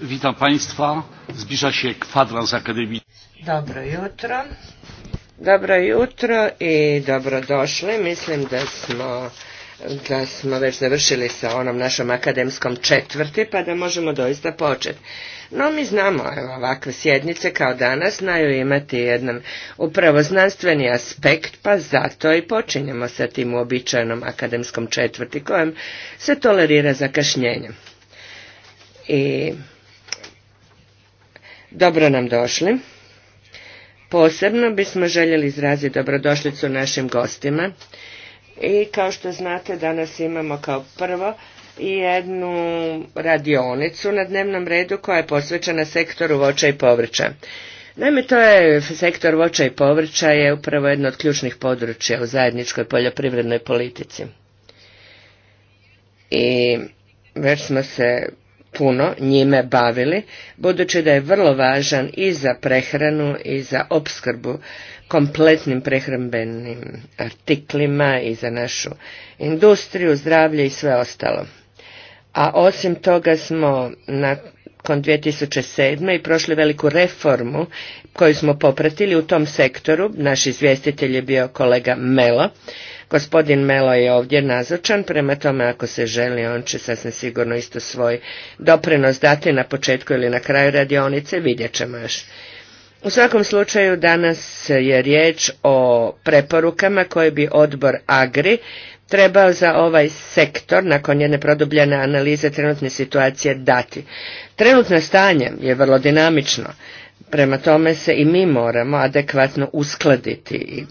Witam Państwa. Zbliża się Dobro jutro. Dobro jutro i dobrodošli. Mislim da smo da smo već završili sa onom našom akademskom četvrti, pa da možemo doista početi. No mi znamo, evo, ovakve sjednice kao danas znaju imati jedan upravo znanstveni aspekt, pa zato i počinjemo sa tim uobičajenom akademskom četvrti, kojem se tolerira zakašnjenje i dobro nam došli. Posebno bismo željeli izraziti dobrodošlicu našim gostima i kao što znate danas imamo kao prvo i jednu radionicu na dnevnom redu koja je posvećena sektoru voća i povrća. Naime, to je sektor voća i povrća je upravo jedno od ključnih područja u zajedničkoj poljoprivrednoj politici. I već smo se puno njime bavili, budući da je vrlo važan i za prehranu i za opskrbu kompletnim prehrambenim artiklima i za našu industriju, zdravlje i sve ostalo. A osim toga smo na nakon 2007. i prošli veliku reformu koju smo popratili u tom sektoru. Naš izvjestitelj je bio kolega Melo. Gospodin Melo je ovdje nazočan, prema tome ako se želi on će sasvim sigurno isto svoj doprinos dati na početku ili na kraju radionice, vidjet ćemo još. U svakom slučaju danas je riječ o preporukama koje bi odbor AGRI treba za ovaj sektor, nakon jedne produbljene analize trenutne situacije, dati. Trenutno stanje je vrlo dinamično, prema tome se i mi moramo adekvatno uskladiti i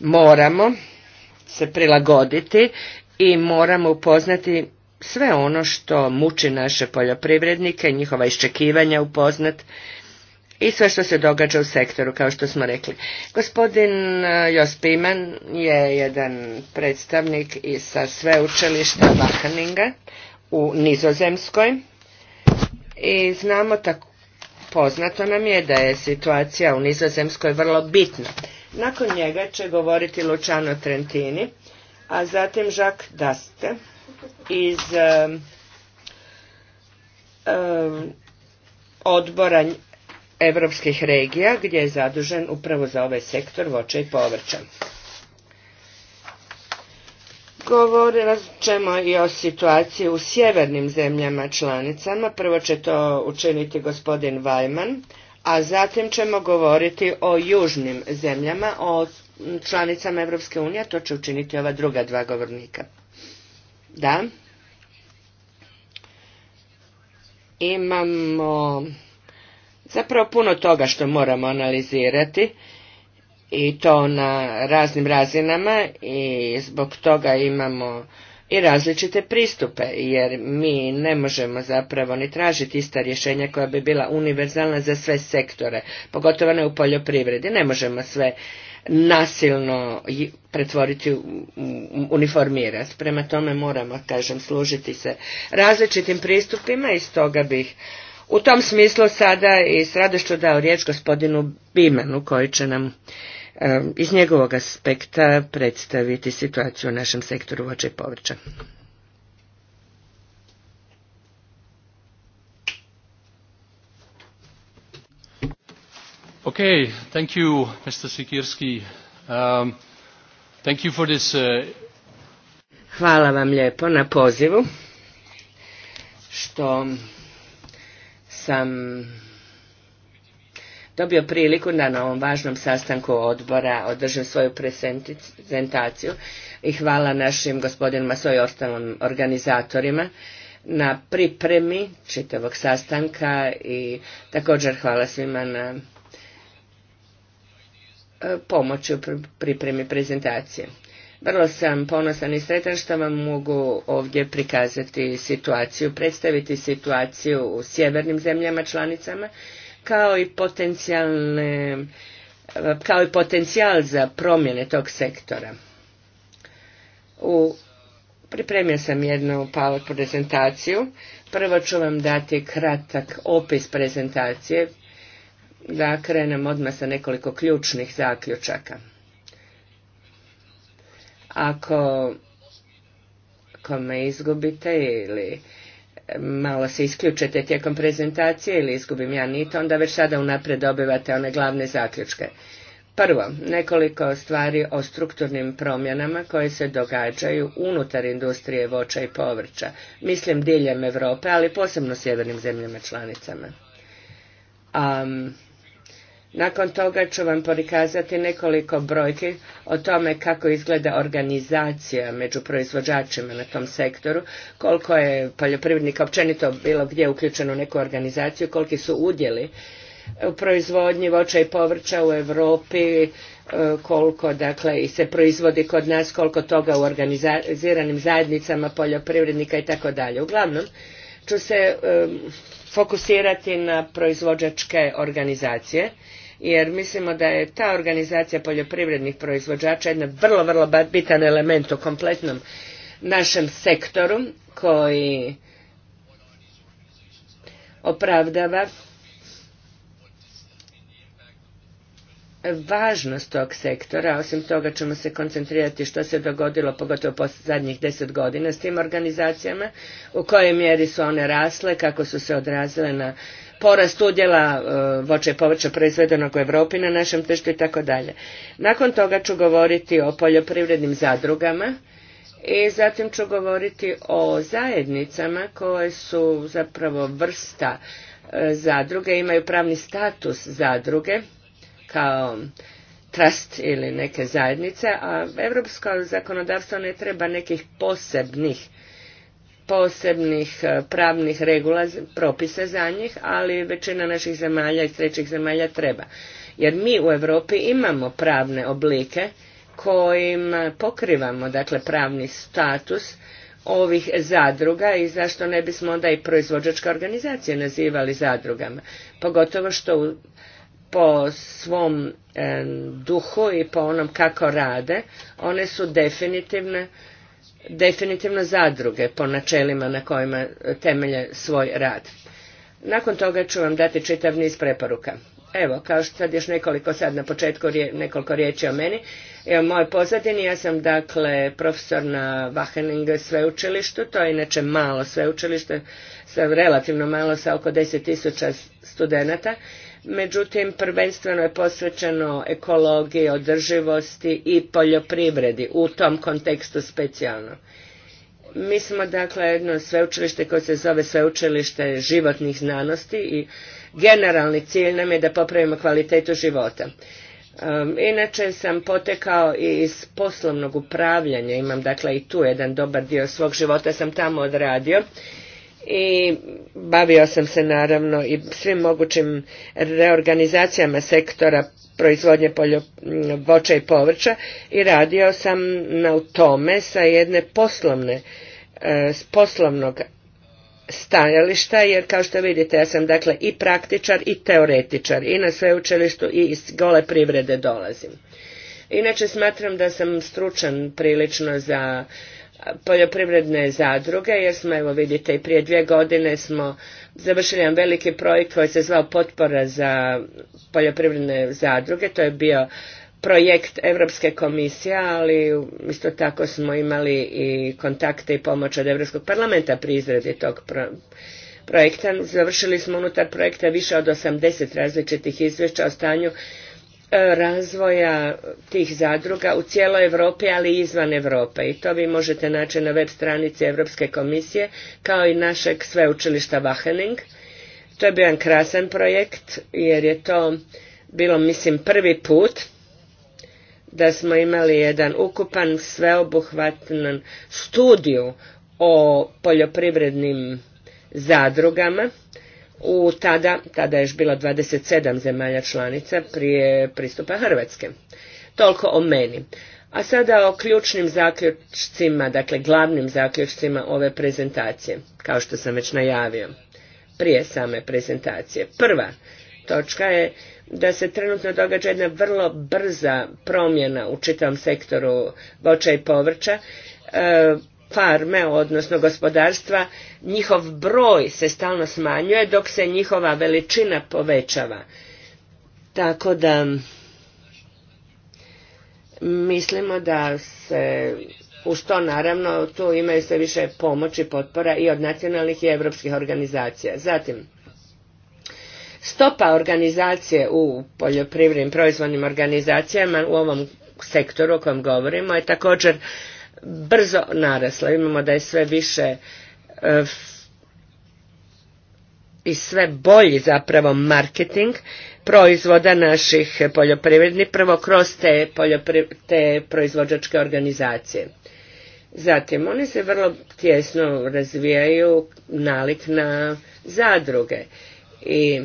moramo se prilagoditi i moramo upoznati sve ono što muči naše poljoprivrednike, njihova iščekivanja upoznat i sve što se događa u sektoru, kao što smo rekli. Gospodin e, Jos Piman je jedan predstavnik i sa sveučilišta Bahaninga u Nizozemskoj i znamo tako poznato nam je da je situacija u Nizozemskoj vrlo bitna. Nakon njega će govoriti Luciano Trentini, a zatim Žak Daste iz e, e, odbora europskih regija gdje je zadužen upravo za ovaj sektor voća i povrća. Govorila ćemo i o situaciji u sjevernim zemljama članicama. Prvo će to učiniti gospodin Vajman, a zatim ćemo govoriti o južnim zemljama, o članicama Europske unije, to će učiniti ova druga dva govornika. Da. Imamo Zapravo puno toga što moramo analizirati i to na raznim razinama i zbog toga imamo i različite pristupe, jer mi ne možemo zapravo ni tražiti ista rješenja koja bi bila univerzalna za sve sektore, pogotovo ne u poljoprivredi. Ne možemo sve nasilno pretvoriti u uniformirat. Prema tome moramo, kažem, služiti se različitim pristupima i stoga bih u tom smislu sada i s radošću dao riječ gospodinu Bimanu koji će nam iz njegovog aspekta predstaviti situaciju u našem sektoru voća i povrća. ok thank you, Mr. Sikirski. Um, thank you for this, uh, Hvala vam lijepo na pozivu što sam dobio priliku da na ovom važnom sastanku odbora održim svoju prezentaciju i hvala našim gospodinima svojim ostalim organizatorima na pripremi čitavog sastanka i također hvala svima na e, pomoći u pripremi prezentacije. Vrlo sam ponosan i sretan što vam mogu ovdje prikazati situaciju, predstaviti situaciju u sjevernim zemljama članicama, kao i potencijalne kao i potencijal za promjene tog sektora. U, pripremio sam jednu PowerPoint prezentaciju. Prvo ću vam dati kratak opis prezentacije, da krenem odmah sa nekoliko ključnih zaključaka. Ako, ako me izgubite ili malo se isključite tijekom prezentacije ili izgubim ja nit, onda već sada unaprijed dobivate one glavne zaključke. Prvo, nekoliko stvari o strukturnim promjenama koje se događaju unutar industrije voća i povrća. Mislim diljem Europe, ali posebno sjevernim zemljama članicama. Um, nakon toga ću vam prikazati nekoliko brojki o tome kako izgleda organizacija među proizvođačima na tom sektoru, koliko je poljoprivrednika općenito bilo gdje uključeno u neku organizaciju, koliki su udjeli u proizvodnji voća i povrća u Europi, e, koliko dakle i se proizvodi kod nas, koliko toga u organiziranim zajednicama poljoprivrednika i tako dalje. Uglavnom ću se e, fokusirati na proizvođačke organizacije jer mislimo da je ta organizacija poljoprivrednih proizvođača jedan vrlo, vrlo bitan element u kompletnom našem sektoru koji opravdava važnost tog sektora, osim toga ćemo se koncentrirati što se dogodilo pogotovo po zadnjih deset godina s tim organizacijama, u kojoj mjeri su one rasle, kako su se odrazile na porast udjela e, voća i povrća proizvedenog u Europi na našem tržištu i tako dalje. Nakon toga ću govoriti o poljoprivrednim zadrugama i zatim ću govoriti o zajednicama koje su zapravo vrsta e, zadruge, imaju pravni status zadruge kao trust ili neke zajednice, a europsko zakonodavstvo ne treba nekih posebnih posebnih e, pravnih regula, propisa za njih, ali većina naših zemalja i trećih zemalja treba. Jer mi u Europi imamo pravne oblike kojim pokrivamo dakle pravni status ovih zadruga i zašto ne bismo onda i proizvođačke organizacije nazivali zadrugama. Pogotovo što po svom duhu i po onom kako rade, one su definitivne definitivno zadruge po načelima na kojima temelje svoj rad. Nakon toga ću vam dati čitav niz preporuka. Evo, kao što sad još nekoliko sad na početku rije, nekoliko riječi o meni. Evo, moj pozadini, ja sam dakle profesor na Wageningen sveučilištu, to je inače malo sveučilište, sa relativno malo, sa oko 10.000 studenata međutim prvenstveno je posvećeno ekologiji, održivosti i poljoprivredi u tom kontekstu specijalno. Mi smo dakle jedno sveučilište koje se zove sveučilište životnih znanosti i generalni cilj nam je da popravimo kvalitetu života. inače sam potekao i iz poslovnog upravljanja, imam dakle i tu jedan dobar dio svog života sam tamo odradio i bavio sam se naravno i svim mogućim reorganizacijama sektora proizvodnje voća i povrća i radio sam na tome sa jedne poslovne e, s poslovnog stajališta jer kao što vidite ja sam dakle i praktičar i teoretičar i na sveučilištu i iz gole privrede dolazim. Inače smatram da sam stručan prilično za poljoprivredne zadruge, jer smo, evo vidite, i prije dvije godine smo završili jedan veliki projekt koji se zvao Potpora za poljoprivredne zadruge. To je bio projekt Europske komisije, ali isto tako smo imali i kontakte i pomoć od Europskog parlamenta pri izradi tog projekta. Završili smo unutar projekta više od 80 različitih izvješća o stanju E, razvoja tih zadruga u cijeloj Europi, ali i izvan Europe. I to vi možete naći na web stranici Europske komisije, kao i našeg sveučilišta Wachening. To je bio jedan krasan projekt, jer je to bilo, mislim, prvi put da smo imali jedan ukupan, sveobuhvatan studiju o poljoprivrednim zadrugama u tada, tada je još bilo 27 zemalja članica prije pristupa Hrvatske. Toliko o meni. A sada o ključnim zaključcima, dakle glavnim zaključcima ove prezentacije, kao što sam već najavio prije same prezentacije. Prva točka je da se trenutno događa jedna vrlo brza promjena u čitavom sektoru voća i povrća, e, farme, odnosno gospodarstva, njihov broj se stalno smanjuje dok se njihova veličina povećava. Tako da mislimo da se uz to naravno tu imaju sve više pomoći, potpora i od nacionalnih i europskih organizacija. Zatim, stopa organizacije u poljoprivrednim proizvodnim organizacijama u ovom sektoru o kojem govorimo je također brzo narasla. Imamo da je sve više e, i sve bolji zapravo marketing proizvoda naših poljoprivrednih, prvo kroz te, te proizvođačke organizacije. Zatim, oni se vrlo tjesno razvijaju nalik na zadruge i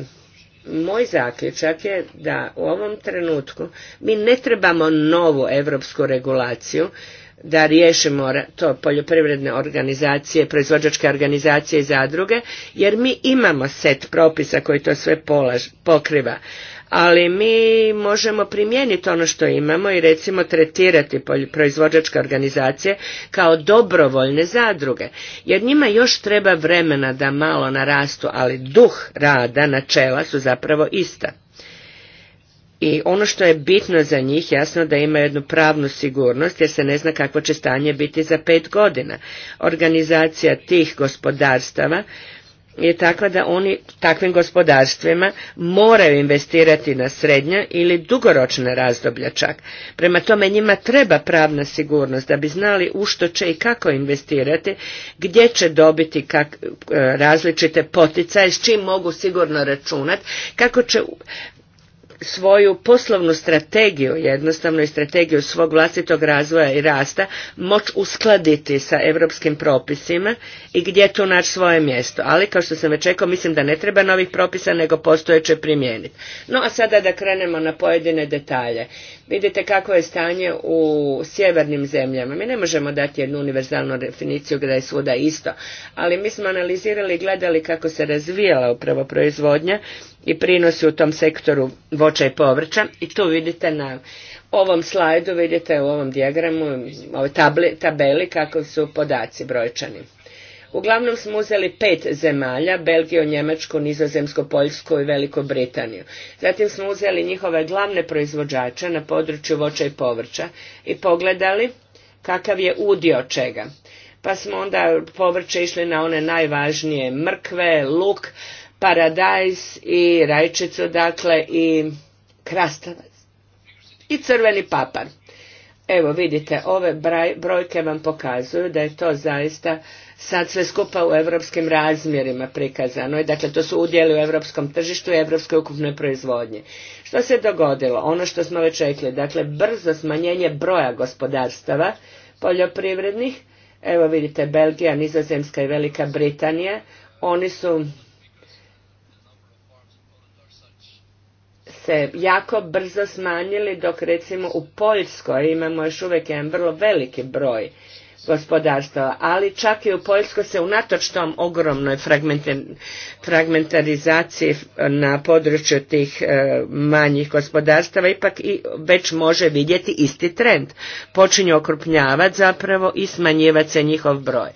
moj zaključak je da u ovom trenutku mi ne trebamo novu europsku regulaciju da riješimo to poljoprivredne organizacije, proizvođačke organizacije i zadruge, jer mi imamo set propisa koji to sve pokriva ali mi možemo primijeniti ono što imamo i recimo tretirati proizvođačke organizacije kao dobrovoljne zadruge, jer njima još treba vremena da malo narastu, ali duh rada, načela su zapravo ista. I ono što je bitno za njih, jasno da ima jednu pravnu sigurnost jer se ne zna kakvo će stanje biti za pet godina. Organizacija tih gospodarstava je takva da oni takvim gospodarstvima moraju investirati na srednja ili dugoročna razdoblja čak. Prema tome njima treba pravna sigurnost da bi znali u što će i kako investirati, gdje će dobiti e, različite poticaje, s čim mogu sigurno računati, kako će svoju poslovnu strategiju jednostavno i strategiju svog vlastitog razvoja i rasta moć uskladiti sa europskim propisima i gdje tu naći svoje mjesto. Ali kao što sam već rekao mislim da ne treba novih propisa nego postojeće primijeniti. No a sada da krenemo na pojedine detalje. Vidite kako je stanje u sjevernim zemljama. Mi ne možemo dati jednu univerzalnu definiciju gdje je svuda isto, ali mi smo analizirali i gledali kako se razvijala upravo proizvodnja i prinosi u tom sektoru voća i povrća i tu vidite na ovom slajdu, vidite u ovom dijagramu, ovoj tabeli kako su podaci brojčani. Uglavnom smo uzeli pet zemalja, Belgiju, Njemačku, Nizozemsku, Poljsku i Veliku Britaniju. Zatim smo uzeli njihove glavne proizvođače na području voća i povrća i pogledali kakav je udio čega. Pa smo onda povrće išli na one najvažnije mrkve, luk, paradajs i rajčicu, dakle i krastavac i crveni papar. Evo vidite, ove brojke vam pokazuju da je to zaista sad sve skupa u europskim razmjerima prikazano je, dakle to su udjeli u europskom tržištu i europskoj ukupnoj proizvodnji. Što se dogodilo? Ono što smo već rekli, dakle brzo smanjenje broja gospodarstava poljoprivrednih, evo vidite Belgija, Nizozemska i Velika Britanija, oni su se jako brzo smanjili dok recimo u Poljskoj imamo još uvijek jedan vrlo veliki broj gospodarstava, ali čak i u Poljskoj se unatoč tom ogromnoj fragmentarizaciji na području tih e, manjih gospodarstava ipak i već može vidjeti isti trend. Počinju okrupnjavati zapravo i smanjivati se njihov broj.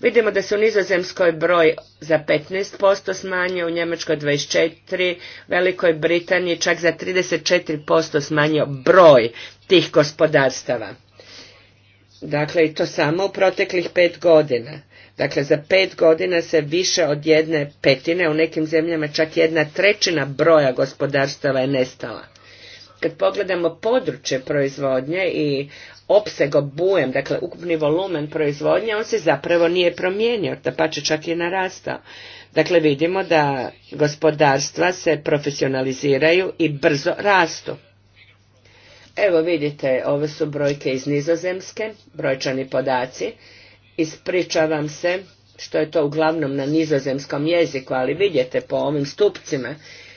Vidimo da se u Nizozemskoj broj za 15% smanjio, u Njemačkoj 24%, Velikoj Britaniji čak za 34% smanjio broj tih gospodarstava. Dakle, i to samo u proteklih pet godina. Dakle, za pet godina se više od jedne petine, u nekim zemljama čak jedna trećina broja gospodarstava je nestala. Kad pogledamo područje proizvodnje i opseg obujem, dakle ukupni volumen proizvodnje, on se zapravo nije promijenio, dapače čak i narastao. Dakle, vidimo da gospodarstva se profesionaliziraju i brzo rastu. Evo vidite, ove su brojke iz nizozemske, brojčani podaci. Ispričavam se što je to uglavnom na nizozemskom jeziku, ali vidite po ovim stupcima,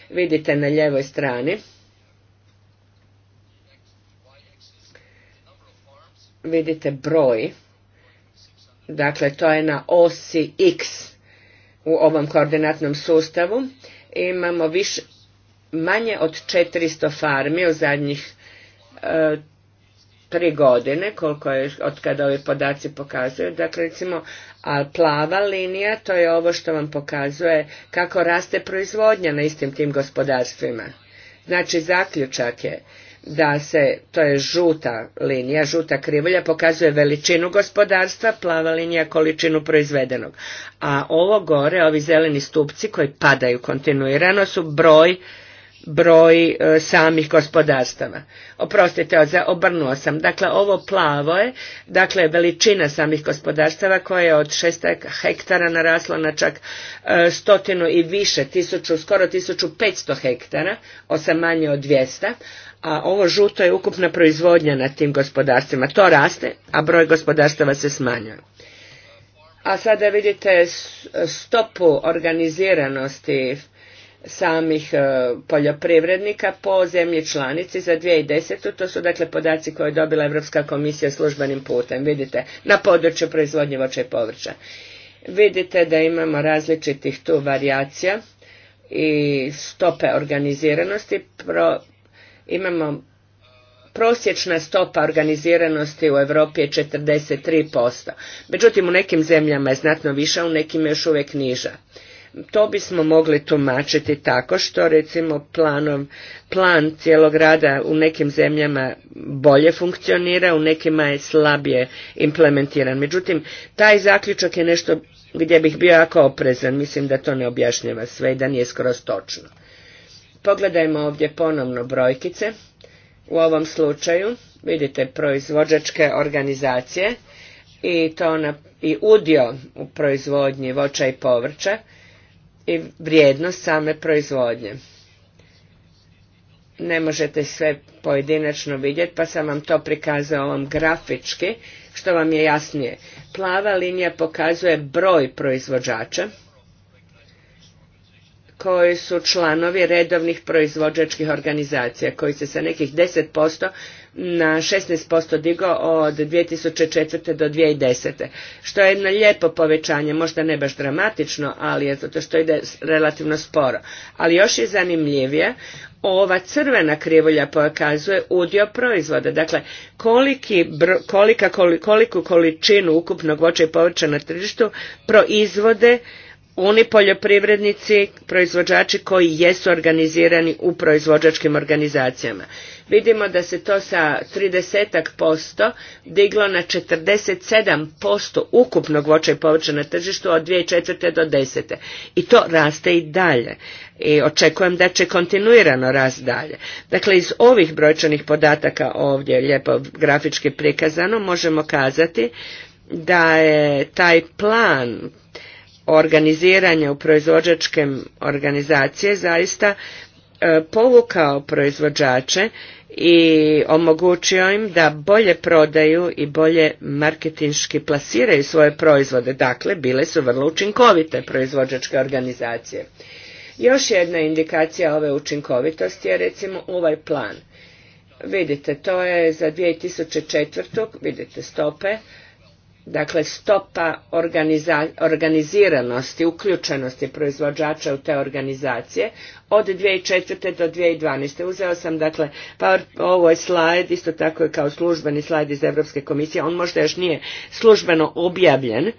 vidite na ljevoj strani. Vidite broj, dakle to je na osi x u ovom koordinatnom sustavu. Imamo više, manje od 400 farmi u zadnjih tri godine, koliko je od kada ovi podaci pokazuju. Dakle, recimo, a plava linija, to je ovo što vam pokazuje kako raste proizvodnja na istim tim gospodarstvima. Znači, zaključak je da se, to je žuta linija, žuta krivulja, pokazuje veličinu gospodarstva, plava linija količinu proizvedenog. A ovo gore, ovi zeleni stupci koji padaju kontinuirano su broj broj e, samih gospodarstava. Oprostite, obrnuo sam. Dakle, ovo plavo je, dakle, veličina samih gospodarstava koja je od 6 hektara narasla na čak e, stotinu i više, tisuću, skoro 1500 hektara, osam manje od 200, a ovo žuto je ukupna proizvodnja na tim gospodarstvima. To raste, a broj gospodarstava se smanjuje. A sada vidite stopu organiziranosti samih e, poljoprivrednika po zemlji članici za 2010. To su dakle podaci koje je dobila Europska komisija službenim putem, vidite, na području proizvodnje voća i povrća. Vidite da imamo različitih tu variacija i stope organiziranosti. imamo prosječna stopa organiziranosti u Europi je 43%. Međutim, u nekim zemljama je znatno viša, u nekim je još uvijek niža. To bismo mogli tumačiti tako što recimo planom, plan cijelog rada u nekim zemljama bolje funkcionira, u nekima je slabije implementiran. Međutim, taj zaključak je nešto gdje bih bio jako oprezan, mislim da to ne objašnjava sve i da nije skroz točno. Pogledajmo ovdje ponovno brojkice. U ovom slučaju vidite proizvođačke organizacije i to na, i udio u proizvodnji voća i povrća i vrijednost same proizvodnje. Ne možete sve pojedinačno vidjeti, pa sam vam to prikazao ovom grafički, što vam je jasnije. Plava linija pokazuje broj proizvođača koji su članovi redovnih proizvođačkih organizacija, koji se sa nekih 10% na 16% digo od 2004. do 2010. Što je jedno lijepo povećanje, možda ne baš dramatično, ali je zato što ide relativno sporo. Ali još je zanimljivije, ova crvena krivulja pokazuje udio proizvoda. Dakle, koliki, kolika, koliku količinu ukupnog voća i povrća na tržištu proizvode oni poljoprivrednici, proizvođači koji jesu organizirani u proizvođačkim organizacijama vidimo da se to sa 30% diglo na 47% ukupnog voća i povrća na tržištu od 2004. do 2010. I to raste i dalje. I očekujem da će kontinuirano rast dalje. Dakle, iz ovih brojčanih podataka ovdje lijepo grafički prikazano možemo kazati da je taj plan organiziranja u proizvođačkem organizacije zaista e, povukao proizvođače i omogućio im da bolje prodaju i bolje marketinški plasiraju svoje proizvode. Dakle, bile su vrlo učinkovite proizvođačke organizacije. Još jedna indikacija ove učinkovitosti je recimo ovaj plan. Vidite, to je za 2004. vidite stope, Dakle, stopa organiziranosti, uključenosti proizvođača u te organizacije od 2004. do 2012. Uzeo sam, dakle, power, ovo slajd, isto tako je kao službeni slajd iz Europske komisije. On možda još nije službeno objavljen,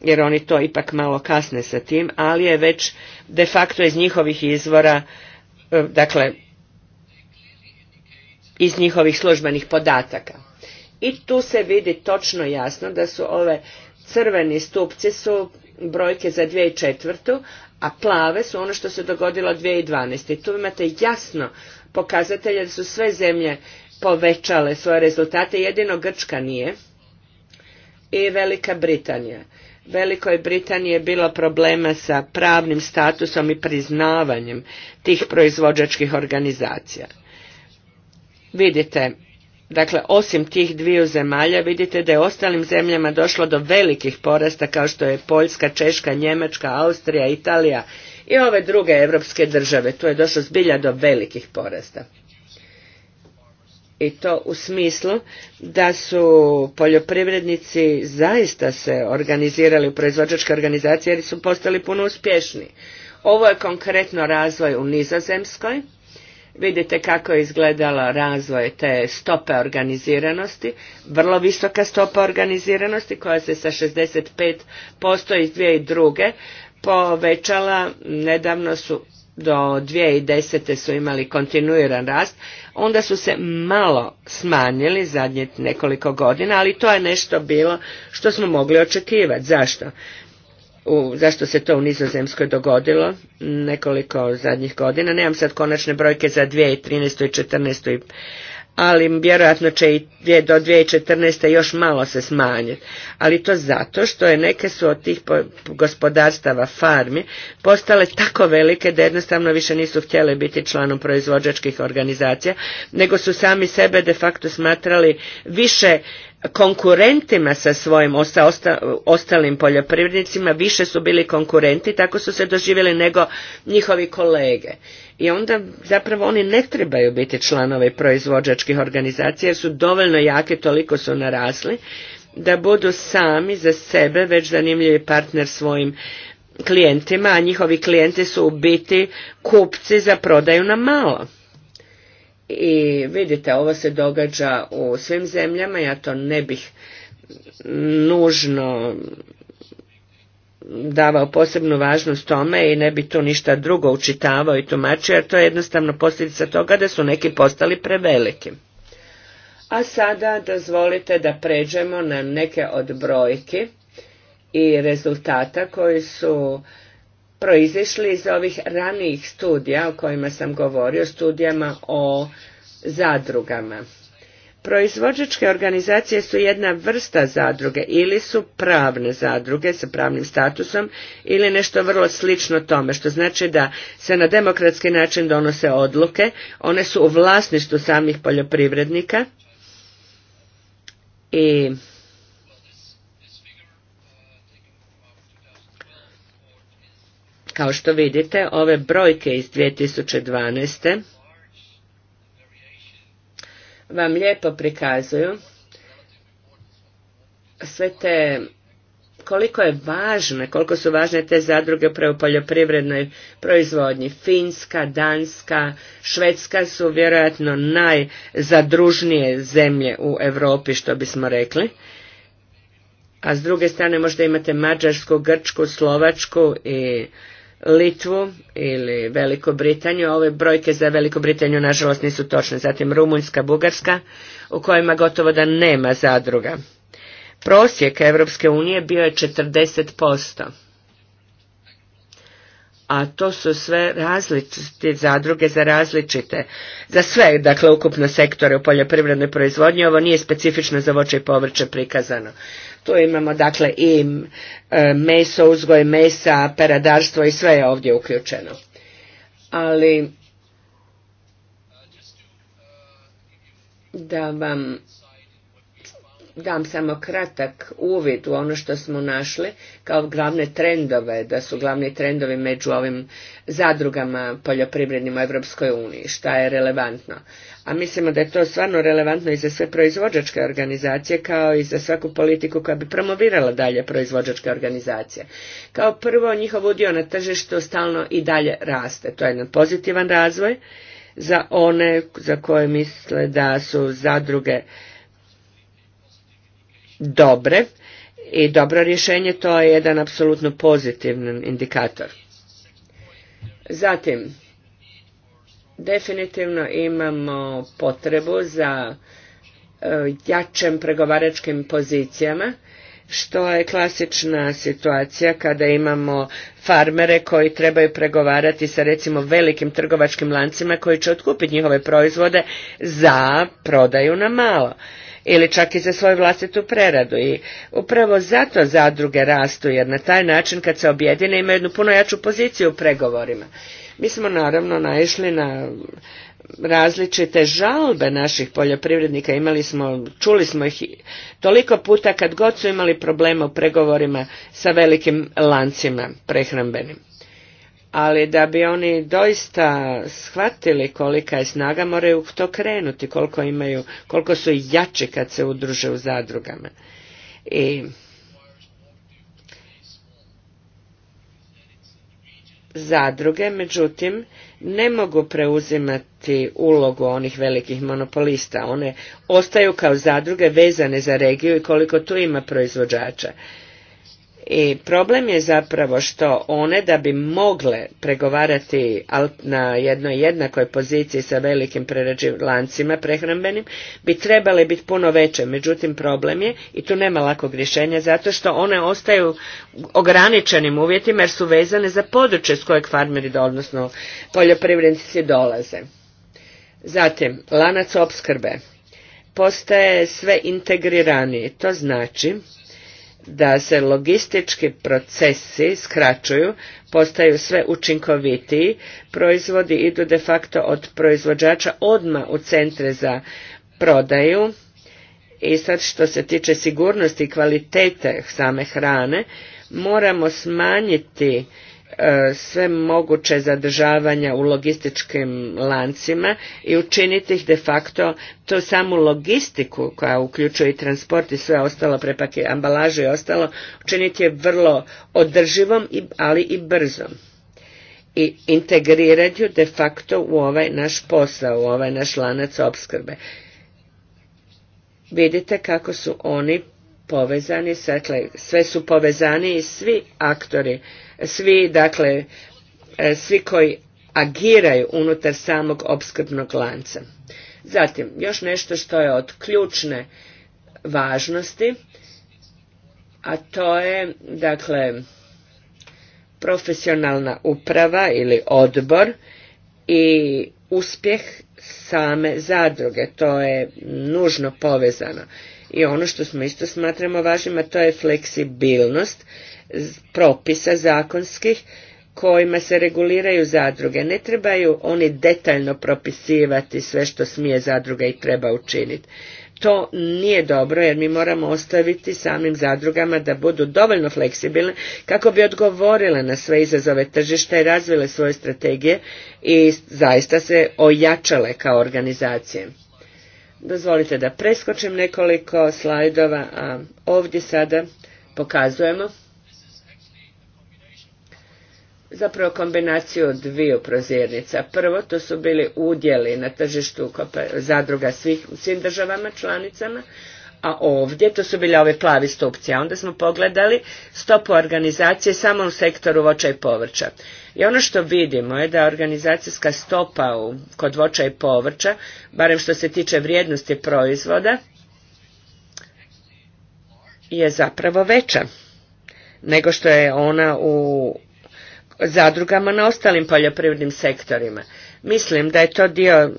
jer oni to ipak malo kasne sa tim, ali je već de facto iz njihovih izvora, eh, dakle, iz njihovih službenih podataka i tu se vidi točno jasno da su ove crveni stupci su brojke za 2004. a plave su ono što se dogodilo 2012. tu imate jasno pokazatelje da su sve zemlje povećale svoje rezultate, jedino Grčka nije i Velika Britanija. Velikoj Britaniji je bilo problema sa pravnim statusom i priznavanjem tih proizvođačkih organizacija. Vidite, Dakle, osim tih dviju zemalja vidite da je ostalim zemljama došlo do velikih porasta kao što je Poljska, Češka, Njemačka, Austrija, Italija i ove druge evropske države. Tu je došlo zbilja do velikih porasta. I to u smislu da su poljoprivrednici zaista se organizirali u proizvođačke organizacije jer su postali puno uspješni. Ovo je konkretno razvoj u Nizozemskoj Vidite kako je izgledalo razvoj te stope organiziranosti, vrlo visoka stopa organiziranosti koja se sa 65% iz 2002. povećala, nedavno su do 2010. su imali kontinuiran rast, onda su se malo smanjili zadnje nekoliko godina, ali to je nešto bilo što smo mogli očekivati. Zašto? u, zašto se to u Nizozemskoj dogodilo nekoliko zadnjih godina. Nemam sad konačne brojke za 2013. i 2014. ali vjerojatno će i do 2014. još malo se smanjiti. Ali to zato što je neke su od tih gospodarstava farmi postale tako velike da jednostavno više nisu htjele biti članom proizvođačkih organizacija, nego su sami sebe de facto smatrali više konkurentima sa svojim ostalim poljoprivrednicima, više su bili konkurenti, tako su se doživjeli nego njihovi kolege. I onda zapravo oni ne trebaju biti članovi proizvođačkih organizacija jer su dovoljno jake, toliko su narasli, da budu sami za sebe već zanimljivi partner svojim klijentima, a njihovi klijenti su u biti kupci za prodaju na malo. I vidite, ovo se događa u svim zemljama, ja to ne bih nužno davao posebnu važnost tome i ne bi tu ništa drugo učitavao i tumačio, jer to je jednostavno posljedica toga da su neki postali preveliki. A sada dozvolite da pređemo na neke od brojki i rezultata koji su proizišli iz ovih ranijih studija o kojima sam govorio, studijama o zadrugama. Proizvođačke organizacije su jedna vrsta zadruge ili su pravne zadruge sa pravnim statusom ili nešto vrlo slično tome, što znači da se na demokratski način donose odluke, one su u vlasništvu samih poljoprivrednika i Kao što vidite, ove brojke iz 2012. vam lijepo prikazuju sve te koliko je važne, koliko su važne te zadruge u poljoprivrednoj proizvodnji. Finska, Danska, Švedska su vjerojatno najzadružnije zemlje u Europi što bismo rekli. A s druge strane možda imate Mađarsku, Grčku, Slovačku i Litvu ili Veliku Britaniju, ove brojke za Veliku Britaniju nažalost nisu točne, zatim Rumunjska, Bugarska, u kojima gotovo da nema zadruga. Prosjek Evropske unije bio je 40%. A to su sve različite zadruge za različite, za sve, dakle, ukupno sektore u poljoprivrednoj proizvodnji, ovo nije specifično za voće i povrće prikazano. Tu imamo dakle i e, meso, uzgoj mesa, peradarstvo i sve je ovdje uključeno. Ali da vam dam samo kratak uvid u ono što smo našli kao glavne trendove, da su glavni trendovi među ovim zadrugama poljoprivrednim u Europskoj uniji, šta je relevantno a mislimo da je to stvarno relevantno i za sve proizvođačke organizacije kao i za svaku politiku koja bi promovirala dalje proizvođačke organizacije. Kao prvo, njihov udio na tržištu stalno i dalje raste. To je jedan pozitivan razvoj za one za koje misle da su zadruge dobre i dobro rješenje, to je jedan apsolutno pozitivan indikator. Zatim, definitivno imamo potrebu za e, jačem pregovaračkim pozicijama što je klasična situacija kada imamo farmere koji trebaju pregovarati sa recimo velikim trgovačkim lancima koji će otkupiti njihove proizvode za prodaju na malo ili čak i za svoju vlastitu preradu i upravo zato zadruge rastu jer na taj način kad se objedine imaju jednu puno jaču poziciju u pregovorima mi smo naravno naišli na različite žalbe naših poljoprivrednika, imali smo, čuli smo ih toliko puta kad god su imali problema u pregovorima sa velikim lancima prehrambenim. Ali da bi oni doista shvatili kolika je snaga, moraju u to krenuti, koliko imaju, koliko su jači kad se udruže u zadrugama. I zadruge, međutim, ne mogu preuzimati ulogu onih velikih monopolista. One ostaju kao zadruge vezane za regiju i koliko tu ima proizvođača. I problem je zapravo što one da bi mogle pregovarati na jednoj jednakoj poziciji sa velikim lancima prehrambenim bi trebale biti puno veće. Međutim, problem je i tu nema lakog rješenja zato što one ostaju ograničenim uvjetima jer su vezane za područje s kojeg farmeri, odnosno poljoprivrednici dolaze. Zatim, lanac opskrbe postaje sve integriraniji. To znači da se logistički procesi skraćuju, postaju sve učinkovitiji, proizvodi idu de facto od proizvođača odma u centre za prodaju i sad što se tiče sigurnosti i kvalitete same hrane, moramo smanjiti E, sve moguće zadržavanja u logističkim lancima i učiniti ih de facto to samu logistiku koja uključuje i transport i sve ostalo prepake ambalažu i ostalo učiniti je vrlo održivom ali i brzom i integrirati ju de facto u ovaj naš posao u ovaj naš lanac opskrbe vidite kako su oni povezani, sve su povezani i svi aktori svi, dakle, e, svi koji agiraju unutar samog opskrbnog lanca. Zatim, još nešto što je od ključne važnosti, a to je, dakle, profesionalna uprava ili odbor i uspjeh same zadruge. To je nužno povezano. I ono što smo isto smatramo važnim, to je fleksibilnost propisa zakonskih kojima se reguliraju zadruge. Ne trebaju oni detaljno propisivati sve što smije zadruga i treba učiniti. To nije dobro jer mi moramo ostaviti samim zadrugama da budu dovoljno fleksibilne kako bi odgovorile na sve izazove tržišta i razvile svoje strategije i zaista se ojačale kao organizacije. Dozvolite da preskočim nekoliko slajdova, a ovdje sada pokazujemo zapravo kombinaciju dviju prozirnica. Prvo, to su bili udjeli na tržištu zadruga svih, svim državama članicama, a ovdje, to su bili ove plavi stupci, a onda smo pogledali stopu organizacije samo u sektoru voća i povrća. I ono što vidimo je da organizacijska stopa kod voća i povrća, barem što se tiče vrijednosti proizvoda, je zapravo veća nego što je ona u zadrugama na ostalim poljoprivrednim sektorima. Mislim da je to dio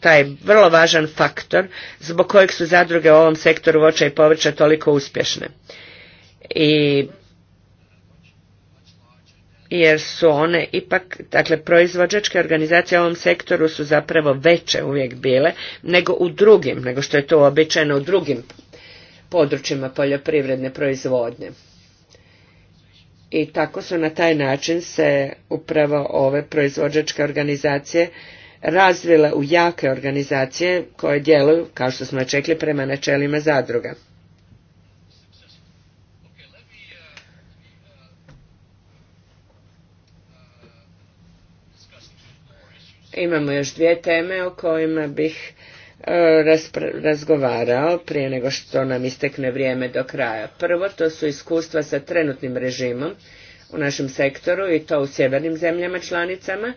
taj vrlo važan faktor zbog kojeg su zadruge u ovom sektoru voća i povrća toliko uspješne. I jer su one ipak, dakle proizvođačke organizacije u ovom sektoru su zapravo veće uvijek bile nego u drugim, nego što je to uobičajeno u drugim područjima poljoprivredne proizvodnje i tako su na taj način se upravo ove proizvođačke organizacije razvile u jake organizacije koje djeluju, kao što smo čekli, prema načelima zadruga. Imamo još dvije teme o kojima bih razgovarao prije nego što nam istekne vrijeme do kraja. Prvo, to su iskustva sa trenutnim režimom u našem sektoru i to u sjevernim zemljama članicama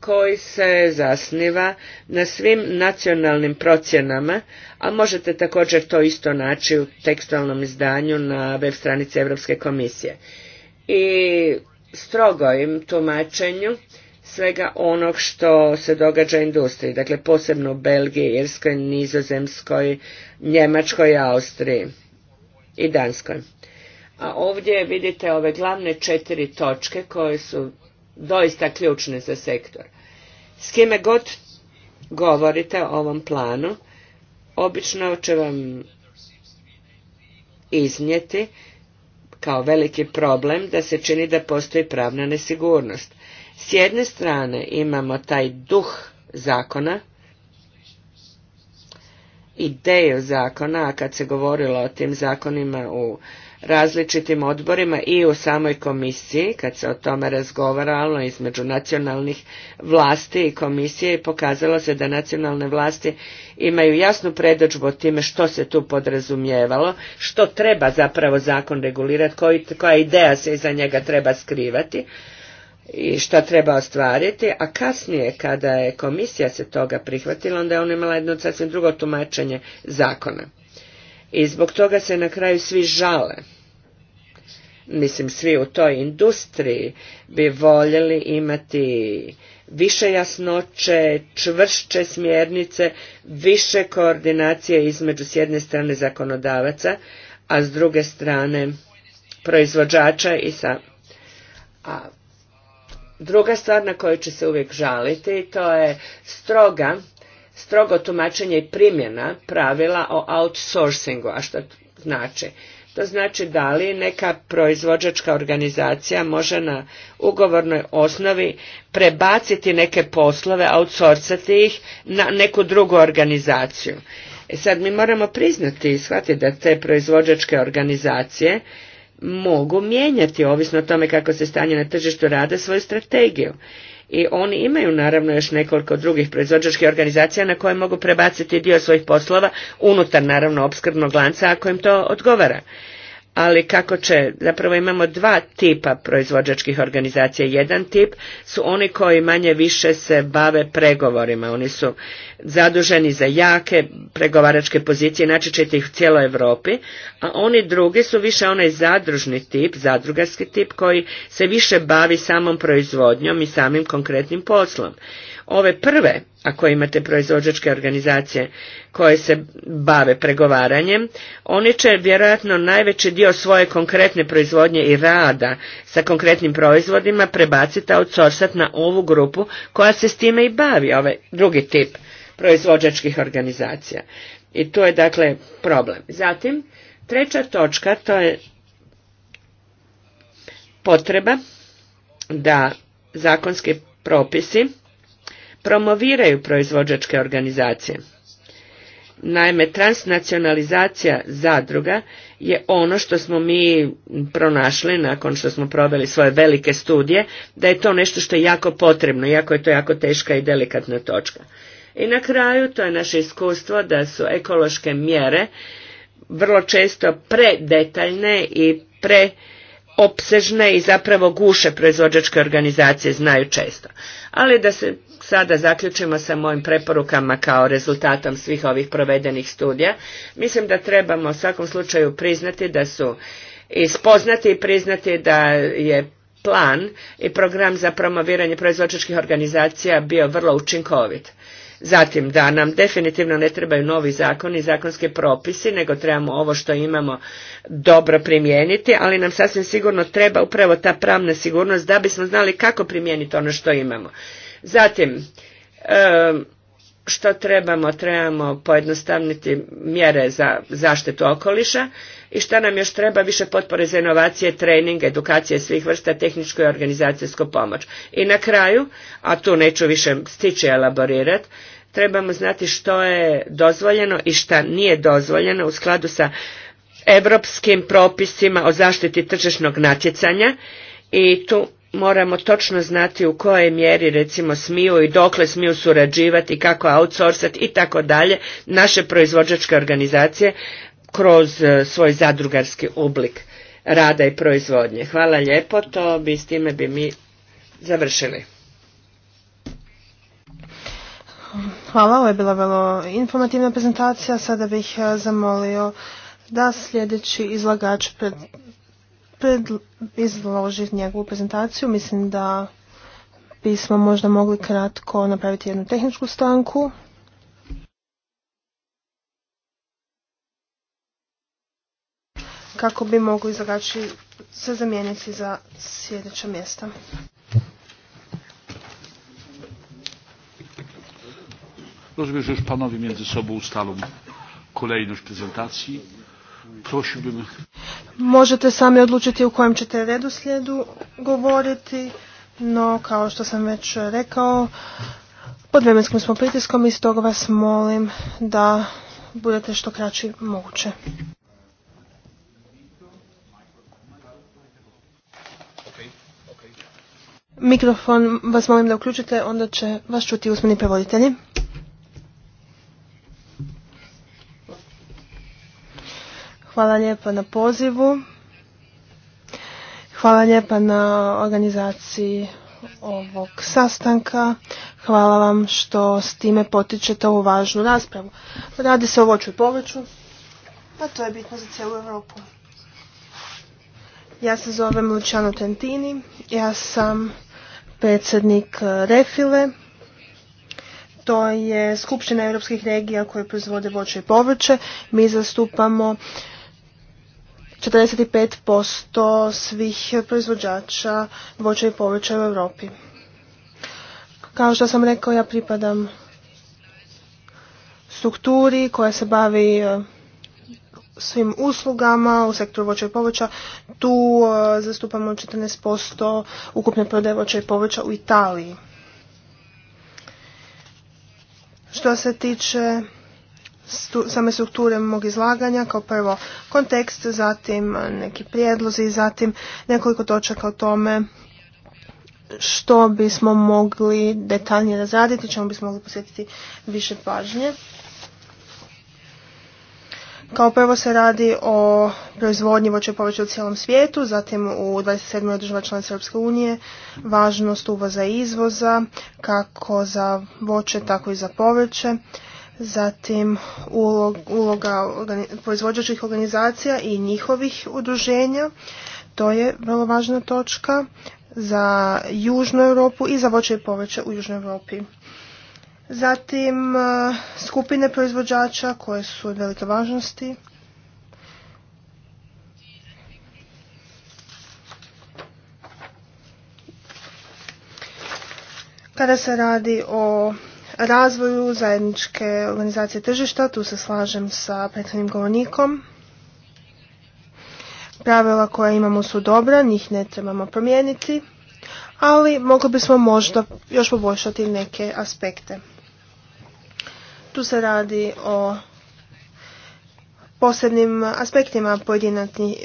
koji se zasniva na svim nacionalnim procjenama, a možete također to isto naći u tekstualnom izdanju na web stranici Europske komisije. I strogo im tumačenju svega onog što se događa industriji, dakle posebno u Belgiji, Irskoj, Nizozemskoj, Njemačkoj, Austriji i Danskoj. A ovdje vidite ove glavne četiri točke koje su doista ključne za sektor. S kime god govorite o ovom planu, obično će vam iznijeti kao veliki problem da se čini da postoji pravna nesigurnost. S jedne strane imamo taj duh zakona, ideju zakona, a kad se govorilo o tim zakonima u različitim odborima i u samoj komisiji, kad se o tome razgovaralo između nacionalnih vlasti i komisije, pokazalo se da nacionalne vlasti imaju jasnu predođbu o time što se tu podrazumijevalo, što treba zapravo zakon regulirati, koja ideja se iza njega treba skrivati, i što treba ostvariti, a kasnije kada je komisija se toga prihvatila, onda je ona imala jedno sasvim drugo tumačenje zakona. I zbog toga se na kraju svi žale. Mislim, svi u toj industriji bi voljeli imati više jasnoće, čvršće smjernice, više koordinacije između s jedne strane zakonodavaca, a s druge strane proizvođača i sa... Druga stvar na koju će se uvijek žaliti to je stroga, strogo tumačenje i primjena pravila o outsourcingu. A što znači? To znači da li neka proizvođačka organizacija može na ugovornoj osnovi prebaciti neke poslove, outsourcati ih na neku drugu organizaciju. E sad mi moramo priznati i shvatiti da te proizvođačke organizacije mogu mijenjati ovisno o tome kako se stanje na tržištu rada svoju strategiju. I oni imaju naravno još nekoliko drugih proizvođačkih organizacija na koje mogu prebaciti dio svojih poslova unutar naravno opskrbnog lanca ako im to odgovara ali kako će, zapravo imamo dva tipa proizvođačkih organizacija. Jedan tip su oni koji manje više se bave pregovorima, oni su zaduženi za jake pregovaračke pozicije, inače ćete ih u cijeloj Europi, a oni drugi su više onaj zadružni tip, zadrugarski tip koji se više bavi samom proizvodnjom i samim konkretnim poslom. Ove prve, ako imate proizvođačke organizacije koje se bave pregovaranjem, oni će vjerojatno najveći dio svoje konkretne proizvodnje i rada sa konkretnim proizvodima prebaciti outsourcat na ovu grupu koja se s time i bavi, ovaj drugi tip proizvođačkih organizacija. I tu je dakle problem. Zatim, treća točka, to je potreba da zakonske propisi promoviraju proizvođačke organizacije. Naime, transnacionalizacija zadruga je ono što smo mi pronašli nakon što smo proveli svoje velike studije, da je to nešto što je jako potrebno, iako je to jako teška i delikatna točka. I na kraju, to je naše iskustvo da su ekološke mjere vrlo često predetaljne i pre opsežne i zapravo guše proizvođačke organizacije, znaju često. Ali da se sada zaključimo sa mojim preporukama kao rezultatom svih ovih provedenih studija, mislim da trebamo u svakom slučaju priznati da su i spoznati i priznati da je plan i program za promoviranje proizvođačkih organizacija bio vrlo učinkovit. Zatim da nam definitivno ne trebaju novi zakoni i zakonske propisi, nego trebamo ovo što imamo dobro primijeniti, ali nam sasvim sigurno treba upravo ta pravna sigurnost da bismo znali kako primijeniti ono što imamo. Zatim, što trebamo? Trebamo pojednostavniti mjere za zaštitu okoliša i što nam još treba više potpore za inovacije, trening, edukacije svih vrsta, tehničku i organizacijsku pomoć. I na kraju, a tu neću više stići elaborirati, trebamo znati što je dozvoljeno i šta nije dozvoljeno u skladu sa europskim propisima o zaštiti tržišnog natjecanja i tu moramo točno znati u kojoj mjeri recimo smiju i dokle smiju surađivati, kako outsourcati i tako dalje naše proizvođačke organizacije kroz e, svoj zadrugarski oblik rada i proizvodnje. Hvala lijepo, to bi s time bi mi završili. Hvala, ovo je bila velo informativna prezentacija. Sada bih e, zamolio da sljedeći izlagač pred izložiti njegovu prezentaciju. Mislim da bismo možda mogli kratko napraviti jednu tehničku stanku. kako bi mogli zagači se zamijeniti za sljedeća mjesta. Rozumiem, że już panowie między sobą ustalą kolejność prezentacji. Možete sami odlučiti u kojem ćete redu slijedu govoriti, no kao što sam već rekao, pod vremenskim smo pritiskom i stoga vas molim da budete što kraći moguće. Mikrofon vas molim da uključite, onda će vas čuti usmeni prevoditelji. Hvala lijepa na pozivu. Hvala lijepa na organizaciji ovog sastanka. Hvala vam što s time potičete ovu važnu raspravu. Radi se o voću i povrću, a to je bitno za cijelu Europu. Ja se zovem Luciano Tentini, ja sam predsjednik Refile, to je Skupština europskih regija koje proizvode voće i povrće. Mi zastupamo 45% svih proizvođača voća i povrća u Europi. Kao što sam rekao, ja pripadam strukturi koja se bavi e, svim uslugama u sektoru voća i povrća. Tu e, zastupamo 14% ukupne prodaje voća i povrća u Italiji. Što se tiče same strukture mog izlaganja, kao prvo kontekst, zatim e, neki prijedlozi, zatim nekoliko točaka o tome što bismo mogli detaljnije razraditi, čemu bismo mogli posjetiti više pažnje. Kao prvo se radi o proizvodnji voće i povrća u cijelom svijetu, zatim u 27. država članica Europske unije, važnost uvoza i izvoza, kako za voće, tako i za povrće, zatim uloga proizvođačkih organizacija i njihovih udruženja. To je vrlo važna točka za Južnu Europu i za voće i povrće u Južnoj Europi. Zatim e, skupine proizvođača koje su od velike važnosti. Kada se radi o razvoju zajedničke organizacije tržišta, tu se slažem sa prethodnim govornikom. Pravila koja imamo su dobra, njih ne trebamo promijeniti, ali mogli bismo možda još poboljšati neke aspekte. Tu se radi o posebnim aspektima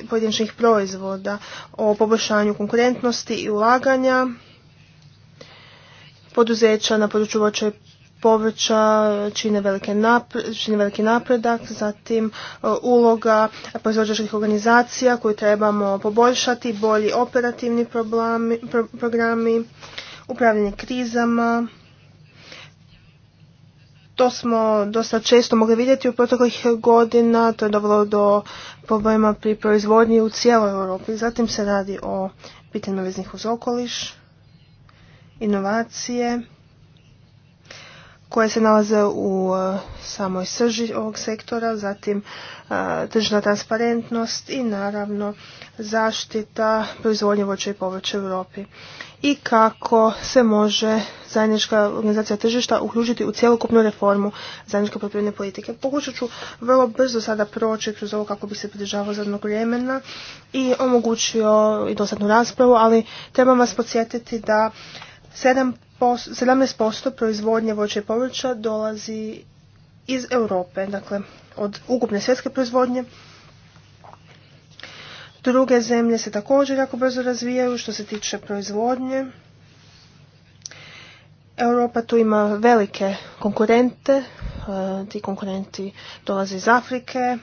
pojedinačnih proizvoda, o poboljšanju konkurentnosti i ulaganja, poduzeća na području voća povrća čine, velike veliki napredak, zatim e, uloga proizvođačkih organizacija koju trebamo poboljšati, bolji operativni problemi, programi, upravljanje krizama. To smo dosta često mogli vidjeti u proteklih godina, to je dovelo do problema pri proizvodnji u cijeloj Europi. Zatim se radi o pitanju veznih uz okoliš, inovacije, koje se nalaze u uh, samoj srži ovog sektora, zatim uh, tržna transparentnost i naravno zaštita proizvodnje voća i povrća u Europi i kako se može zajednička organizacija tržišta uključiti u cjelokupnu reformu zajedničke poljoprivredne politike. Pokušat ću vrlo brzo sada proći kroz ovo kako bi se pridržavao zadnog vremena i omogućio i dosadnu raspravu, ali trebam vas podsjetiti da 17% proizvodnje voća i povrća dolazi iz Europe, dakle od ukupne svjetske proizvodnje. Druge zemlje se također jako brzo razvijaju što se tiče proizvodnje. Europa tu ima velike konkurente, e, ti konkurenti dolaze iz Afrike,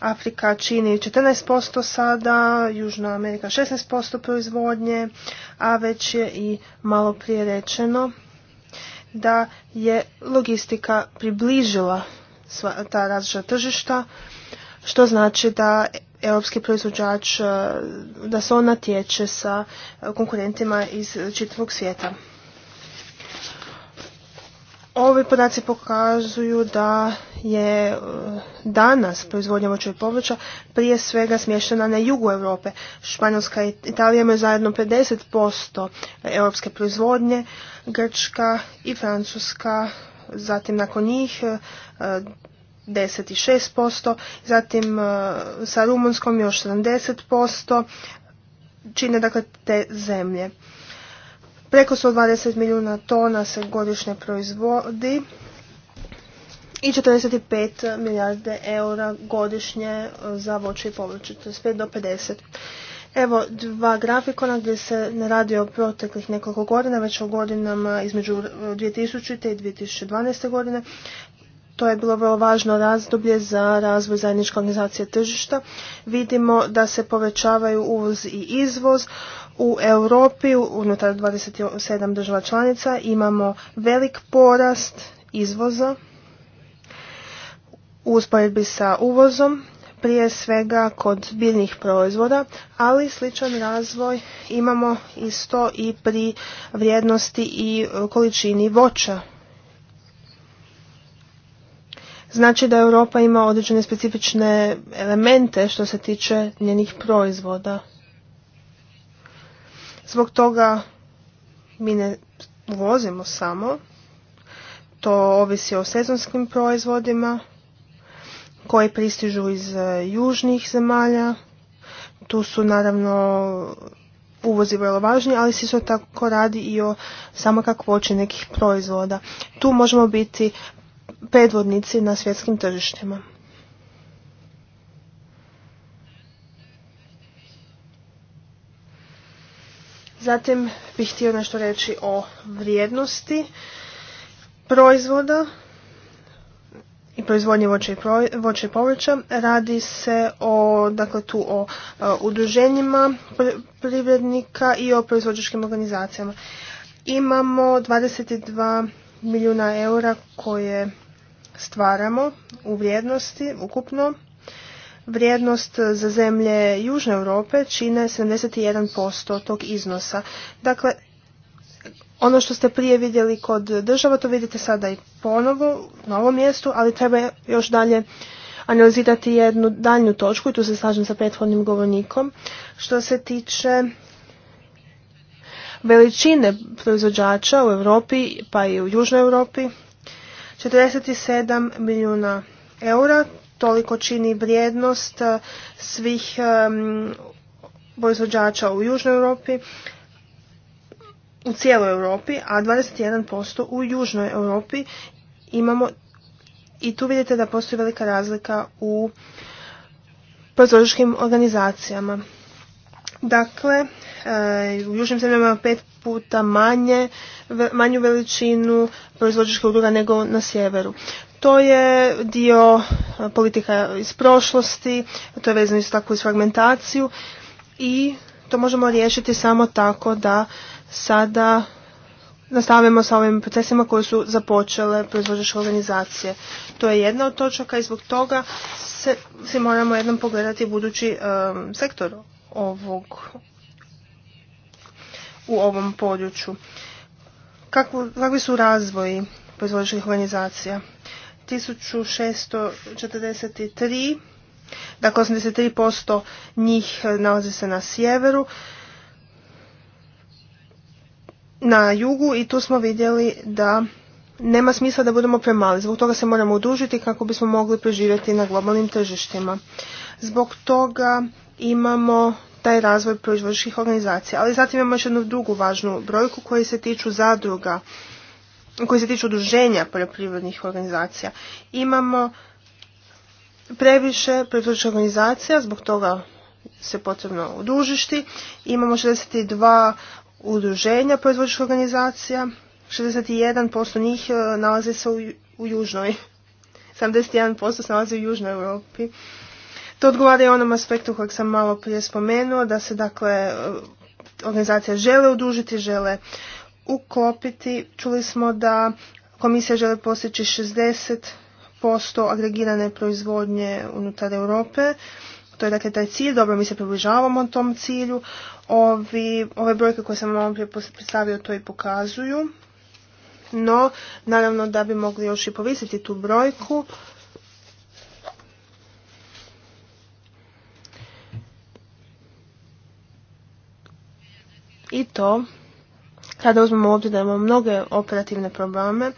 Afrika čini 14% sada, Južna Amerika 16% proizvodnje, a već je i malo prije rečeno da je logistika približila sva ta različita tržišta, što znači da europski proizvođač, da se on natječe sa konkurentima iz čitavog svijeta. Ovi podaci pokazuju da je e, danas proizvodnja voća i povrća prije svega smještena na jugu Europe. Španjolska i Italija imaju zajedno 50% europske proizvodnje, Grčka i Francuska, zatim nakon njih 10,6%, e, zatim e, sa Rumunskom još 70%, čine dakle te zemlje. Preko 120 milijuna tona se godišnje proizvodi i 45 milijarde eura godišnje e, za voće i povrće, pet do 50. Evo dva grafikona gdje se ne radi o proteklih nekoliko godina, već o godinama između 2000. E, i 2012. godine. To je bilo vrlo važno razdoblje za razvoj zajedničke organizacije tržišta. Vidimo da se povećavaju uvoz i izvoz, u Europi unutar 27 država članica imamo velik porast izvoza u usporedbi sa uvozom, prije svega kod biljnih proizvoda, ali sličan razvoj imamo isto i pri vrijednosti i količini voća. Znači da Europa ima određene specifične elemente što se tiče njenih proizvoda. Zbog toga mi ne uvozimo samo, to ovisi o sezonskim proizvodima koji pristižu iz e, južnih zemalja. Tu su naravno uvozi vrlo važni, ali se isto tako radi i o samo kakvoći nekih proizvoda. Tu možemo biti predvodnici na svjetskim tržištima. Zatim bih htio nešto reći o vrijednosti proizvoda i proizvodnje voća i povrća. Radi se o, dakle, tu o e, udruženjima privrednika i o proizvođačkim organizacijama. Imamo 22 milijuna eura koje stvaramo u vrijednosti ukupno vrijednost e, za zemlje Južne Europe čine 71% tog iznosa. Dakle, ono što ste prije vidjeli kod država, to vidite sada i ponovo na ovom mjestu, ali treba još dalje analizirati jednu daljnju točku i tu se slažem sa prethodnim govornikom. Što se tiče veličine proizvođača u Europi pa i u Južnoj Europi, 47 milijuna eura, toliko čini vrijednost eh, svih proizvođača u Južnoj Europi, u cijeloj Europi, a 21% u Južnoj Europi imamo i tu vidite da postoji velika razlika u proizvođačkim organizacijama. Dakle, eh, u južnim zemljama pet puta manje, manju veličinu proizvođačke udruga nego na sjeveru. To je dio eh, politika iz prošlosti, to je vezano isto tako fragmentaciju i to možemo riješiti samo tako da sada nastavimo sa ovim procesima koje su započele proizvođačke organizacije. To je jedna od točaka i zbog toga se, moramo jednom pogledati budući sektor ovog u ovom području. kakvi su razvoji proizvođačkih organizacija? 1643, dakle 83% njih nalazi se na sjeveru, na jugu i tu smo vidjeli da nema smisla da budemo premali. Zbog toga se moramo udružiti kako bismo mogli preživjeti na globalnim tržištima. Zbog toga imamo taj razvoj proizvođačkih organizacija. Ali zatim imamo još jednu drugu važnu brojku koji se tiču zadruga koji se tiču udruženja poljoprivrednih organizacija. Imamo previše proizvođačkih organizacija, zbog toga se potrebno udružišti. Imamo 62 udruženja proizvođačkih organizacija, 61% njih e, nalaze se u, u južnoj, 71% se nalazi u južnoj Europi. To odgovara i onom aspektu kojeg sam malo prije spomenuo, da se dakle e, organizacije žele udužiti, žele ukopiti Čuli smo da komisija želi postići 60% agregirane proizvodnje unutar Europe. To je dakle taj cilj, dobro mi se približavamo tom cilju. Ovi, ove brojke koje sam vam prije predstavio to i pokazuju. No, naravno da bi mogli još i povisiti tu brojku. I to kada uzmemo ovdje da imamo mnoge operativne probleme,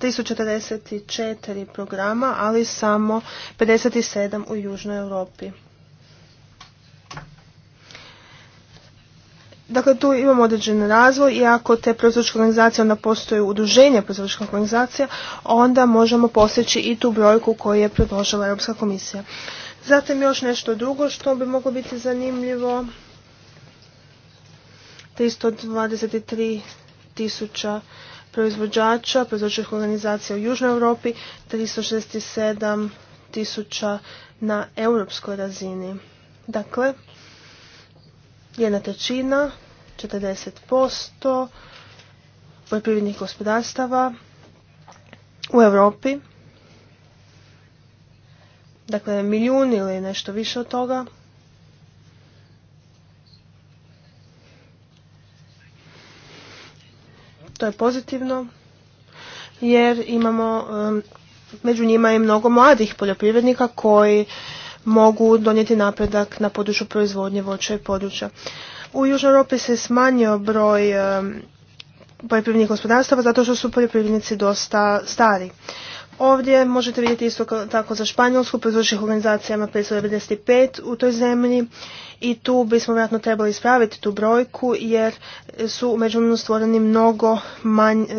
344 programa, ali samo 57 u Južnoj Europi. Dakle, tu imamo određen razvoj i ako te proizvođačke organizacije onda postoje udruženje proizvođačkih organizacija, onda možemo postići i tu brojku koju je predložila Europska komisija. Zatim još nešto drugo što bi moglo biti zanimljivo 323 tisuća proizvođača, proizvođačkih organizacija u Južnoj Europi, 367 tisuća na europskoj razini. Dakle, jedna trećina, 40% poljoprivrednih gospodarstava u Europi, dakle milijun ili nešto više od toga, što je pozitivno jer imamo među njima i mnogo mladih poljoprivrednika koji mogu donijeti napredak na području proizvodnje voća i područja. U Južnoj Europi se smanjio broj poljoprivrednih gospodarstava zato što su poljoprivrednici dosta stari. Ovdje možete vidjeti isto tako za Španjolsku, proizvođačkih organizacijama 595 u toj zemlji i tu bismo vjerojatno trebali ispraviti tu brojku jer su u međuvremenu stvoreni mnogo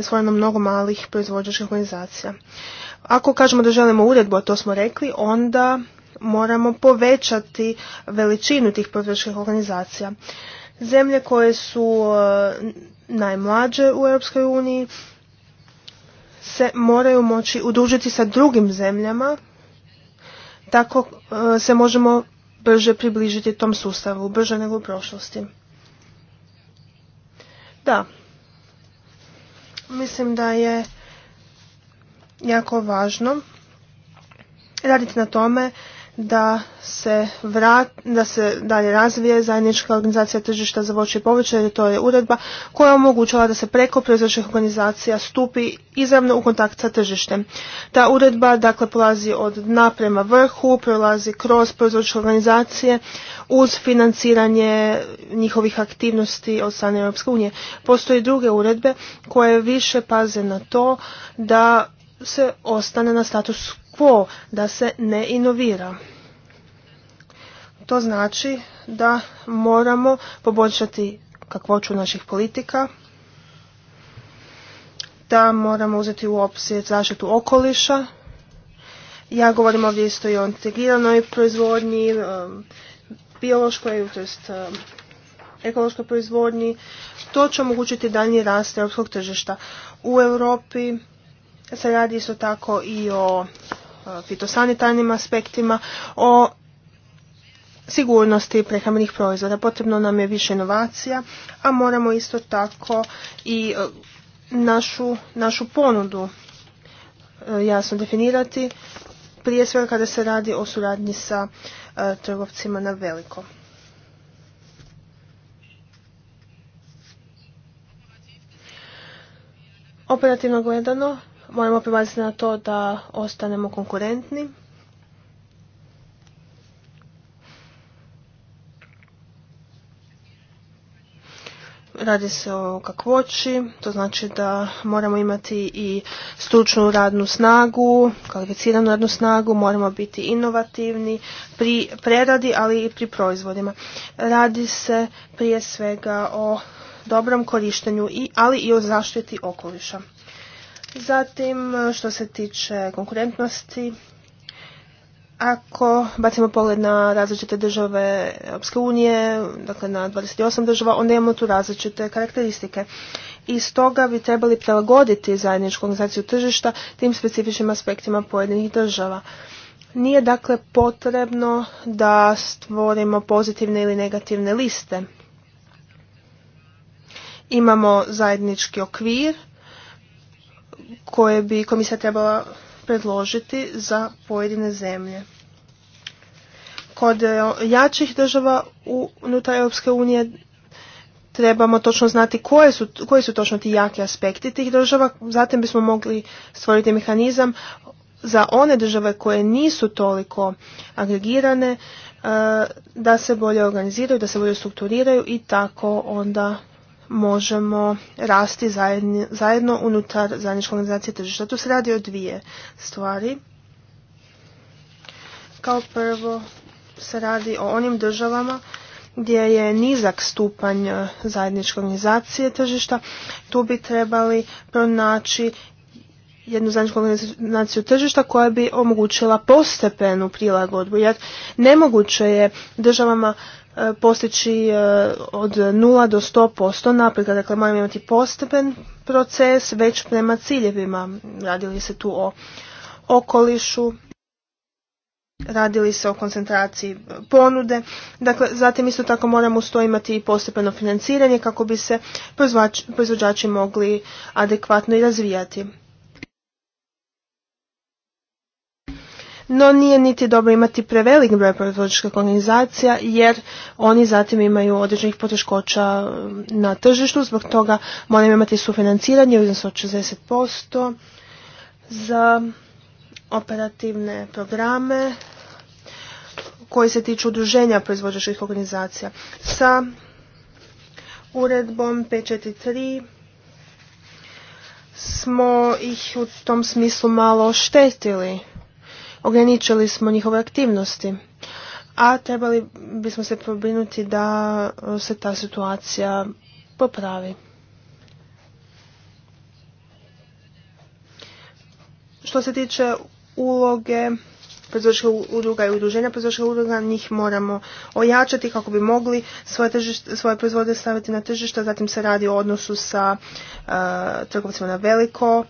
stvoreno mnogo malih proizvođačkih organizacija. Ako kažemo da želimo uredbu, a to smo rekli, onda moramo povećati veličinu tih proizvođačkih organizacija. Zemlje koje su e, najmlađe u Europskoj uniji se moraju moći udružiti sa drugim zemljama, tako e, se možemo brže približiti tom sustavu, brže nego u prošlosti. Da, mislim da je jako važno raditi na tome da se, vrat, da se dalje razvije zajednička organizacija tržišta za voće i povrće, jer to je uredba koja omogućava da se preko proizvođačkih organizacija stupi izravno u kontakt sa tržištem. Ta uredba dakle polazi od dna prema vrhu, prolazi kroz proizvođačke organizacije uz financiranje njihovih aktivnosti od strane Europske unije. Postoje druge uredbe koje više paze na to da se ostane na status quo, da se ne inovira. To znači da moramo poboljšati kakvoću naših politika, da moramo uzeti u obzir zaštitu okoliša. Ja govorim ovdje isto i o integriranoj proizvodnji, um, biološkoj, to um, ekološkoj proizvodnji. To će omogućiti daljnji rast europskog tržišta. U Europi se radi isto tako i o fitosanitarnim aspektima, o sigurnosti prehrambenih proizvoda. Potrebno nam je više inovacija, a moramo isto tako i e, našu, našu ponudu e, jasno definirati, prije svega kada se radi o suradnji sa e, trgovcima na veliko. Operativno gledano, moramo prebaciti na to da ostanemo konkurentni. Radi se o kakvoći, to znači da moramo imati i stručnu radnu snagu, kvalificiranu radnu snagu, moramo biti inovativni pri preradi, ali i pri proizvodima. Radi se prije svega o dobrom korištenju, ali i o zaštiti okoliša. Zatim, što se tiče konkurentnosti, ako bacimo pogled na različite države Europske unije, dakle na 28 država, onda imamo tu različite karakteristike. I stoga bi trebali prilagoditi zajedničku organizaciju tržišta tim specifičnim aspektima pojedinih država. Nije dakle potrebno da stvorimo pozitivne ili negativne liste. Imamo zajednički okvir koje bi komisija trebala predložiti za pojedine zemlje. Kod e, jačih država unutar Europske unije trebamo točno znati koje su, koji su točno ti jaki aspekti tih država, zatim bismo mogli stvoriti mehanizam za one države koje nisu toliko agregirane, e, da se bolje organiziraju, da se bolje strukturiraju i tako onda možemo rasti zajedno unutar zajedničke organizacije tržišta. Tu se radi o dvije stvari. Kao prvo se radi o onim državama gdje je nizak stupanj e, zajedničke organizacije tržišta. Tu bi trebali pronaći jednu zajedničku organizaciju tržišta koja bi omogućila postepenu prilagodbu jer nemoguće je državama postići e, od 0 do 100% napretka. Dakle, moramo imati postepen proces već prema ciljevima. Radili se tu o okolišu, radili se o koncentraciji ponude. Dakle, zatim isto tako moramo uz to imati i postepeno financiranje kako bi se proizvođači mogli adekvatno i razvijati. no nije niti dobro imati prevelik broj proizvođačkih organizacija jer oni zatim imaju određenih poteškoća mm, na tržištu, zbog toga moraju imati sufinanciranje u iznosu od 60% za operativne programe koji se tiču udruženja proizvođačkih organizacija sa uredbom 543 smo ih u tom smislu malo oštetili ograničili smo njihove aktivnosti. A trebali bismo se pobrinuti da se ta situacija popravi. Što se tiče uloge proizvođačkih udruga i udruženja proizvođačkih udruga, njih moramo ojačati kako bi mogli svoje, proizvode staviti na tržište. Zatim se radi o odnosu sa eh, trgovcima na veliko,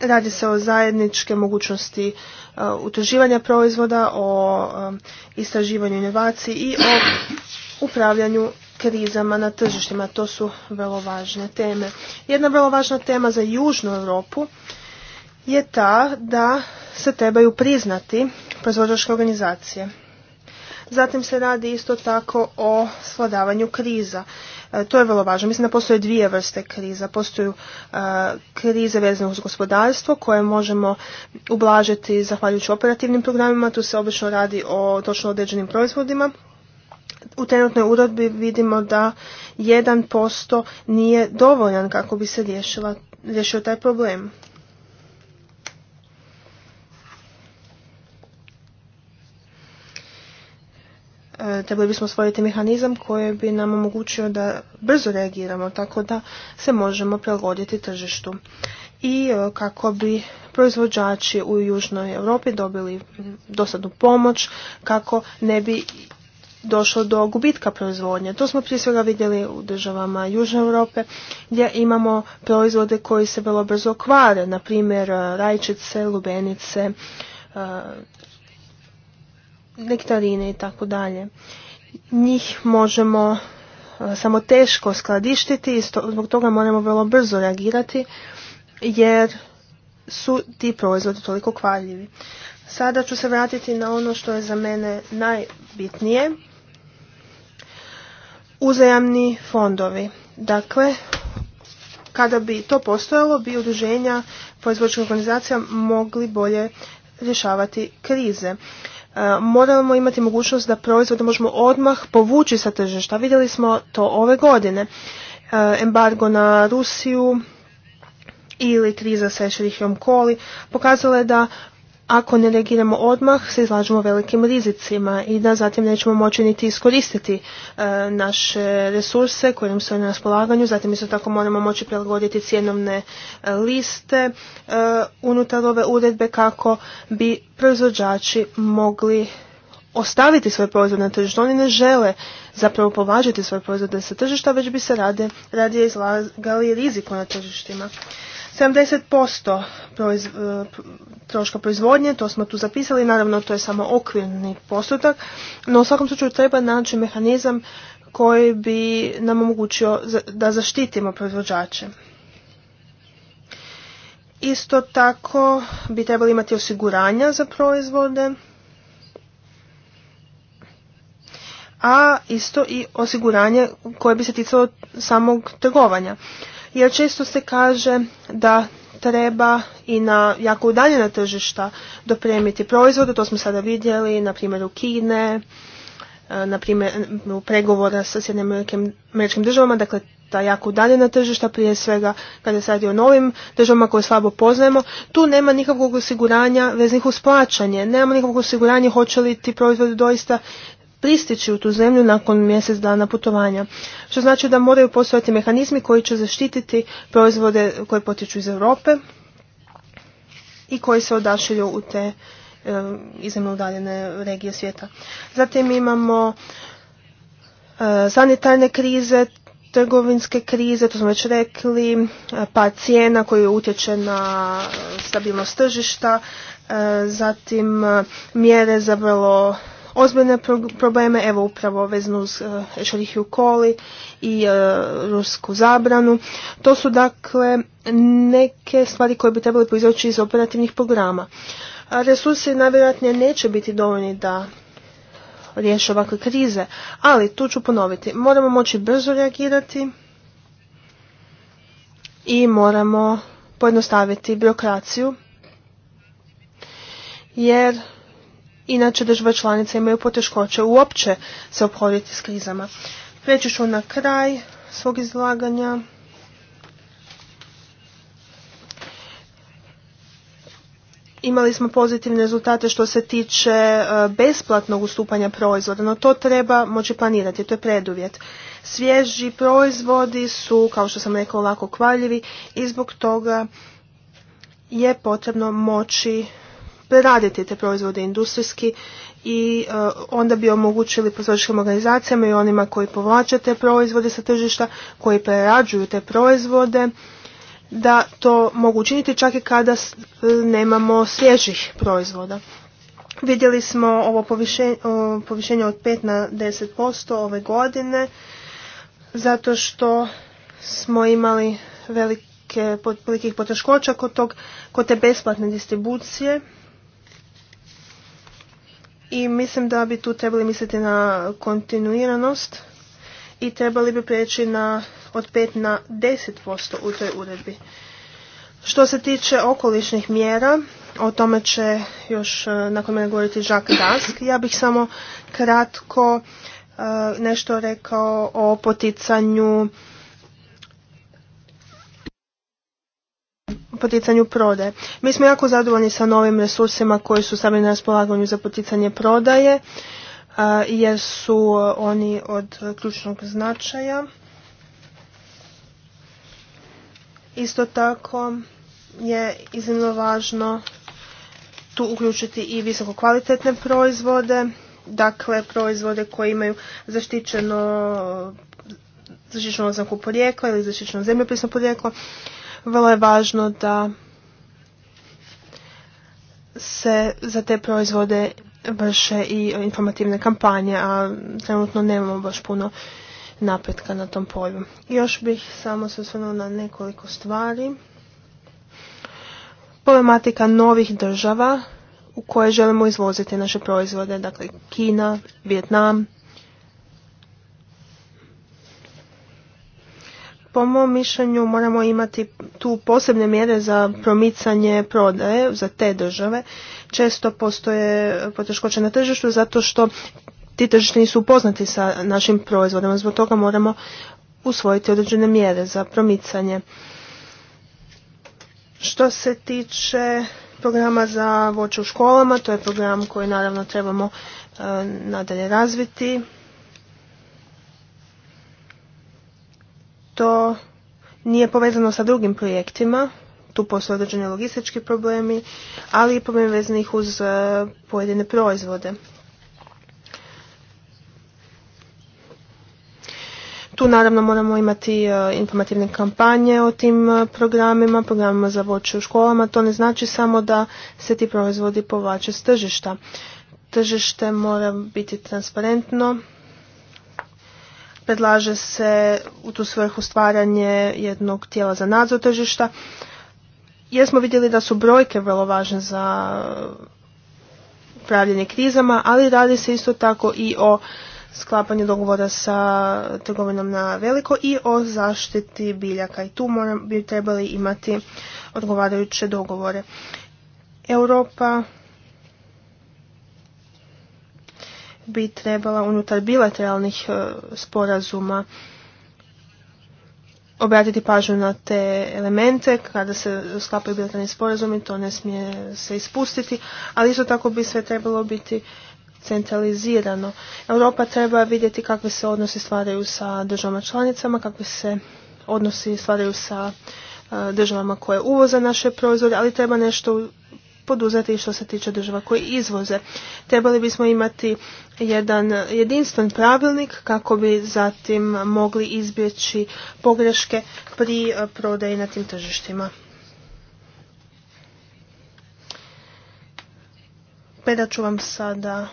Radi se o zajedničke mogućnosti e, utrživanja proizvoda, o e, istraživanju inovaciji i o upravljanju krizama na tržištima. To su vrlo važne teme. Jedna vrlo važna tema za Južnu Europu je ta da se trebaju priznati proizvođačke organizacije. Zatim se radi isto tako o svladavanju kriza. E, to je vrlo važno. Mislim da postoje dvije vrste kriza. Postoju e, krize vezane uz gospodarstvo koje možemo ublažiti zahvaljujući operativnim programima. Tu se obično radi o točno određenim proizvodima. U trenutnoj urodbi vidimo da 1% nije dovoljan kako bi se riješio taj problem. E, trebali bismo stvoriti mehanizam koji bi nam omogućio da brzo reagiramo tako da se možemo prilagoditi tržištu i e, kako bi proizvođači u Južnoj Europi dobili dosadnu pomoć kako ne bi došlo do gubitka proizvodnje. To smo prije svega vidjeli u državama Južne Europe gdje imamo proizvode koji se vrlo brzo kvare, na primjer e, rajčice, lubenice, nektarine i tako dalje. Njih možemo e, samo teško skladištiti i zbog toga moramo vrlo brzo reagirati jer su ti proizvodi toliko kvaljivi. Sada ću se vratiti na ono što je za mene najbitnije. Uzajamni fondovi. Dakle, kada bi to postojalo, bi udruženja proizvođačkih organizacija mogli bolje rješavati krize. E, moramo imati mogućnost da proizvode možemo odmah povući sa tržišta. Vidjeli smo to ove godine. E, embargo na Rusiju ili kriza sa Ešerihom Koli pokazala je da ako ne reagiramo odmah se izlažemo velikim rizicima i da zatim nećemo moći niti iskoristiti e, naše resurse koje nam stoje na raspolaganju. Zatim isto tako moramo moći prilagoditi cjenovne e, liste e, unutar ove uredbe kako bi proizvođači mogli ostaviti svoj proizvod na tržištu. Oni ne žele zapravo považiti svoje proizvode sa tržišta, već bi se rade, radije izlagali riziku na tržištima. 70% e, troška proizvodnje, to smo tu zapisali, naravno to je samo okvirni postotak, no u svakom slučaju treba naći mehanizam koji bi nam omogućio da zaštitimo proizvođače. Isto tako bi trebali imati osiguranja za proizvode, a isto i osiguranje koje bi se ticalo samog trgovanja jer često se kaže da treba i na jako udaljena tržišta dopremiti proizvode, to smo sada vidjeli na primjeru Kine, e, na u pregovora sa Sjednim američkim državama, dakle ta jako udaljena tržišta, prije svega kada se radi o novim državama koje slabo poznajemo, tu nema nikakvog osiguranja veznih uz nema nikakvog osiguranja hoće li ti proizvodi doista pristići u tu zemlju nakon mjesec dana putovanja. Što znači da moraju postojati mehanizmi koji će zaštititi proizvode koje potiču iz Europe i koji se odašilju u te e, izjemno udaljene regije svijeta. Zatim imamo e, sanitarne krize, trgovinske krize, to smo već rekli, pa cijena koji utječe na stabilnost tržišta, zatim mjere za vrlo ozbiljne probleme, evo upravo veznu uz Šarihiju e, Koli i e, rusku zabranu. To su dakle neke stvari koje bi trebali proizvoći iz operativnih programa. resursi najvjerojatnije neće biti dovoljni da riješi ovakve krize, ali tu ću ponoviti. Moramo moći brzo reagirati i moramo pojednostaviti birokraciju jer inače države članice imaju poteškoće uopće se obhoditi s krizama. Preći ću na kraj svog izlaganja. Imali smo pozitivne rezultate što se tiče e, besplatnog ustupanja proizvoda, no to treba moći planirati, to je preduvjet. Svježi proizvodi su, kao što sam rekao, lako kvaljivi i zbog toga je potrebno moći preraditi te proizvode industrijski i e, onda bi omogućili proizvođačkim organizacijama i onima koji povlače te proizvode sa tržišta, koji prerađuju te proizvode, da to mogu učiniti čak i kada e, nemamo svježih proizvoda. Vidjeli smo ovo povišenje, od 5 na 10% ove godine, zato što smo imali velikih poteškoća kod, kod te besplatne distribucije i mislim da bi tu trebali misliti na kontinuiranost i trebali bi preći na od 5 na 10% u toj uredbi. Što se tiče okolišnih mjera, o tome će još e, nakon mene govoriti Žak Dask. Ja bih samo kratko e, nešto rekao o poticanju poticanju prodaje. Mi smo jako zadovoljni sa novim resursima koji su stavljeni na raspolaganju za poticanje prodaje jer su oni od ključnog značaja. Isto tako je iznimno važno tu uključiti i visoko kvalitetne proizvode, dakle proizvode koji imaju zaštićeno zaštićeno oznaku porijekla ili zaštićeno zemljopisno porijeklo. Vrlo je važno da se za te proizvode vrše i informativne kampanje, a trenutno nemamo baš puno napretka na tom polju. Još bih samo se osvrnula na nekoliko stvari. Problematika novih država u koje želimo izvoziti naše proizvode, dakle Kina, Vjetnam, po mom mišljenju moramo imati tu posebne mjere za promicanje prodaje za te države. Često postoje poteškoće na tržištu zato što ti tržišti nisu upoznati sa našim proizvodima. Zbog toga moramo usvojiti određene mjere za promicanje. Što se tiče programa za voće u školama, to je program koji naravno trebamo eh, nadalje razviti. to nije povezano sa drugim projektima, tu postoje određeni logistički problemi, ali i problemi vezanih uz e, pojedine proizvode. Tu naravno moramo imati e, informativne kampanje o tim e, programima, programima za voće u školama. To ne znači samo da se ti proizvodi povlače s tržišta. Tržište mora biti transparentno, predlaže se u tu svrhu stvaranje jednog tijela za nadzor tržišta. Jer smo vidjeli da su brojke vrlo važne za upravljanje krizama, ali radi se isto tako i o sklapanju dogovora sa trgovinom na veliko i o zaštiti biljaka. I tu bi trebali imati odgovarajuće dogovore. Europa bi trebala unutar bilateralnih e, sporazuma obratiti pažnju na te elemente kada se sklapaju bilateralni sporazumi, to ne smije se ispustiti, ali isto tako bi sve trebalo biti centralizirano. Europa treba vidjeti kakvi se odnosi stvaraju sa državama članicama, kakvi se odnosi stvaraju sa e, državama koje uvoze naše proizvode, ali treba nešto poduzeti što se tiče država koje izvoze. Trebali bismo imati jedan jedinstven pravilnik kako bi zatim mogli izbjeći pogreške pri prodaji na tim tržištima. Predat ću vam sada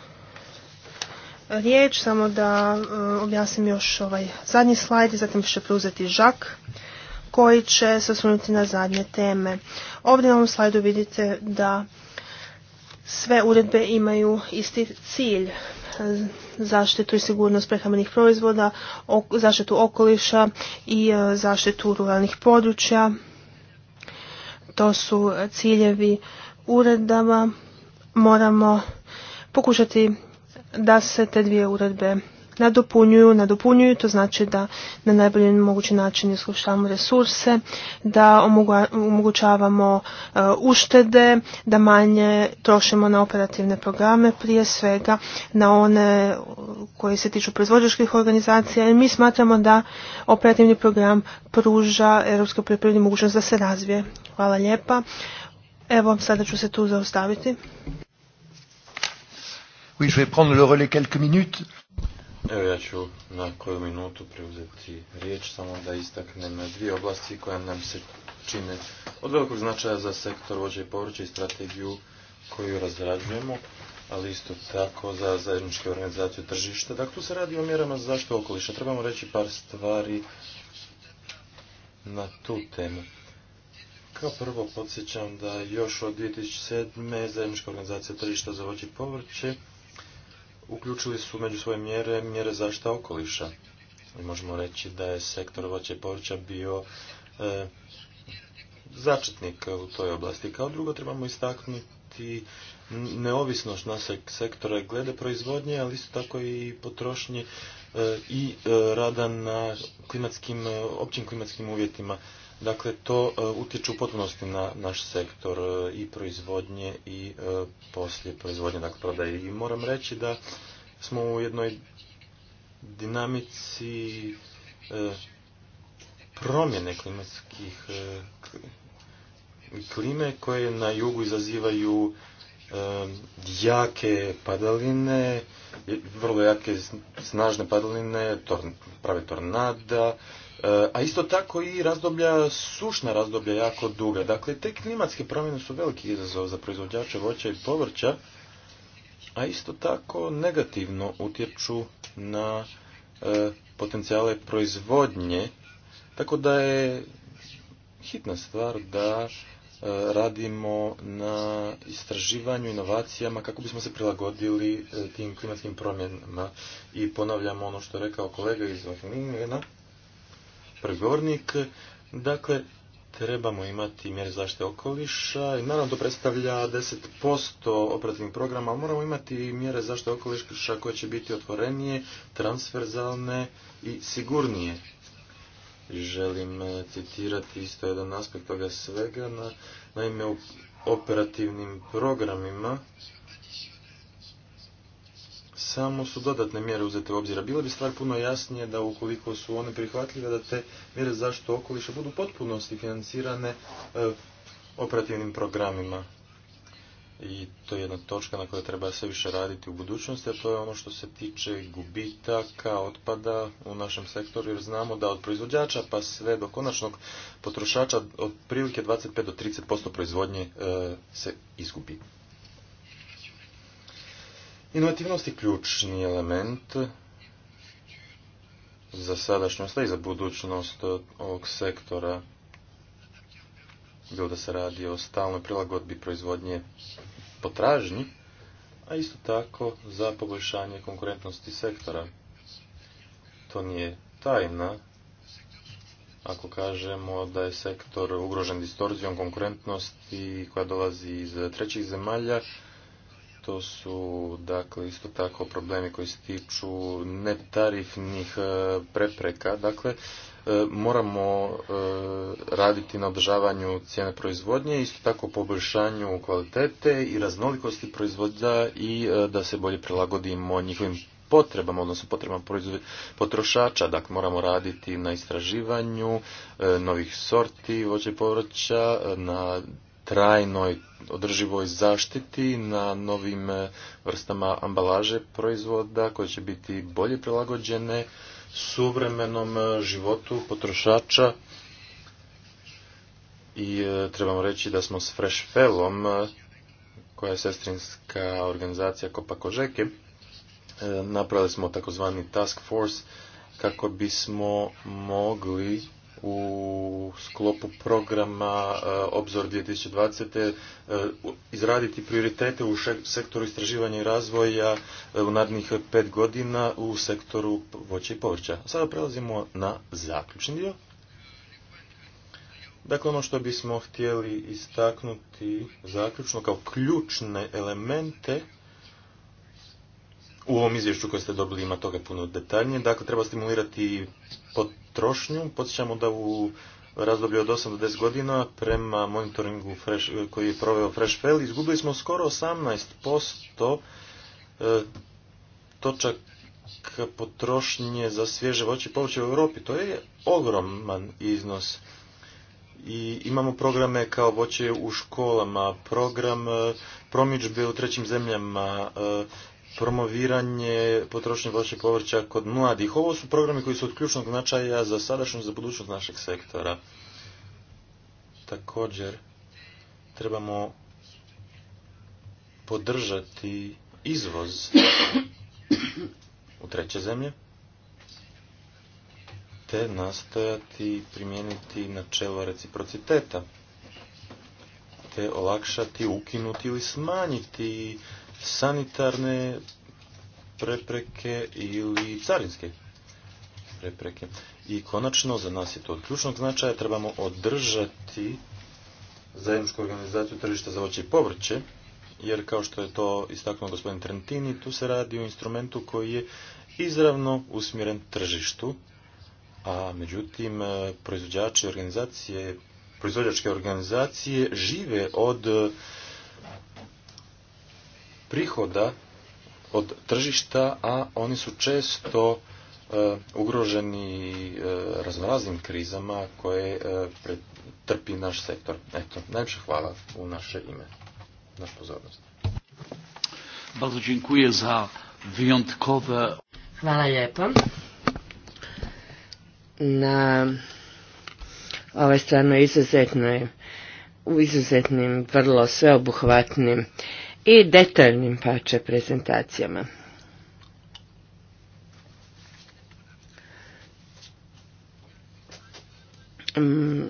riječ, samo da e, objasnim još ovaj zadnji slajd i zatim će preuzeti Žak koji će se osvrnuti na zadnje teme. Ovdje na ovom slajdu vidite da sve uredbe imaju isti cilj zaštitu i sigurnost prehrambenih proizvoda, zaštitu okoliša i e, zaštitu ruralnih područja. To su ciljevi uredbama. Moramo pokušati da se te dvije uredbe nadopunjuju, nadopunjuju, to znači da na najbolji mogući način iskušavamo resurse, da omogućavamo e, uštede, da manje trošimo na operativne programe, prije svega na one koji se tiču proizvođačkih organizacija i mi smatramo da operativni program pruža Europskoj poljoprivredi mogućnost da se razvije. Hvala lijepa. Evo, sada ću se tu zaustaviti. Oui, je vais prendre le relais quelques minutes. Evo ja ću na koju minutu preuzeti riječ, samo da istaknem dvije oblasti koje nam se čine od velikog značaja za sektor vođe i povrće i strategiju koju razrađujemo, ali isto tako za zajedničku organizaciju tržišta. Dakle, tu se radi o mjerama za zaštitu okoliša. Trebamo reći par stvari na tu temu. Kao prvo podsjećam da još od 2007. zajednička organizacija tržišta za vođe i povrće uključili su među svoje mjere mjere zašta okoliša. možemo reći da je sektor voće i povrća bio e, začetnik u toj oblasti. Kao drugo trebamo istaknuti neovisnost našeg sektora glede proizvodnje, ali isto tako i potrošnje e, i e, rada na klimatskim, općim klimatskim uvjetima. Dakle, to e, utječe u potpunosti na naš sektor e, i proizvodnje i e, poslije proizvodnje, dakle prodaje. I moram reći da smo u jednoj dinamici promjene klimatskih klime koje na jugu izazivaju jake padaline, vrlo jake snažne padaline, prave tornada, E, a isto tako i razdoblja, sušna razdoblja jako duga. Dakle, te klimatske promjene su veliki izazov za proizvođače voća i povrća, a isto tako negativno utječu na e, potencijale proizvodnje, tako da je hitna stvar da e, radimo na istraživanju, inovacijama kako bismo se prilagodili tim klimatskim promjenama. I ponavljamo ono što je rekao kolega iz Vahningena, prgornik. Dakle, trebamo imati mjere zaštite okoliša i naravno to predstavlja 10% operativnih programa, ali moramo imati mjere zaštite okoliša koje će biti otvorenije, transverzalne i sigurnije. Želim e, citirati isto jedan aspekt toga svega. naime, u operativnim programima samo su dodatne mjere uzete u obzira. Bilo bi stvar puno jasnije da ukoliko su one prihvatljive da te mjere zaštitu okoliša budu potpunosti financirane eh, operativnim programima. I to je jedna točka na kojoj treba sve više raditi u budućnosti, a to je ono što se tiče gubitaka, otpada u našem sektoru, jer znamo da od proizvođača pa sve do konačnog potrošača prilike 25 do 30% proizvodnje eh, se izgubi. Inovativnost je ključni element za sadašnjost i za budućnost ovog sektora, bilo da se radi o stalnoj prilagodbi proizvodnje potražnji, a isto tako za poboljšanje konkurentnosti sektora. To nije tajna, ako kažemo da je sektor ugrožen distorzijom konkurentnosti koja dolazi iz trećih zemalja, to su dakle isto tako problemi koji se tiču netarifnih e, prepreka. Dakle, e, moramo e, raditi na održavanju cijene proizvodnje, isto tako poboljšanju kvalitete i raznolikosti proizvodnja i da se bolje prilagodimo njihovim potrebama, odnosno potrebama potrošača. Dakle, moramo raditi na istraživanju novih sorti voća i povrća, na trajnoj održivoj zaštiti na novim e, vrstama ambalaže proizvoda koje će biti bolje prilagođene suvremenom e, životu potrošača i e, trebamo reći da smo s Fresh Fellom koja je sestrinska organizacija Kopa Kožeke napravili smo takozvani task force kako bismo mogli u sklopu programa e, Obzor 2020. E, izraditi prioritete u sektoru istraživanja i razvoja e, u narednih pet godina u sektoru voća i povrća. Sada prelazimo na zaključni dio. Dakle, ono što bismo htjeli istaknuti zaključno kao ključne elemente u ovom izvješću koje ste dobili ima toga puno detaljnije. Dakle, treba stimulirati potrošnju. Podsjećamo da u razdoblju od 8 do 10 godina prema monitoringu fresh, koji je proveo Fresh Fail izgubili smo skoro 18% e, točak potrošnje za svježe voće i povrće u Europi. To je ogroman iznos. I imamo programe kao voće u školama, program e, promidžbe u trećim zemljama, e, promoviranje potrošnje voće povrća kod mladih. Ovo su programi koji su od ključnog značaja za sadašnju za budućnost našeg sektora. Također, trebamo podržati izvoz u treće zemlje, te nastojati primijeniti načelo reciprociteta, te olakšati, ukinuti ili smanjiti sanitarne prepreke ili carinske prepreke. I konačno, za nas je to od ključnog značaja, trebamo održati zajedničku organizaciju tržišta za voće i povrće, jer kao što je to istaknuo gospodin Trentini, tu se radi o instrumentu koji je izravno usmjeren tržištu, a međutim e, proizvođači organizacije, proizvođačke organizacije žive od prihoda od tržišta, a oni su često e, ugroženi e, raznoraznim krizama koje e, trpi naš sektor. Eto, najviše hvala u naše ime, naš pozornost. Bardzo dziękuję za wyjątkowe... Hvala lijepo na ovaj u izuzetno, izuzetnim, vrlo sveobuhvatnim i detaljnim pače prezentacijama. Mm.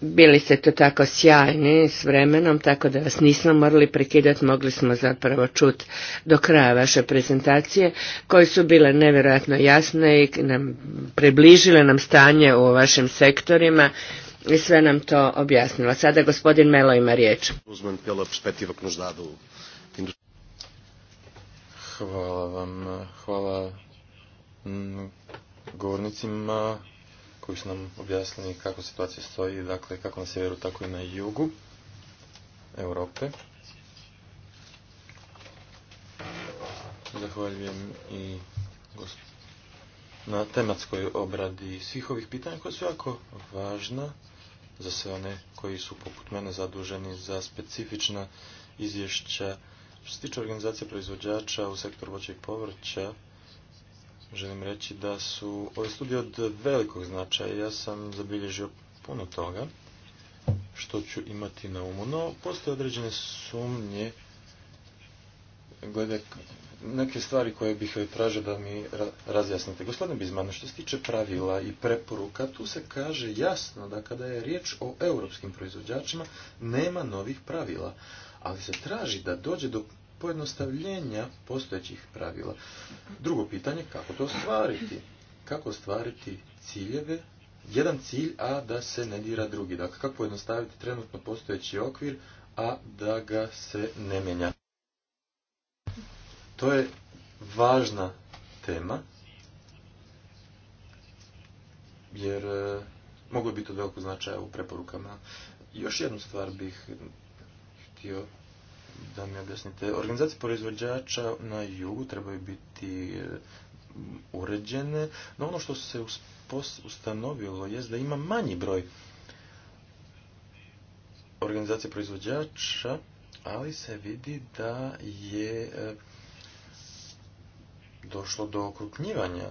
Bili ste to tako sjajni s vremenom, tako da vas nismo morali prekidati, mogli smo zapravo čuti do kraja vaše prezentacije, koje su bile nevjerojatno jasne i nam približile nam stanje u vašim sektorima i sve nam to objasnila. Sada gospodin Melo ima riječ. Hvala vam, hvala govornicima koji su nam objasnili kako situacija stoji, dakle kako na sjeveru, tako i na jugu Europe. Zahvaljujem i na tematskoj obradi svih ovih pitanja koja su jako važna za sve one koji su poput mene zaduženi za specifična izvješća. Što se tiče organizacije proizvođača u sektoru voća i povrća, želim reći da su ove studije od velikog značaja. Ja sam zabilježio puno toga što ću imati na umu. No, postoje određene sumnje glede neke stvari koje bih tražio da mi razjasnite. Gospodine Bizman, što se tiče pravila i preporuka, tu se kaže jasno da kada je riječ o europskim proizvođačima, nema novih pravila, ali se traži da dođe do pojednostavljenja postojećih pravila. Drugo pitanje, kako to ostvariti? Kako ostvariti ciljeve, jedan cilj, a da se ne dira drugi? Dakle, kako pojednostaviti trenutno postojeći okvir, a da ga se ne mijenja? To je važna tema, jer e, moglo biti od velikog značaja u preporukama. Još jednu stvar bih htio da mi objasnite. Organizacije proizvođača na jugu trebaju biti e, uređene, no ono što se ustanovilo je da ima manji broj organizacija proizvođača, ali se vidi da je e, došlo do okrupnjivanja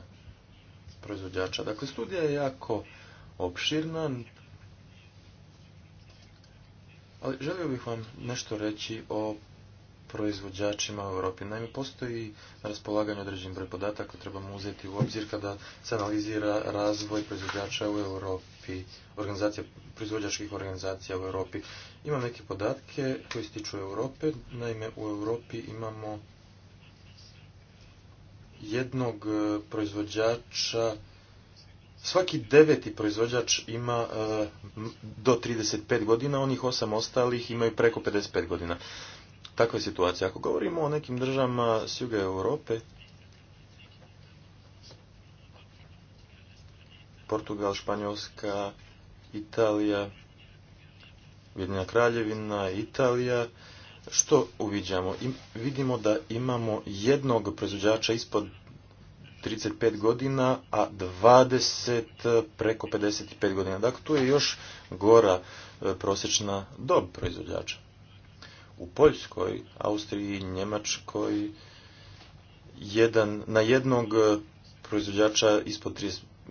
proizvođača. Dakle, studija je jako opširna, ali želio bih vam nešto reći o proizvođačima u Europi. Naime, postoji na raspolaganju određen broj podataka trebamo uzeti u obzir kada se analizira razvoj proizvođača u Europi, organizacija, proizvođačkih organizacija u Europi. Imam neke podatke koji se tiču Europe. Naime, u Europi imamo jednog e, proizvođača svaki deveti proizvođač ima e, do 35 godina, onih osam ostalih imaju preko 55 godina. Takva je situacija. Ako govorimo o nekim državama s juga Europe, Portugal, Španjolska, Italija, Ujedinjena Kraljevina, Italija, što uviđamo? I vidimo da imamo jednog proizvođača ispod 35 godina, a 20 preko 55 godina. Dakle, tu je još gora e, prosječna dob proizvođača. U Poljskoj, Austriji, Njemačkoj, jedan, na jednog e, proizvođača ispod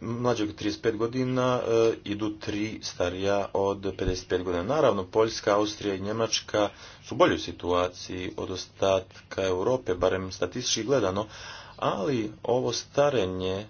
mlađeg 35 godina e, idu tri starija od 55 godina. Naravno, Poljska, Austrija i Njemačka su u boljoj situaciji od ostatka Europe, barem statistički gledano, ali ovo starenje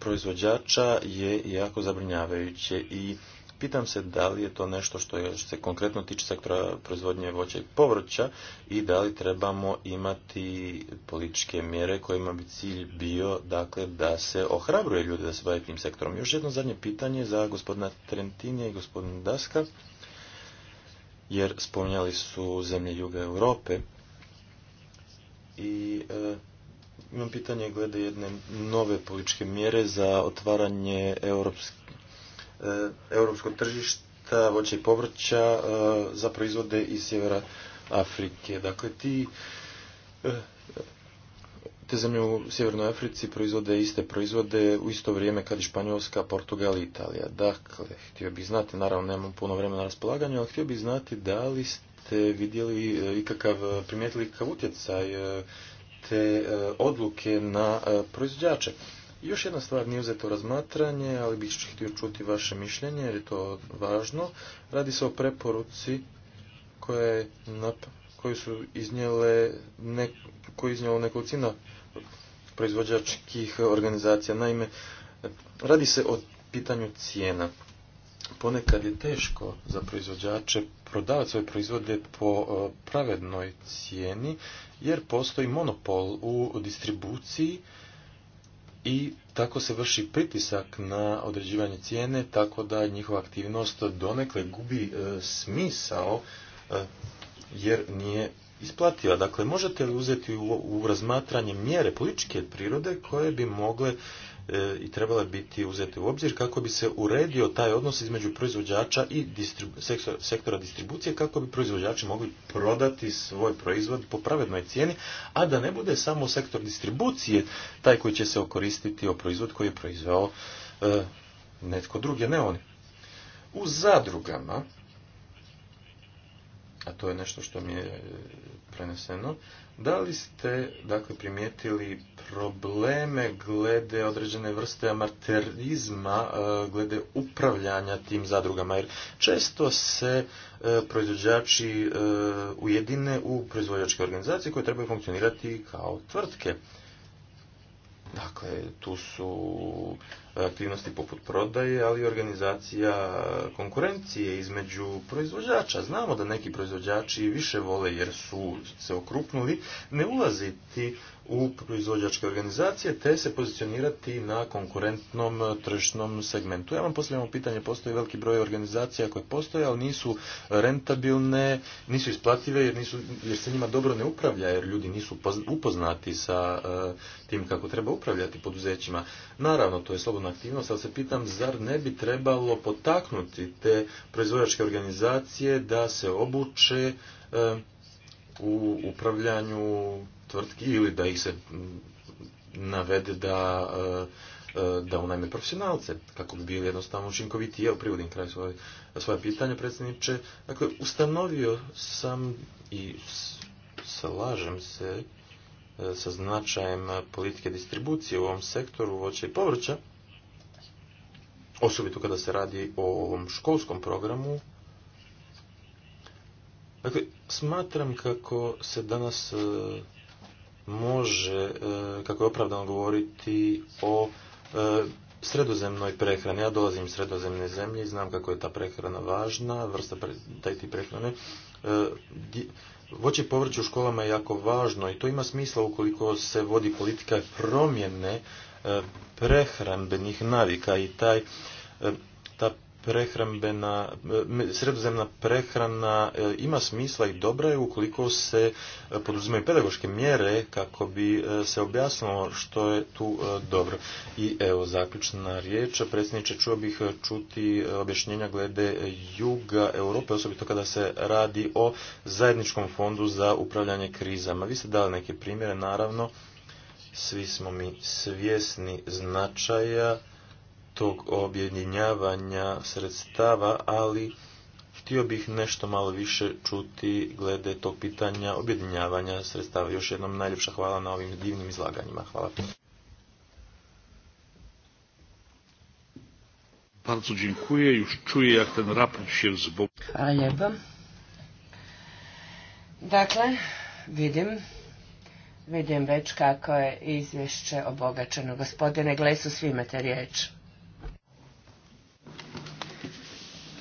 proizvođača je jako zabrinjavajuće i Pitam se da li je to nešto što se konkretno tiče sektora proizvodnje voća i povrća i da li trebamo imati političke mjere kojima bi cilj bio dakle, da se ohrabruje ljude da se bave tim sektorom. Još jedno zadnje pitanje za gospodina Trentinija i gospodina Daska, jer spominjali su zemlje Juga Europe i e, imam pitanje glede jedne nove političke mjere za otvaranje europske Eh, europskog tržišta voća i povrća eh, za proizvode iz sjevera Afrike. Dakle, ti eh, te zemlje u Sjevernoj Africi proizvode iste proizvode u isto vrijeme kad i Španjolska, Portugal i Italija. Dakle, htio bih znati, naravno nemam puno vremena na raspolaganju, ali htio bih znati da li ste vidjeli ikakav, primijetili kakav utjecaj te odluke na proizvođače. Još jedna stvar nije uzeto razmatranje, ali bih htio čuti vaše mišljenje, jer je to važno. Radi se o preporuci koje, koju su iznijele ne, koju iznijelo nekolicina proizvođačkih organizacija. Naime, radi se o pitanju cijena. Ponekad je teško za proizvođače prodavati svoje proizvode po e, pravednoj cijeni, jer postoji monopol u distribuciji i tako se vrši pritisak na određivanje cijene tako da njihova aktivnost donekle gubi e, smisao e, jer nije isplativa. Dakle, možete li uzeti u, u razmatranje mjere političke prirode koje bi mogle E, i trebale biti uzeti u obzir kako bi se uredio taj odnos između proizvođača i sektora distribucije kako bi proizvođači mogli prodati svoj proizvod po pravednoj cijeni, a da ne bude samo sektor distribucije taj koji će se okoristiti o proizvod koji je proizveo e, netko drugi, a ne oni. U zadrugama, a to je nešto što mi je preneseno, da li ste dakle, primijetili probleme glede određene vrste amaterizma, e, glede upravljanja tim zadrugama? Jer često se e, proizvođači e, ujedine u proizvođačke organizacije koje trebaju funkcionirati kao tvrtke. Dakle, tu su aktivnosti poput prodaje, ali i organizacija konkurencije između proizvođača. Znamo da neki proizvođači više vole jer su se okrupnuli, ne ulaziti u proizvođačke organizacije te se pozicionirati na konkurentnom tržišnom segmentu. Ja vam postavljamo pitanje, postoji veliki broj organizacija koje postoje, ali nisu rentabilne, nisu isplative jer, nisu, jer se njima dobro ne upravlja, jer ljudi nisu upoznati sa eh, tim kako treba upravljati poduzećima. Naravno, to je slobodno poslovna aktivnost, ali se pitam zar ne bi trebalo potaknuti te proizvođačke organizacije da se obuče e, u upravljanju tvrtki ili da ih se mm, navede da e, e, da unajme profesionalce, kako bi bili jednostavno učinkoviti. Evo, privodim kraj svoje, svoje pitanje, predsjedniče. Dakle, ustanovio sam i slažem se sa značajem politike distribucije u ovom sektoru voća i povrća, osobito kada se radi o ovom školskom programu. Dakle, smatram kako se danas e, može, e, kako je opravdano govoriti o e, sredozemnoj prehrani. Ja dolazim iz sredozemne zemlje i znam kako je ta prehrana važna, vrsta taj ti prehrane. Voće i u školama je jako važno i to ima smisla ukoliko se vodi politika promjene E, prehrambenih navika i taj, e, ta prehrambena, e, sredozemna prehrana ima smisla i dobra je ukoliko se poduzimaju pedagoške mjere kako bi se objasnilo što je tu dobro. I evo zaključna riječ, predsjedniče, čuo bih čuti objašnjenja glede juga Europe, osobito kada se radi o zajedničkom fondu za upravljanje krizama. Vi ste dali neke primjere, naravno, svi smo mi svjesni značaja tog objedinjavanja sredstava, ali htio bih nešto malo više čuti glede tog pitanja objedinjavanja sredstava. Još jednom najljepša hvala na ovim divnim izlaganjima. Hvala. Bardzo dziękuję. Już czuję, jak ten się Hvala Dakle, vidim Vidim već kako je izvješće obogačeno. Gospodine Glesu, svi imate riječ.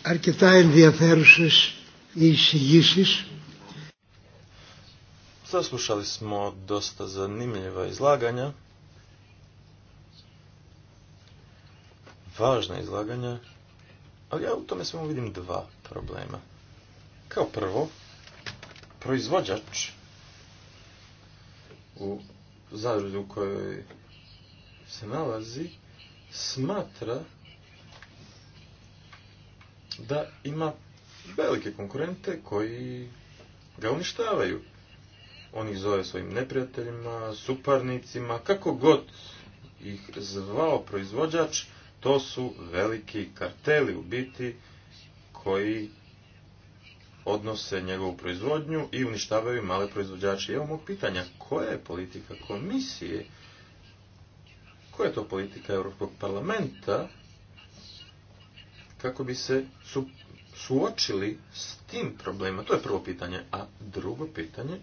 Αρκετά ενδιαφέρουσες Saslušali smo dosta zanimljiva izlaganja. Važna izlaganja. Ali ja u tome svemu vidim dva problema. Kao prvo, proizvođač u zadruzi u kojoj se nalazi smatra da ima velike konkurente koji ga uništavaju. On ih zove svojim neprijateljima, suparnicima, kako god ih zvao proizvođač, to su veliki karteli u biti koji odnose njegovu proizvodnju i uništavaju male proizvođače. I evo mog pitanja, koja je politika komisije, koja je to politika Europskog parlamenta kako bi se suočili s tim problemima? To je prvo pitanje. A drugo pitanje,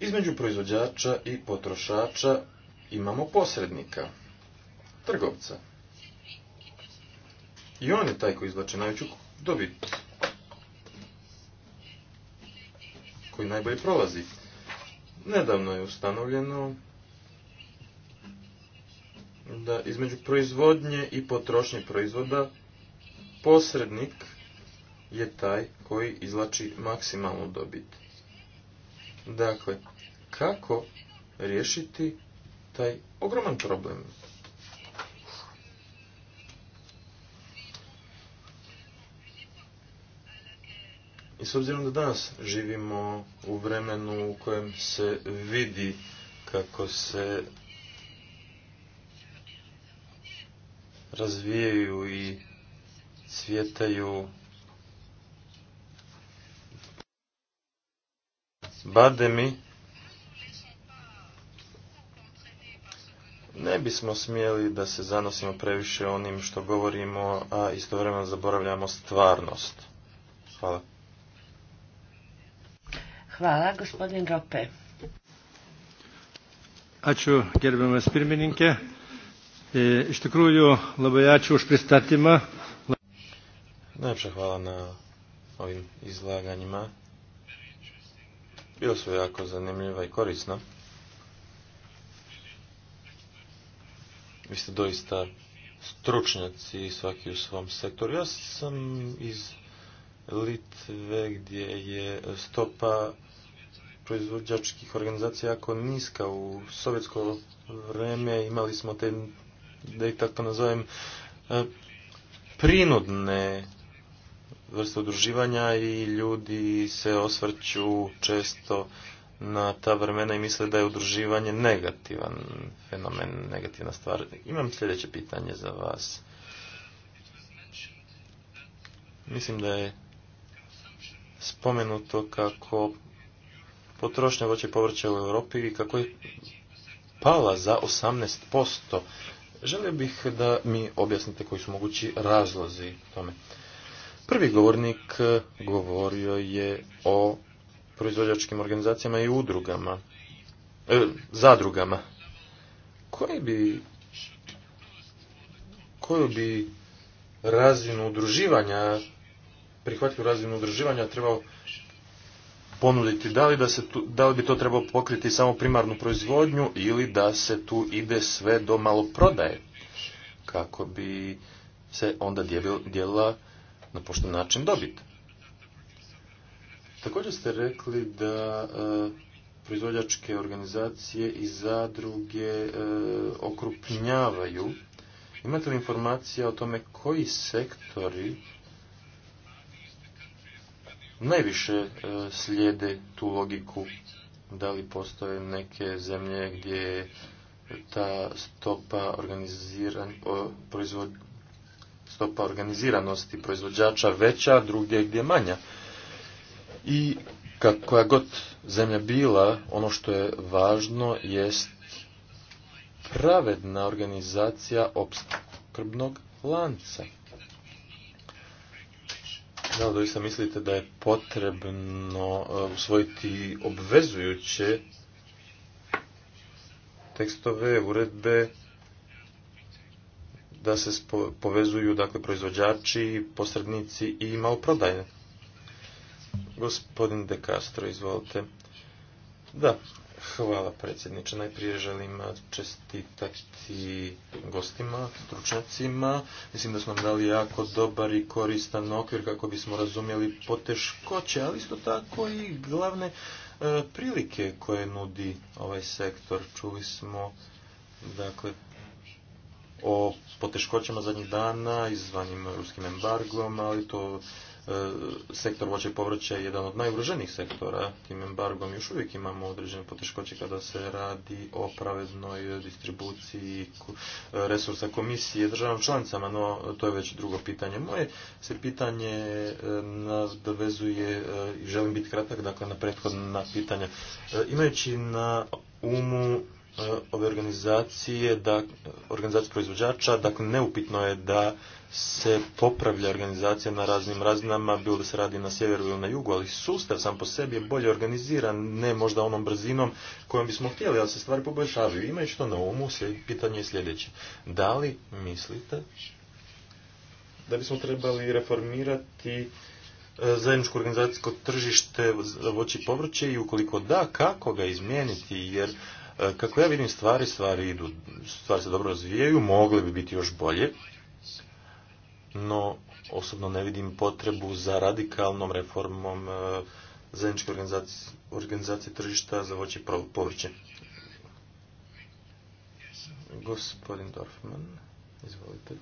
između proizvođača i potrošača imamo posrednika, trgovca i on je taj koji izvlače najveću dobit. Koji najbolje prolazi. Nedavno je ustanovljeno da između proizvodnje i potrošnje proizvoda posrednik je taj koji izlači maksimalnu dobit. Dakle, kako riješiti taj ogroman problem? I s obzirom da danas živimo u vremenu u kojem se vidi kako se razvijaju i cvjetaju bademi, ne bismo smjeli da se zanosimo previše onim što govorimo, a istovremeno zaboravljamo stvarnost. Hvala. Hvala, gospodin Rope. Ačiū, gerbiamas pirmininkė. E, iš tikrųjų, labai ačiū už pristatymą. Najlepša hvala na ovim izlaganjima. Bilo su jako zanimljiva i korisna. Vi ste doista stručnjaci svaki u svom sektoru. Ja sam iz Litve gdje je stopa proizvođačkih organizacija jako niska. U sovjetsko vrijeme imali smo te, da ih tako nazovem, e, prinudne vrste udruživanja i ljudi se osvrću često na ta vremena i misle da je udruživanje negativan fenomen, negativna stvar. Imam sljedeće pitanje za vas. Mislim da je spomenuto kako potrošnja voće i povrća u Europi i kako je pala za 18%. Želio bih da mi objasnite koji su mogući razlozi tome. Prvi govornik govorio je o proizvođačkim organizacijama i udrugama, e, zadrugama. Koji bi, koju bi razinu udruživanja, prihvatljivu razinu udruživanja trebao ponuditi, da li, da, se tu, da li bi to trebalo pokriti samo primarnu proizvodnju ili da se tu ide sve do maloprodaje kako bi se onda dijelila na pošten način dobit. Također ste rekli da e, proizvođačke organizacije i zadruge e, okrupnjavaju. Imate li informacija o tome koji sektori najviše e, slijede tu logiku. Da li postoje neke zemlje gdje je ta stopa organiziran, proizvod, stopa organiziranosti proizvođača veća, drugdje gdje manja. I koja god zemlja bila, ono što je važno jest pravedna organizacija opskrbnog lanca da doista mislite da je potrebno uh, usvojiti obvezujuće tekstove, uredbe, da se povezuju dakle, proizvođači, posrednici i maloprodajne? Gospodin De Castro, izvolite. Da, Hvala predsjedniče. Najprije želim čestitati gostima, stručnjacima. Mislim da smo dali jako dobar i koristan okvir kako bismo razumjeli poteškoće, ali isto tako i glavne e, prilike koje nudi ovaj sektor. Čuli smo dakle o poteškoćama zadnjih dana izvanim ruskim embargom, ali to E, sektor voća i povrća je jedan od najugroženijih sektora. Tim embargom još uvijek imamo određene poteškoće kada se radi o pravednoj distribuciji e, resursa komisije državom članicama, no to je već drugo pitanje. Moje se pitanje e, nadovezuje i želim biti kratak dakle, na prethodna pitanja. Imajući na umu E, ove organizacije, da, organizacije proizvođača, dakle neupitno je da se popravlja organizacija na raznim razinama, bilo da se radi na sjeveru ili na jugu, ali sustav sam po sebi je bolje organiziran, ne možda onom brzinom kojom bismo htjeli, ali se stvari poboljšavaju. Imajući to na umu, pitanje je sljedeće. Da li mislite da bismo trebali reformirati e, zajedničko organizacijsko tržište voći povrće i ukoliko da, kako ga izmijeniti, jer E, kako ja vidim stvari, stvari idu, stvari se dobro razvijaju, mogle bi biti još bolje, no osobno ne vidim potrebu za radikalnom reformom e, zajedničke organizacije, organizacije tržišta za voće povrće. Gospodin Dorfman, izvolite.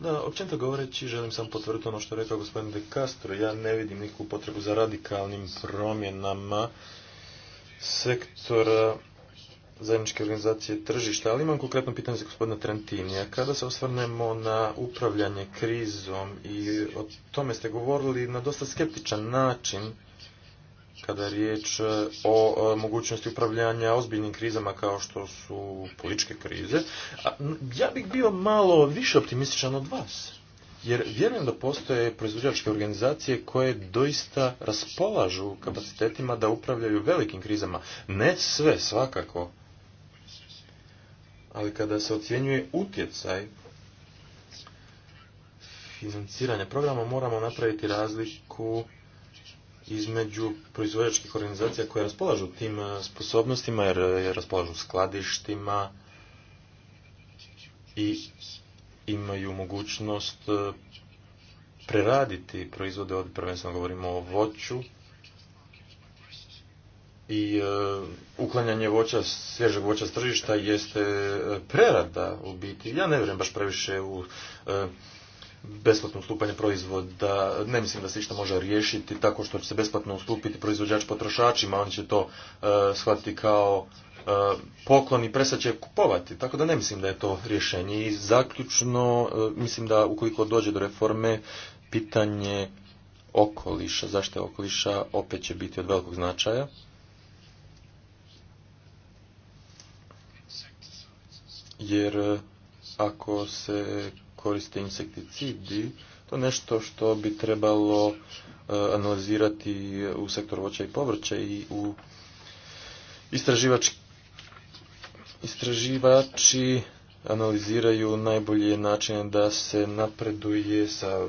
Da, općenito govoreći, želim sam potvrditi ono što je rekao gospodin De Castro. Ja ne vidim nikakvu potrebu za radikalnim promjenama sektora zajedničke organizacije tržišta, ali imam konkretno pitanje za gospodina Trentinija. Kada se osvrnemo na upravljanje krizom i o tome ste govorili na dosta skeptičan način kada je riječ e, o e, mogućnosti upravljanja ozbiljnim krizama kao što su političke krize, ja bih bio malo više optimističan od vas jer vjerujem da postoje proizvođačke organizacije koje doista raspolažu kapacitetima da upravljaju velikim krizama. Ne sve, svakako. Ali kada se ocjenjuje utjecaj financiranja programa, moramo napraviti razliku između proizvođačkih organizacija koje raspolažu tim e, sposobnostima, jer e, raspolažu skladištima i imaju mogućnost e, preraditi proizvode od prvenstveno govorimo o voću i e, uklanjanje voća, svježeg voća s tržišta jeste e, prerada u biti. Ja ne vjerujem baš previše u besplatno ustupanje proizvoda, ne mislim da se išta može riješiti tako što će se besplatno ustupiti proizvođač potrošačima, on će to shvatiti kao E, poklon i će kupovati. Tako da ne mislim da je to rješenje. I zaključno e, mislim da ukoliko dođe do reforme pitanje okoliša, zaštite okoliša opet će biti od velikog značaja. Jer e, ako se koriste insekticidi, to je nešto što bi trebalo analizirati u sektoru voća i povrća i u istraživački Istraživači analiziraju najbolje načine da se napreduje sa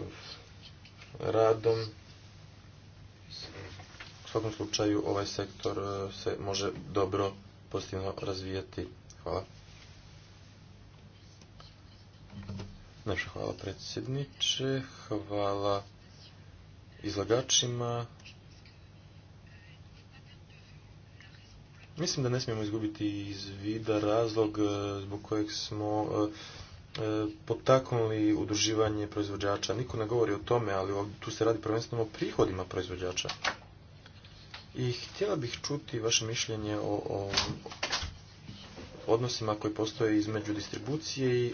radom. U svakom slučaju ovaj sektor e, se može dobro pozitivno razvijati. Hvala. Naša hvala predsjedniče, hvala izlagačima. Mislim da ne smijemo izgubiti iz vida razlog e, zbog kojeg smo e, e, potaknuli udruživanje proizvođača. Niko ne govori o tome, ali tu se radi prvenstveno o prihodima proizvođača. I htjela bih čuti vaše mišljenje o, odnosima koji postoje između distribucije i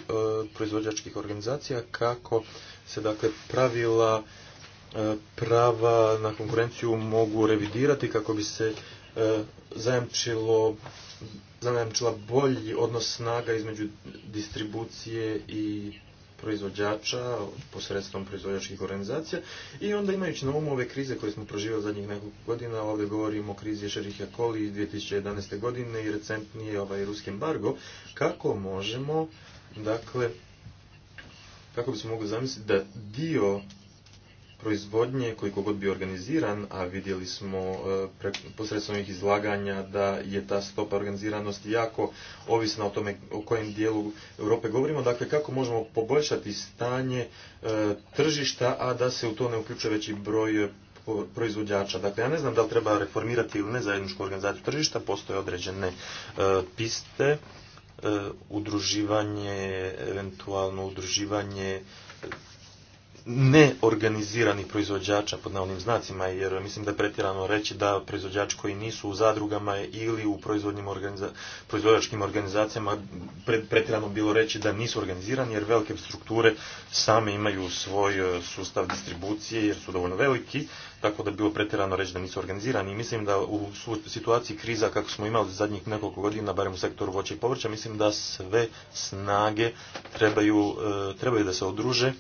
proizvođačkih organizacija, kako se dakle pravila prava na konkurenciju mogu revidirati kako bi se E, zajamčilo zajamčila bolji odnos snaga između distribucije i proizvođača posredstvom proizvođačkih organizacija i onda imajući na umu ove krize koje smo proživjeli zadnjih nekoliko godina, ovdje govorimo o krizi Šerih Jakoli iz 2011. godine i recentnije ovaj ruski embargo, kako možemo, dakle, kako bismo mogli zamisliti da dio proizvodnje koliko god bio organiziran, a vidjeli smo e, posredstvom ovih izlaganja da je ta stopa organiziranosti jako ovisna o tome o kojem dijelu Europe govorimo. Dakle, kako možemo poboljšati stanje e, tržišta, a da se u to ne uključuje veći broj e, proizvođača. Dakle, ja ne znam da li treba reformirati ili ne zajedničku organizaciju tržišta, postoje određene piste, udruživanje, eventualno udruživanje neorganiziranih proizvođača pod navodnim znacima, jer mislim da je pretjerano reći da proizvođači koji nisu u zadrugama ili u proizvodnim organiza... proizvođačkim organizacijama pretjerano bilo reći da nisu organizirani, jer velike strukture same imaju svoj e, sustav distribucije jer su dovoljno veliki, tako da bi bilo pretjerano reći da nisu organizirani. I mislim da u situaciji kriza kako smo imali zadnjih nekoliko godina, barem u sektoru voća i povrća, mislim da sve snage trebaju, e, trebaju da se odruže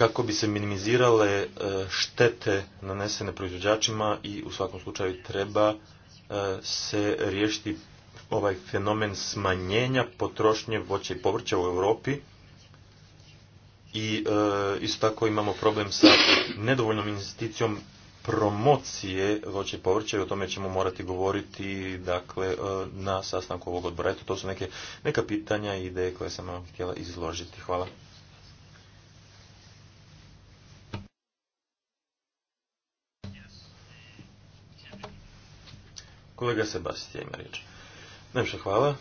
kako bi se minimizirale e, štete nanesene proizvođačima i u svakom slučaju treba e, se riješiti ovaj fenomen smanjenja potrošnje voća i povrća u Europi i e, isto tako imamo problem sa nedovoljnom investicijom promocije voća i povrća i o tome ćemo morati govoriti dakle, na sastanku ovog odbora. Eto, to su neke, neka pitanja i ideje koje sam vam htjela izložiti. Hvala. Kolega Sebastija ima riječ. Najviše hvala.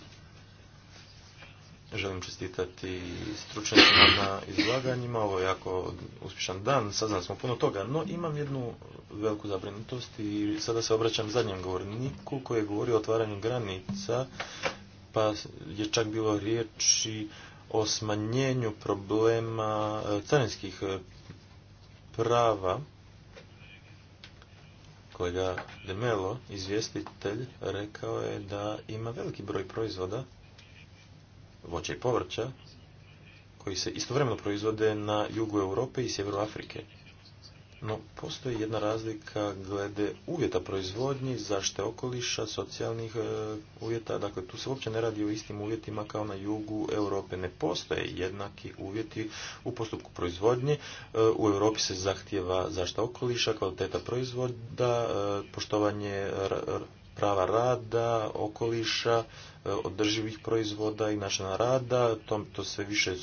Želim čestitati stručnjacima na izlaganjima. Ovo je jako uspješan dan. Saznali smo puno toga. No, imam jednu veliku zabrinutost i sada se obraćam zadnjem govorniku koji je govorio o otvaranju granica pa je čak bilo riječi o smanjenju problema eh, carinskih eh, prava Kolega Demelo, izvjestitelj, rekao je da ima veliki broj proizvoda, voća i povrća, koji se istovremeno proizvode na jugu Europe i sjeveru Afrike. No, postoji jedna razlika glede uvjeta proizvodnji, zašte okoliša, socijalnih e, uvjeta. Dakle, tu se uopće ne radi o istim uvjetima kao na jugu Europe. Ne postoje jednaki uvjeti u postupku proizvodnje. E, u Europi se zahtjeva zašta okoliša, kvaliteta proizvoda, e, poštovanje prava rada, okoliša, održivih proizvoda i načina rada. To, to se više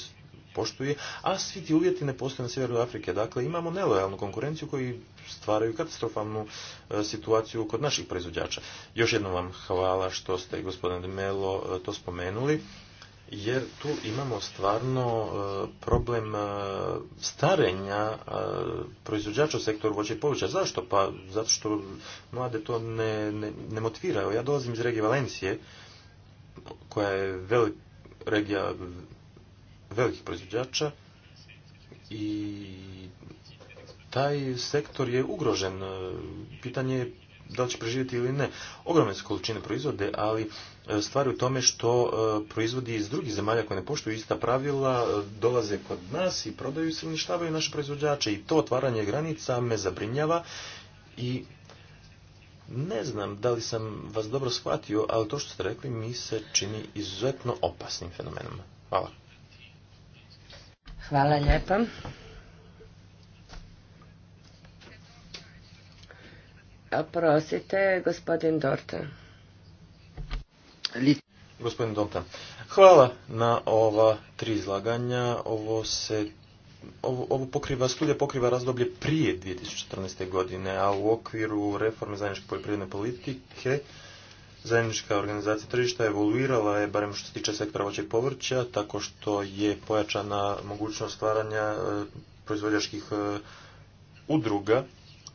poštuje, a svi ti uvjeti ne postoje na sjeveru Afrike. Dakle, imamo nelojalnu konkurenciju koji stvaraju katastrofalnu e, situaciju kod naših proizvođača. Još jednom vam hvala što ste, gospodine Demelo e, to spomenuli jer tu imamo stvarno e, problem starenja proizvođača u sektoru voća i povrća. Zašto? Pa zato što mlade to ne, ne, ne Ja dolazim iz regije Valencije, koja je velika regija velikih proizvođača i taj sektor je ugrožen. Pitanje je da li će preživjeti ili ne. Ogromne su količine proizvode, ali e, stvari u tome što e, proizvodi iz drugih zemalja koje ne poštuju ista pravila e, dolaze kod nas i prodaju se i uništavaju naše proizvođače i to otvaranje granica me zabrinjava i ne znam da li sam vas dobro shvatio, ali to što ste rekli mi se čini izuzetno opasnim fenomenom. Hvala. Hvala lijepa. Oprostite, gospodin Dorta. Gospodin Dorta, hvala na ova tri izlaganja. Ovo se ovo, pokriva, studija pokriva razdoblje prije 2014. godine, a u okviru reforme zajedničke poljoprivredne politike zajednička organizacija tržišta evoluirala je, barem što se tiče sektora voća i povrća, tako što je pojačana mogućnost stvaranja e, proizvođačkih e, udruga,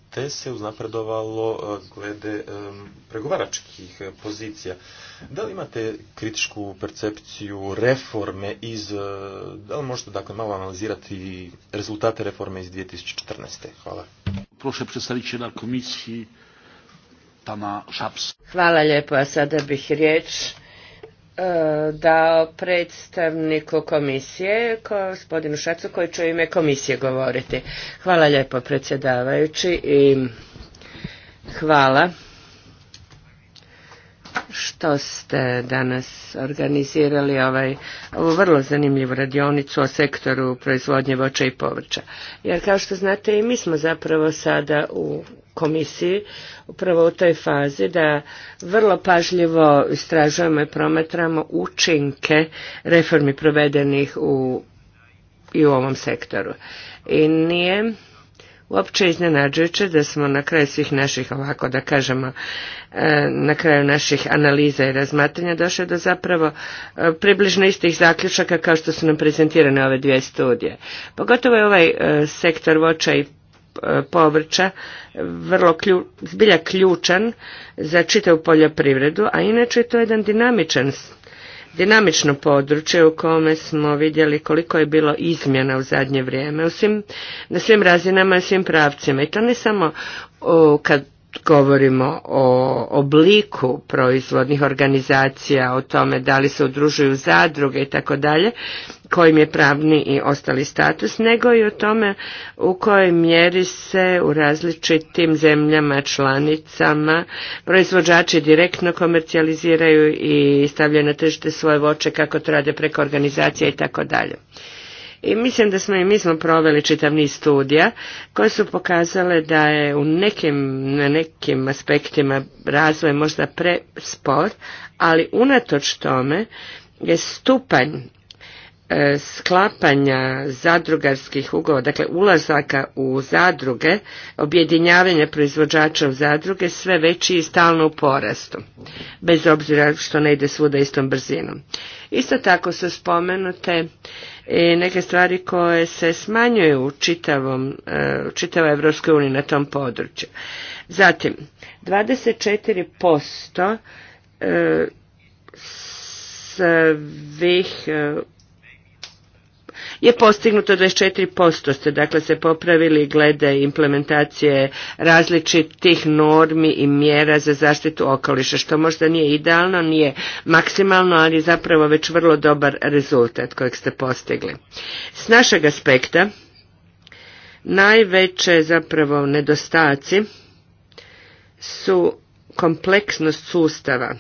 te se uznapredovalo e, glede pregovaračkih pozicija. Da li imate kritičku percepciju reforme iz, da li možete dakle malo analizirati rezultate reforme iz 2014. Hvala. će na komisiji... Hvala lijepo, a sada bih riječ e, dao predstavniku komisije, gospodinu Šacu, koji će u ime komisije govoriti. Hvala lijepo predsjedavajući i hvala što ste danas organizirali ovaj, ovu vrlo zanimljivu radionicu o sektoru proizvodnje voća i povrća. Jer kao što znate i mi smo zapravo sada u komisiji upravo u toj fazi da vrlo pažljivo istražujemo i promatramo učinke reformi provedenih u, i u ovom sektoru. I nije uopće iznenađujuće da smo na kraju svih naših, ovako da kažemo, e, na kraju naših analiza i razmatranja došli do zapravo e, približno istih zaključaka kao što su nam prezentirane ove dvije studije. Pogotovo je ovaj e, sektor voća i E, povrća vrlo klju, zbilja ključan za čitavu poljoprivredu, a inače je to jedan dinamičan dinamično područje u kome smo vidjeli koliko je bilo izmjena u zadnje vrijeme u na svim razinama i svim pravcima. I to ne samo u kad govorimo o obliku proizvodnih organizacija, o tome da li se udružuju zadruge i tako dalje, kojim je pravni i ostali status, nego i o tome u kojoj mjeri se u različitim zemljama, članicama, proizvođači direktno komercijaliziraju i stavljaju na tržište svoje voće kako to rade preko organizacija i tako dalje. I mislim da smo i mi smo proveli čitav niz studija koje su pokazale da je u nekim, na nekim aspektima razvoj možda prespor, ali unatoč tome je stupanj e, sklapanja zadrugarskih ugovora, dakle ulazaka u zadruge, objedinjavanja proizvođača u zadruge sve veći i stalno u porastu, bez obzira što ne ide svuda istom brzinom. Isto tako su spomenute i neke stvari koje se smanjuju u čitavom, e, u čitavoj Evropskoj na tom području. Zatim, 24% e, svih e, je postignuto 24%, ste dakle se popravili glede implementacije različitih normi i mjera za zaštitu okoliša, što možda nije idealno, nije maksimalno, ali je zapravo već vrlo dobar rezultat kojeg ste postigli. S našeg aspekta, najveće zapravo nedostaci su kompleksnost sustava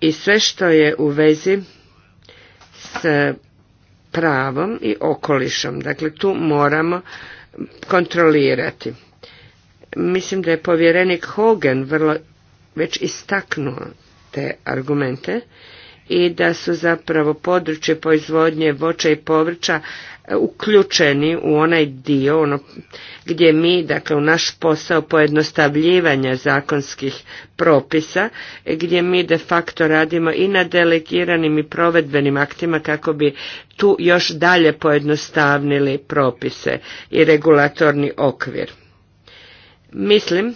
i sve što je u vezi s pravom i okolišom. Dakle, tu moramo kontrolirati. Mislim da je povjerenik Hogan vrlo već istaknuo te argumente i da su zapravo područje proizvodnje voća i povrća E, uključeni u onaj dio ono, gdje mi, dakle u naš posao pojednostavljivanja zakonskih propisa, e, gdje mi de facto radimo i na delegiranim i provedbenim aktima kako bi tu još dalje pojednostavnili propise i regulatorni okvir. Mislim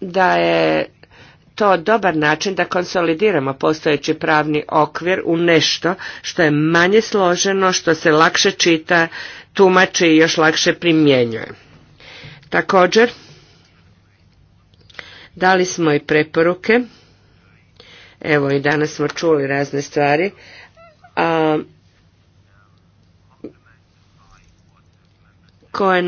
da je to dobar način da konsolidiramo postojeći pravni okvir u nešto što je manje složeno, što se lakše čita, tumači i još lakše primjenjuje. Također, dali smo i preporuke, evo i danas smo čuli razne stvari, a, koje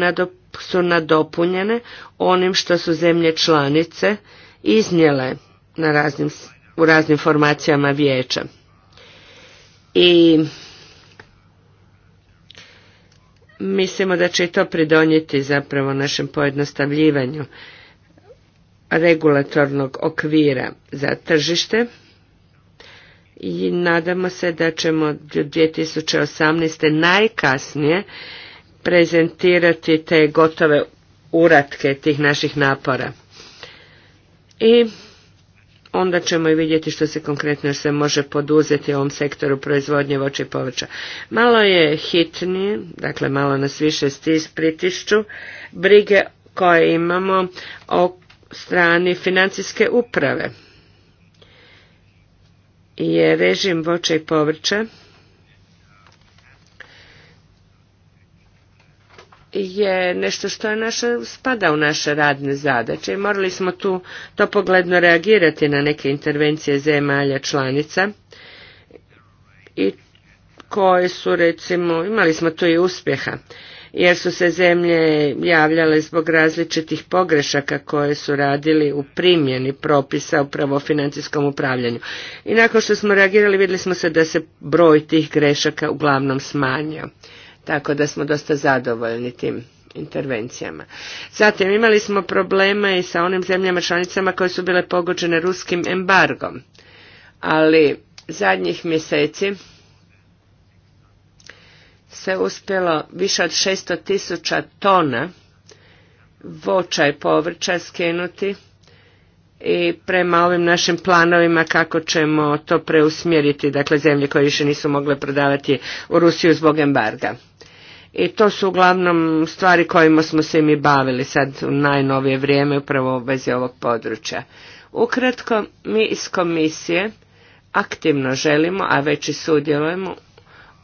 su nadopunjene onim što su zemlje članice iznijele na raznim, u raznim formacijama vijeća. I mislimo da će to pridonijeti zapravo našem pojednostavljivanju regulatornog okvira za tržište i nadamo se da ćemo do 2018. najkasnije prezentirati te gotove uratke tih naših napora i onda ćemo i vidjeti što se konkretno se može poduzeti u ovom sektoru proizvodnje voća i povrća. Malo je hitnije, dakle malo nas više stis, pritišću, brige koje imamo o strani financijske uprave. Je režim voća i povrća je nešto što je spada u naše radne zadaće i morali smo tu to pogledno reagirati na neke intervencije zemalja članica i koje su recimo, imali smo tu i uspjeha jer su se zemlje javljale zbog različitih pogrešaka koje su radili u primjeni propisa upravo o financijskom upravljanju. I nakon što smo reagirali vidjeli smo se da se broj tih grešaka uglavnom smanjio. Tako da smo dosta zadovoljni tim intervencijama. Zatim imali smo problema i sa onim zemljama članicama koje su bile pogođene ruskim embargom. Ali zadnjih mjeseci se uspjelo više od 600 tisuća tona voća i povrća skinuti i prema ovim našim planovima kako ćemo to preusmjeriti, dakle zemlje koje više nisu mogle prodavati u Rusiju zbog embarga i to su uglavnom stvari kojima smo se mi bavili sad u najnovije vrijeme upravo u vezi ovog područja. Ukratko, mi iz komisije aktivno želimo, a već i sudjelujemo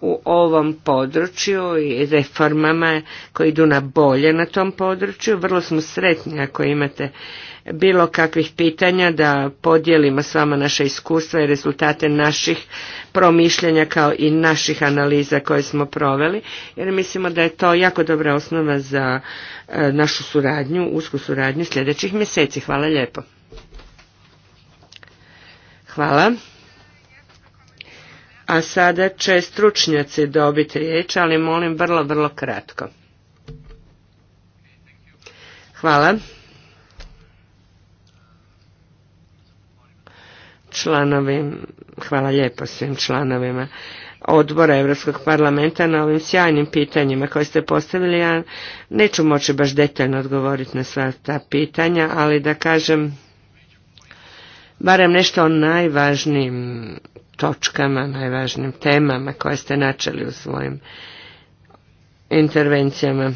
u ovom području i reformama koji idu na bolje na tom području. Vrlo smo sretni ako imate bilo kakvih pitanja da podijelimo s vama naše iskustva i rezultate naših promišljanja kao i naših analiza koje smo proveli jer mislimo da je to jako dobra osnova za e, našu suradnju, usku suradnju sljedećih mjeseci. Hvala lijepo. Hvala. A sada će stručnjaci dobiti riječ, ali molim vrlo, vrlo kratko. Hvala. Članovi, hvala lijepo svim članovima odbora Europskog parlamenta na ovim sjajnim pitanjima koje ste postavili. Ja neću moći baš detaljno odgovoriti na sva ta pitanja, ali da kažem barem nešto o najvažnijim točkama, najvažnijim temama koje ste načeli u svojim intervencijama.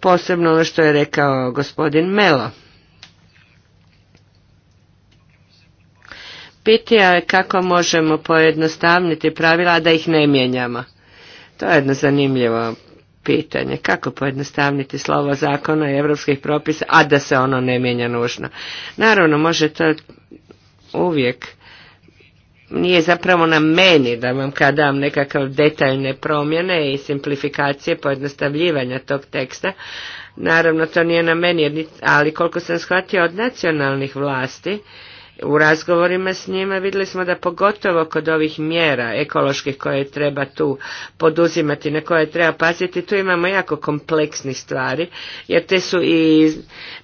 Posebno ono što je rekao gospodin Melo. Pitija je kako možemo pojednostavniti pravila, da ih ne mijenjamo. To je jedno zanimljivo pitanje. Kako pojednostavniti slovo zakona i evropskih propisa, a da se ono ne mijenja nužno? Naravno, može to uvijek nije zapravo na meni da vam kada dam nekakav detaljne promjene i simplifikacije pojednostavljivanja tog teksta. Naravno to nije na meni, ali koliko sam shvatio od nacionalnih vlasti, u razgovorima s njima vidjeli smo da pogotovo kod ovih mjera ekoloških koje treba tu poduzimati, na koje treba paziti, tu imamo jako kompleksnih stvari, jer te su i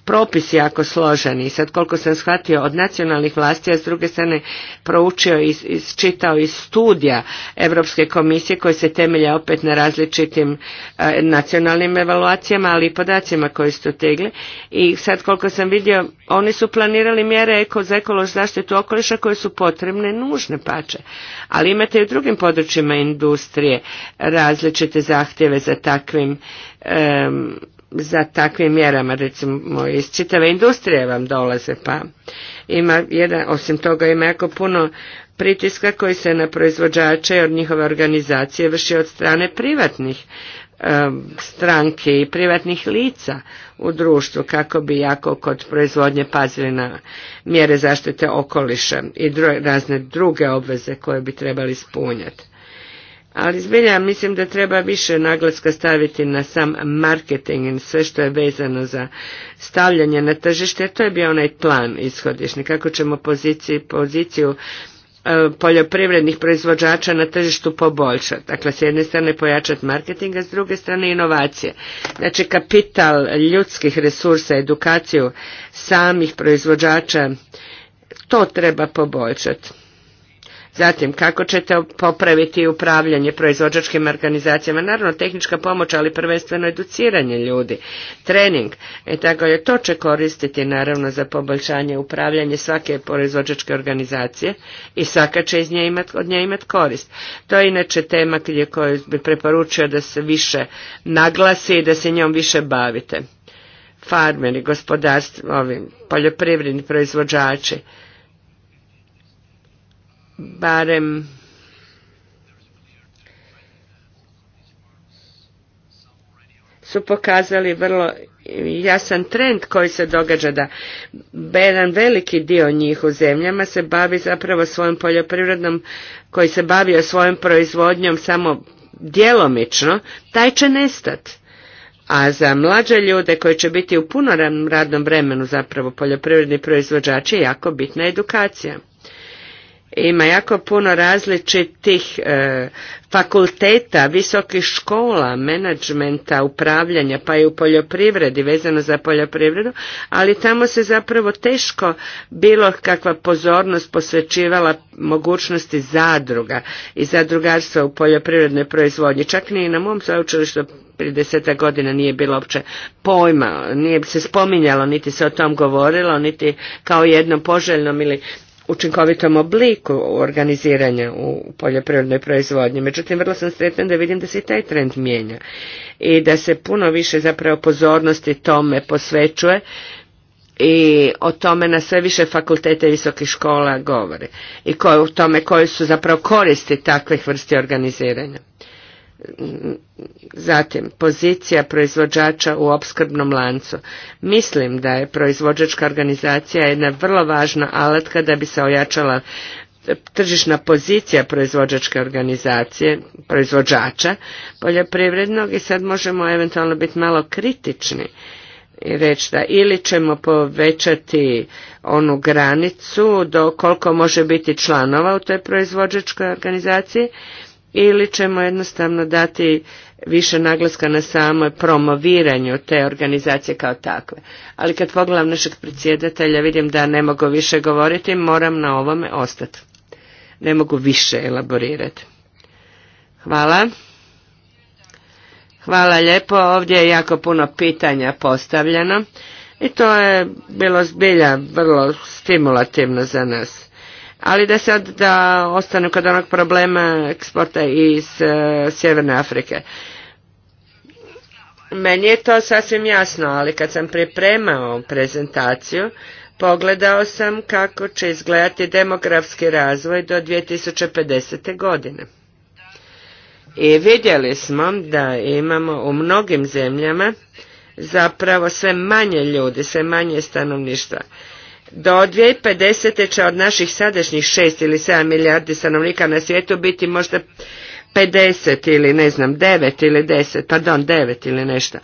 propisi jako složeni. Sad koliko sam shvatio od nacionalnih vlasti, a s druge strane proučio i čitao iz studija Europske komisije koje se temelja opet na različitim e, nacionalnim evaluacijama, ali i podacima koji su tegli. I sad koliko sam vidio, oni su planirali mjere eko, za ekološke zaštitu okoliša koje su potrebne nužne pače. Ali imate i u drugim područjima industrije različite zahtjeve za takvim za takvim mjerama, recimo iz čitave industrije vam dolaze, pa ima jedan, osim toga ima jako puno pritiska koji se na proizvođače i od njihove organizacije vrši od strane privatnih stranke i privatnih lica u društvu kako bi jako kod proizvodnje pazili na mjere zaštite okoliša i razne druge obveze koje bi trebali ispunjati. Ali zbilja mislim da treba više naglaska staviti na sam marketing i sve što je vezano za stavljanje na tržište. To je bio onaj plan ishodišni, kako ćemo poziciju E, poljoprivrednih proizvođača na tržištu poboljšati. Dakle, s jedne strane pojačati marketing, a s druge strane inovacije. Znači, kapital ljudskih resursa, edukaciju samih proizvođača, to treba poboljšati. Zatim, kako ćete popraviti upravljanje proizvođačkim organizacijama? Naravno, tehnička pomoć, ali prvenstveno educiranje ljudi, trening. E tako je, to će koristiti naravno za poboljšanje upravljanje svake proizvođačke organizacije i svaka će iz nje imat, od nje imati korist. To je inače tema koju bi preporučio da se više naglasi i da se njom više bavite. Farmeri, gospodarstvo, poljoprivredni proizvođači, barem su pokazali vrlo jasan trend koji se događa da jedan veliki dio njih u zemljama se bavi zapravo svojom poljoprivrednom koji se bavio svojom proizvodnjom samo djelomično, taj će nestat. A za mlađe ljude koji će biti u punom radnom vremenu zapravo poljoprivredni proizvođači je jako bitna edukacija ima jako puno različitih e, fakulteta, visokih škola, menadžmenta, upravljanja, pa i u poljoprivredi, vezano za poljoprivredu, ali tamo se zapravo teško bilo kakva pozornost posvećivala mogućnosti zadruga i zadrugarstva u poljoprivrednoj proizvodnji. Čak ni na mom sveučilištu prije deseta godina nije bilo uopće pojma, nije se spominjalo, niti se o tom govorilo, niti kao jednom poželjnom ili učinkovitom obliku organiziranja u poljoprivrednoj proizvodnji. Međutim, vrlo sam sretna da vidim da se i taj trend mijenja i da se puno više zapravo pozornosti tome posvećuje i o tome na sve više fakultete i visokih škola govore i o tome koje su zapravo koristi takvih vrsti organiziranja. Zatim, pozicija proizvođača u opskrbnom lancu. Mislim da je proizvođačka organizacija jedna vrlo važna alatka da bi se ojačala tržišna pozicija proizvođačke organizacije, proizvođača poljoprivrednog i sad možemo eventualno biti malo kritični i reći da ili ćemo povećati onu granicu do koliko može biti članova u toj proizvođačkoj organizaciji ili ćemo jednostavno dati više naglaska na samo promoviranju te organizacije kao takve. Ali kad pogledam našeg predsjedatelja vidim da ne mogu više govoriti, moram na ovome ostati. Ne mogu više elaborirati. Hvala. Hvala lijepo, ovdje je jako puno pitanja postavljeno i to je bilo zbilja vrlo stimulativno za nas ali da sad da ostanu kod onog problema eksporta iz e, Sjeverne Afrike. Meni je to sasvim jasno, ali kad sam pripremao prezentaciju, pogledao sam kako će izgledati demografski razvoj do 2050. godine. I vidjeli smo da imamo u mnogim zemljama zapravo sve manje ljudi, sve manje stanovništva. Do 2050. će od naših sadašnjih 6 ili 7 milijardi stanovnika na svijetu biti možda 50 ili ne znam 9 ili 10, pardon 9 ili nešto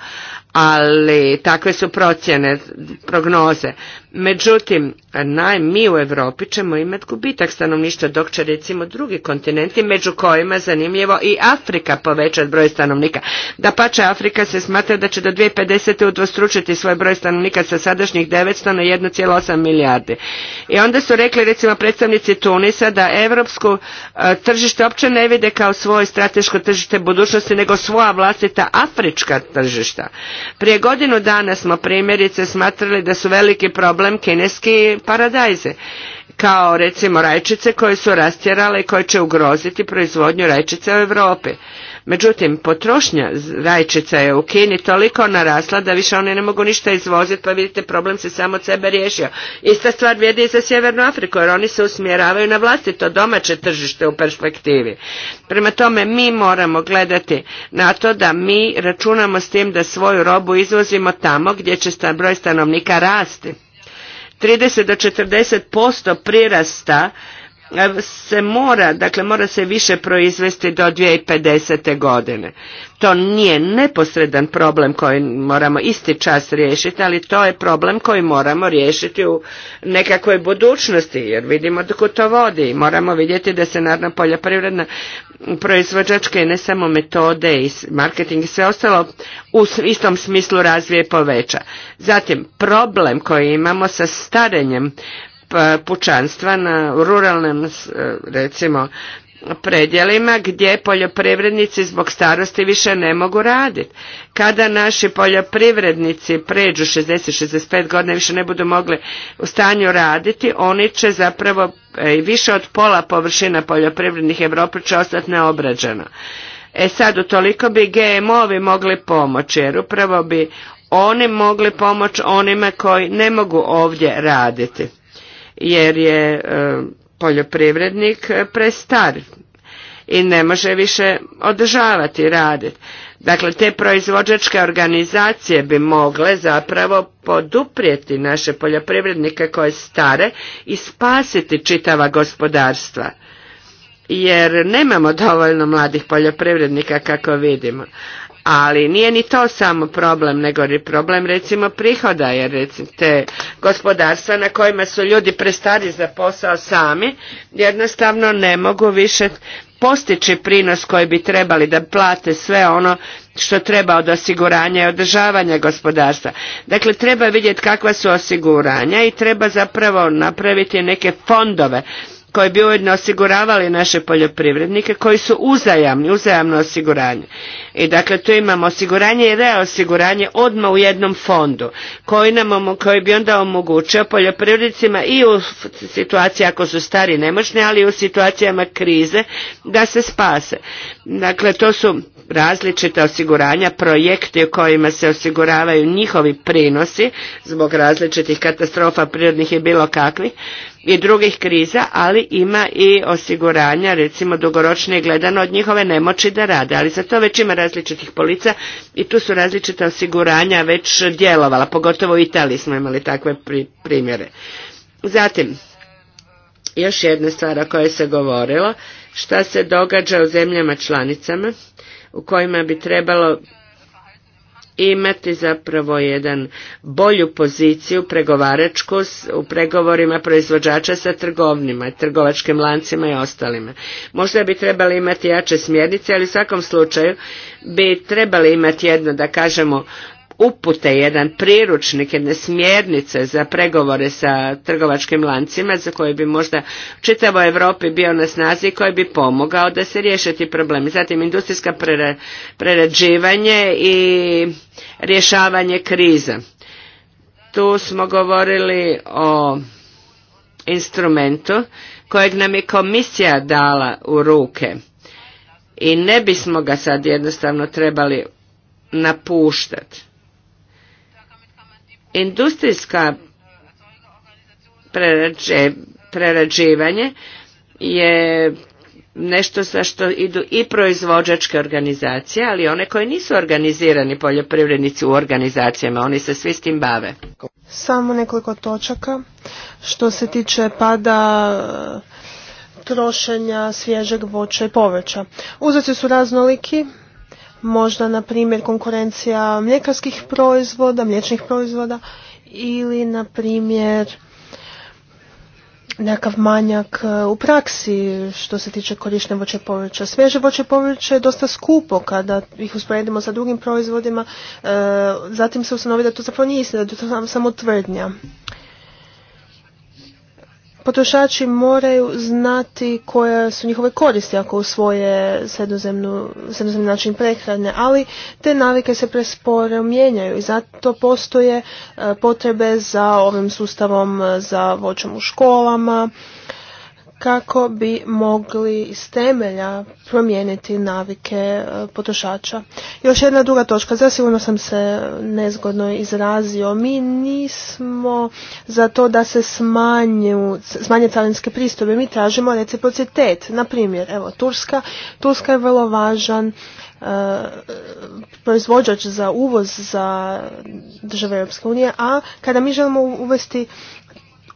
ali takve su procjene, prognoze. Međutim, naj, mi u Europi ćemo imati gubitak stanovništva, dok će recimo drugi kontinenti, među kojima zanimljivo i Afrika povećati broj stanovnika. Da pače Afrika se smatra da će do 2050. udvostručiti svoj broj stanovnika sa sadašnjih 900 na 1,8 milijardi. I onda su rekli recimo predstavnici Tunisa da evropsku e, tržište uopće ne vide kao svoje strateško tržište budućnosti, nego svoja vlastita afrička tržišta. Prije godinu dana smo primjerice smatrali da su veliki problem kineski paradajze kao recimo rajčice koje su rastjerale i koje će ugroziti proizvodnju rajčice u Europi. Međutim, potrošnja rajčica je u Kini toliko narasla da više oni ne mogu ništa izvoziti, pa vidite problem se samo od sebe riješio. Ista stvar vrijedi i za Sjevernu Afriku, jer oni se usmjeravaju na vlastito domaće tržište u perspektivi. Prema tome, mi moramo gledati na to da mi računamo s tim da svoju robu izvozimo tamo gdje će broj stanovnika rasti. 30 do 40% prirasta se mora, dakle mora se više proizvesti do 2050. godine. To nije neposredan problem koji moramo isti čas riješiti, ali to je problem koji moramo riješiti u nekakvoj budućnosti, jer vidimo dok to vodi. Moramo vidjeti da se naravno poljoprivredna proizvođačke ne samo metode i marketing i sve ostalo u istom smislu razvije poveća. Zatim, problem koji imamo sa starenjem E, pučanstva na ruralnim e, recimo predjelima gdje poljoprivrednici zbog starosti više ne mogu raditi. Kada naši poljoprivrednici pređu 60-65 godina više ne budu mogli u stanju raditi, oni će zapravo e, više od pola površina poljoprivrednih Evropi će ostati neobrađeno. E sad, utoliko bi GMO-vi mogli pomoći, jer upravo bi oni mogli pomoći onima koji ne mogu ovdje raditi jer je e, poljoprivrednik e, prestar i ne može više održavati raditi. Dakle, te proizvođačke organizacije bi mogle zapravo poduprijeti naše poljoprivrednike koje stare i spasiti čitava gospodarstva. Jer nemamo dovoljno mladih poljoprivrednika kako vidimo ali nije ni to samo problem, nego je problem recimo prihoda, jer recimo te gospodarstva na kojima su ljudi prestari za posao sami, jednostavno ne mogu više postići prinos koji bi trebali da plate sve ono što treba od osiguranja i održavanja gospodarstva. Dakle, treba vidjeti kakva su osiguranja i treba zapravo napraviti neke fondove koje bi ujedno osiguravali naše poljoprivrednike, koji su uzajamni, uzajamno osiguranje. I dakle tu imamo osiguranje i reosiguranje odmah u jednom fondu koji, nam, koji bi onda omogućio poljoprivrednicima i u situaciji ako su stari nemoćni, ali i u situacijama krize da se spase. Dakle, to su različita osiguranja, projekti u kojima se osiguravaju njihovi prinosi zbog različitih katastrofa prirodnih i bilo kakvih i drugih kriza, ali ima i osiguranja, recimo dugoročnije gledano od njihove nemoći da rade, ali za to već ima različitih polica i tu su različita osiguranja već djelovala, pogotovo u Italiji smo imali takve primjere. Zatim, još jedna stvar o kojoj se govorilo šta se događa u zemljama članicama u kojima bi trebalo imati zapravo jedan bolju poziciju pregovaračku u pregovorima proizvođača sa trgovnima, trgovačkim lancima i ostalima. Možda bi trebali imati jače smjernice, ali u svakom slučaju bi trebali imati jedno, da kažemo, upute, jedan priručnik, jedne smjernice za pregovore sa trgovačkim lancima za koje bi možda čitavo Europi bio na snazi koji bi pomogao da se riješe ti problemi. Zatim industrijska prerađivanje i rješavanje kriza. Tu smo govorili o instrumentu kojeg nam je komisija dala u ruke i ne bismo ga sad jednostavno trebali napuštati. Industrijska prerađe, prerađivanje je nešto sa što idu i proizvođačke organizacije, ali one koje nisu organizirani poljoprivrednici u organizacijama, oni se svi s tim bave. Samo nekoliko točaka. Što se tiče pada e, trošenja svježeg voća i povrća. Uzroci su raznoliki, možda na primjer konkurencija mljekarskih proizvoda, mliječnih proizvoda ili na primjer nekakav manjak e, u praksi što se tiče korištenja voće povrća. Svježe voće povrće je dosta skupo kada ih usporedimo sa drugim proizvodima, e, zatim se ustanovi da to zapravo nije istina, da je to samo tvrdnja. Potrošači moraju znati koje su njihove koristi ako usvoje sredozemni način prehrane, ali te navike se presporo mijenjaju i zato postoje e, potrebe za ovim sustavom e, za voćom u školama, kako bi mogli iz temelja promijeniti navike e, potrošača. Još jedna druga točka, zasigurno sam se nezgodno izrazio. Mi nismo za to da se smanju, smanje carinske pristupe. mi tražimo reciprocitet. Na primjer, evo, Turska, Turska je vrlo važan e, proizvođač za uvoz za države Europske unije, a kada mi želimo uvesti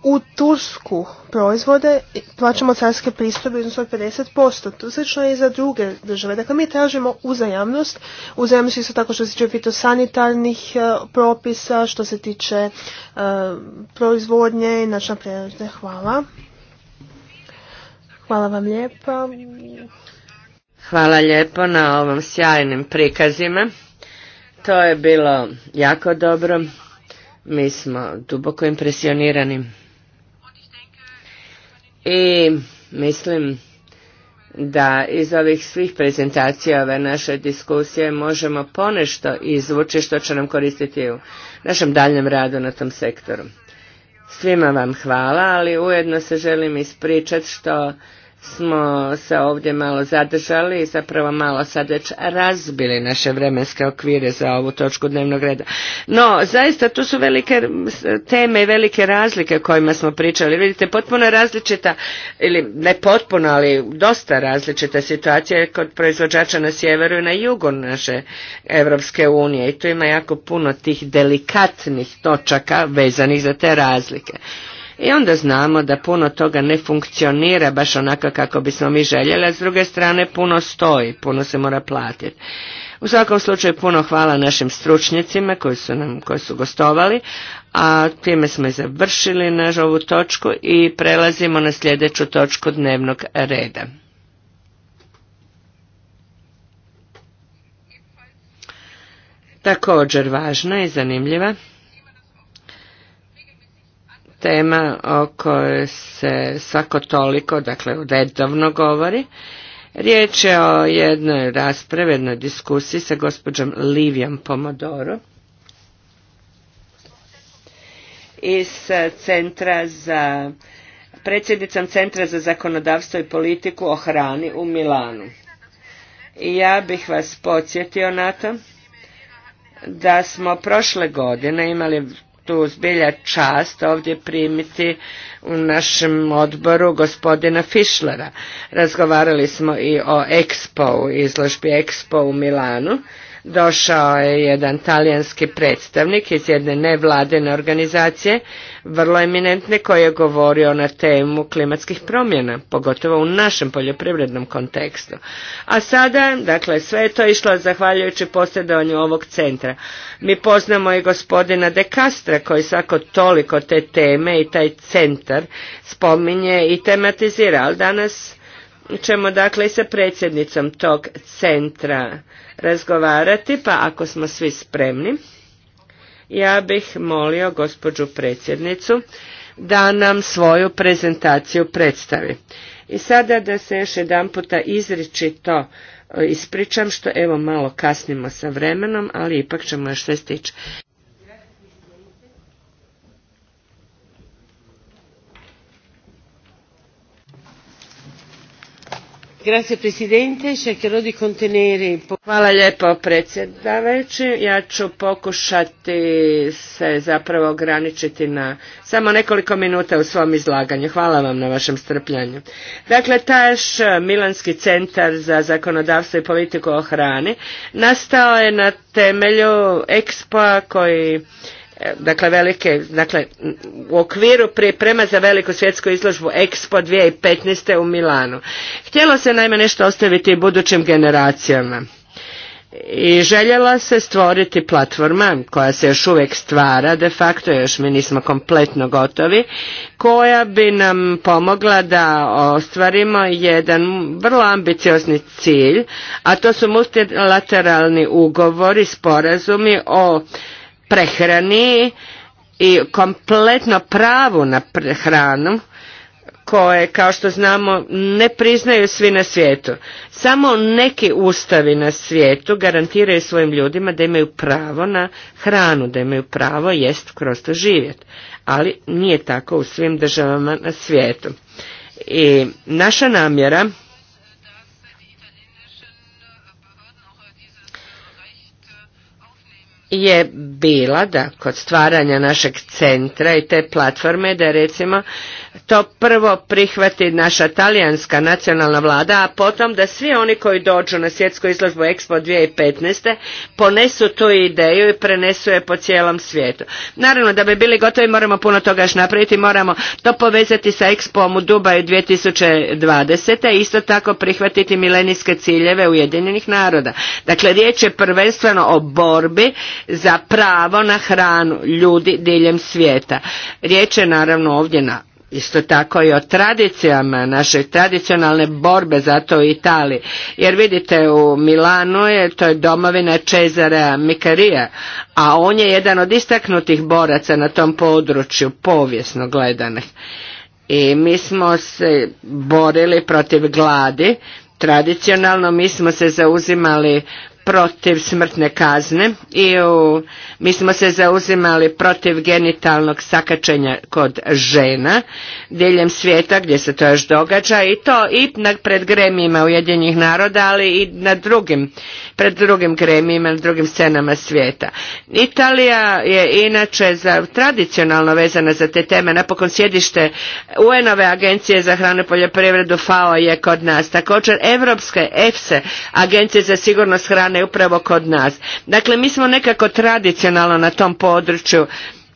u Tursku proizvode plaćamo carske pristobe u iznosu od 50%. To slično je i za druge države. Dakle, mi tražimo uzajamnost. Uzajamnost isto tako što se tiče fitosanitarnih e, propisa, što se tiče e, proizvodnje i načina Hvala. Hvala vam lijepa. Hvala lijepo na ovom sjajnim prikazima. To je bilo jako dobro. Mi smo duboko impresionirani. I mislim da iz ovih svih prezentacija ove naše diskusije možemo ponešto izvući što će nam koristiti u našem daljem radu na tom sektoru. Svima vam hvala, ali ujedno se želim ispričati što smo se ovdje malo zadržali i zapravo malo sad već razbili naše vremenske okvire za ovu točku dnevnog reda. No, zaista tu su velike teme i velike razlike o kojima smo pričali. Vidite, potpuno različita, ili ne potpuno, ali dosta različita situacija kod proizvođača na sjeveru i na jugu naše Evropske unije i tu ima jako puno tih delikatnih točaka vezanih za te razlike. I onda znamo da puno toga ne funkcionira baš onako kako bismo mi željeli, a s druge strane puno stoji, puno se mora platiti. U svakom slučaju puno hvala našim stručnjacima koji su nam koji su gostovali, a time smo i završili naš ovu točku i prelazimo na sljedeću točku dnevnog reda. Također važna i zanimljiva tema o kojoj se svako toliko, dakle redovno govori. Riječ je o jednoj raspravi, jednoj diskusiji sa gospođom Livijom Pomodoro iz Centra za predsjednicom Centra za zakonodavstvo i politiku o hrani u Milanu. I ja bih vas podsjetio na to da smo prošle godine imali tu zbilja čast ovdje primiti u našem odboru gospodina Fischlera. Razgovarali smo i o Expo, izložbi Expo u Milanu Došao je jedan talijanski predstavnik iz jedne nevladene organizacije, vrlo eminentne, koji je govorio na temu klimatskih promjena, pogotovo u našem poljoprivrednom kontekstu. A sada, dakle, sve je to išlo zahvaljujući posjedovanju ovog centra. Mi poznamo i gospodina De Castra, koji svako toliko te teme i taj centar spominje i tematizira, ali danas ćemo dakle i sa predsjednicom tog centra razgovarati, pa ako smo svi spremni, ja bih molio gospođu predsjednicu da nam svoju prezentaciju predstavi. I sada da se još jedan puta izričito e, ispričam što evo malo kasnimo sa vremenom, ali ipak ćemo još sve stići. Hvala lijepo predsjedavajući. Ja ću pokušati se zapravo ograničiti na samo nekoliko minuta u svom izlaganju. Hvala vam na vašem strpljanju. Dakle, taš eh, Milanski centar za zakonodavstvo i politiku o hrani nastao je na temelju ekspa koji dakle velike, dakle u okviru priprema za veliku svjetsku izložbu Expo 2015. u Milanu. Htjelo se naime nešto ostaviti budućim generacijama i željela se stvoriti platforma koja se još uvijek stvara, de facto još mi nismo kompletno gotovi, koja bi nam pomogla da ostvarimo jedan vrlo ambiciozni cilj, a to su multilateralni ugovori, sporazumi o prehrani i kompletno pravu na hranu koje, kao što znamo, ne priznaju svi na svijetu. Samo neki ustavi na svijetu garantiraju svojim ljudima da imaju pravo na hranu, da imaju pravo jest kroz to živjeti. Ali nije tako u svim državama na svijetu. I naša namjera je bila da kod stvaranja našeg centra i te platforme da recimo to prvo prihvati naša talijanska nacionalna vlada, a potom da svi oni koji dođu na svjetsku izložbu Expo 2015. ponesu tu ideju i prenesu je po cijelom svijetu. Naravno, da bi bili gotovi moramo puno toga još napraviti, moramo to povezati sa Expom u Dubaju 2020. i isto tako prihvatiti milenijske ciljeve Ujedinjenih naroda. Dakle, riječ je prvenstveno o borbi za pravo na hranu ljudi diljem svijeta. Riječ je naravno ovdje na Isto tako i o tradicijama naše tradicionalne borbe za to u Italiji. Jer vidite u Milanu je to je domovina Cezara Mikarija, a on je jedan od istaknutih boraca na tom području povijesno gledanih. I mi smo se borili protiv gladi, tradicionalno mi smo se zauzimali protiv smrtne kazne i u, mi smo se zauzimali protiv genitalnog sakačenja kod žena diljem svijeta gdje se to još događa i to i pred gremijima Ujedinjenih naroda ali i na drugim pred drugim gremijima ili drugim scenama svijeta. Italija je inače za, tradicionalno vezana za te teme, napokon sjedište UN-ove agencije za hranu i poljoprivredu FAO je kod nas, također Evropske EFSE, agencije za sigurnost hrane je upravo kod nas. Dakle, mi smo nekako tradicionalno na tom području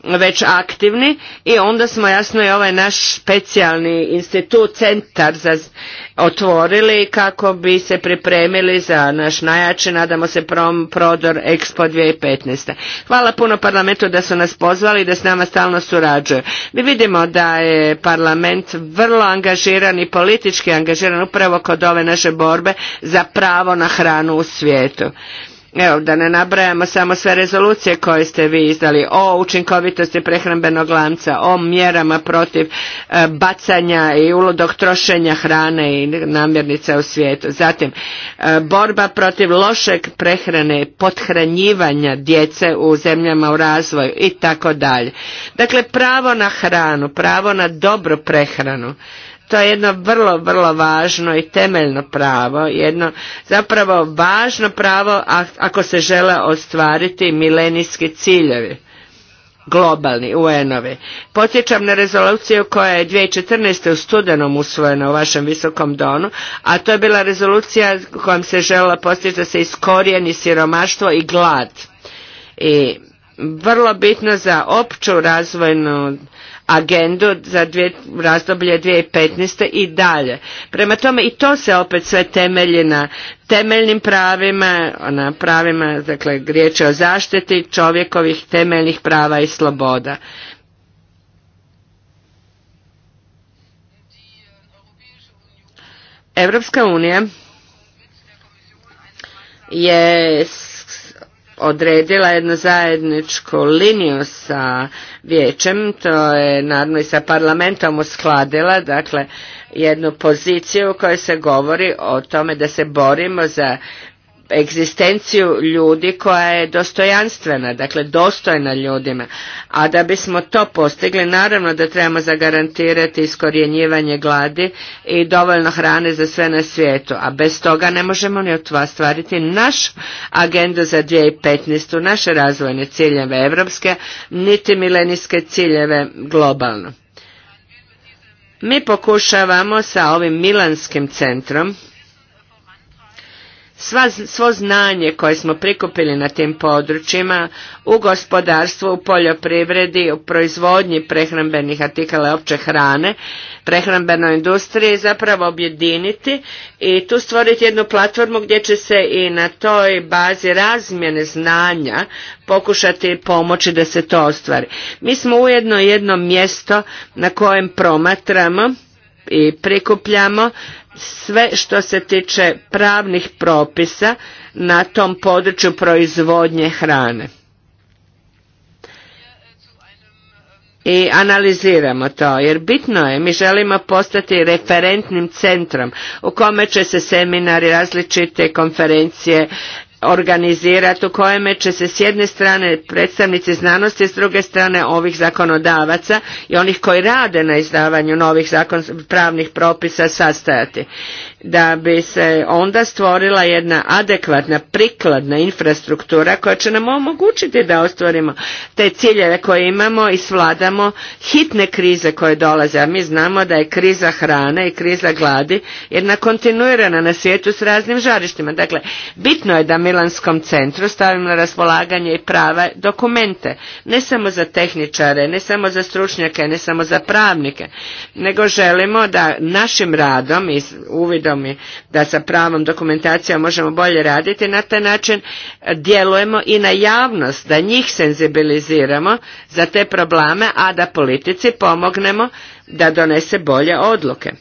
već aktivni i onda smo jasno i ovaj naš specijalni institut, centar za otvorili kako bi se pripremili za naš najjači, nadamo se, prom, prodor Expo 2015. Hvala puno parlamentu da su nas pozvali i da s nama stalno surađuju. Mi vidimo da je parlament vrlo angažiran i politički angažiran upravo kod ove naše borbe za pravo na hranu u svijetu. Evo, da ne nabrajamo samo sve rezolucije koje ste vi izdali o učinkovitosti prehrambenog lanca, o mjerama protiv e, bacanja i uludog trošenja hrane i namirnica u svijetu. Zatim, e, borba protiv lošeg prehrane, pothranjivanja djece u zemljama u razvoju i tako dalje. Dakle, pravo na hranu, pravo na dobru prehranu to je jedno vrlo, vrlo važno i temeljno pravo, jedno zapravo važno pravo ako se žele ostvariti milenijski ciljevi globalni UN-ovi. Podsjećam na rezoluciju koja je 2014. u studenom usvojena u vašem visokom donu, a to je bila rezolucija kojom se žela postići da se iskorijeni siromaštvo i glad. I vrlo bitno za opću razvojnu agendu za dvije, razdoblje 2015. i dalje. Prema tome i to se opet sve temelji na temeljnim pravima, na pravima, dakle, riječ je o zaštiti čovjekovih temeljnih prava i sloboda. europska unija je odredila jednu zajedničku liniju sa vijećem, to je naravno i sa parlamentom uskladila, dakle jednu poziciju u kojoj se govori o tome da se borimo za egzistenciju ljudi koja je dostojanstvena, dakle dostojna ljudima. A da bismo to postigli, naravno da trebamo zagarantirati iskorjenjivanje gladi i dovoljno hrane za sve na svijetu. A bez toga ne možemo ni stvariti naš agendu za 2015. naše razvojne ciljeve evropske, niti milenijske ciljeve globalno. Mi pokušavamo sa ovim milanskim centrom Sva, svo znanje koje smo prikupili na tim područjima u gospodarstvu, u poljoprivredi, u proizvodnji prehrambenih artikala opće hrane, prehrambenoj industriji zapravo objediniti i tu stvoriti jednu platformu gdje će se i na toj bazi razmjene znanja pokušati pomoći da se to ostvari. Mi smo ujedno jedno mjesto na kojem promatramo i prikupljamo sve što se tiče pravnih propisa na tom području proizvodnje hrane. i analiziramo to, jer bitno je, mi želimo postati referentnim centrom u kome će se seminari, različite konferencije organizirati u kojem će se s jedne strane predstavnici znanosti, s druge strane ovih zakonodavaca i onih koji rade na izdavanju novih pravnih propisa sastajati da bi se onda stvorila jedna adekvatna, prikladna infrastruktura koja će nam omogućiti da ostvarimo te ciljeve koje imamo i svladamo hitne krize koje dolaze, a mi znamo da je kriza hrane i kriza gladi jedna kontinuirana na svijetu s raznim žarištima. Dakle, bitno je da Milanskom centru stavimo na raspolaganje i prave dokumente, ne samo za tehničare, ne samo za stručnjake, ne samo za pravnike, nego želimo da našim radom i uvidom mi da sa pravom dokumentacijom možemo bolje raditi. Na taj način djelujemo i na javnost, da njih senzibiliziramo za te probleme, a da politici pomognemo da donese bolje odluke.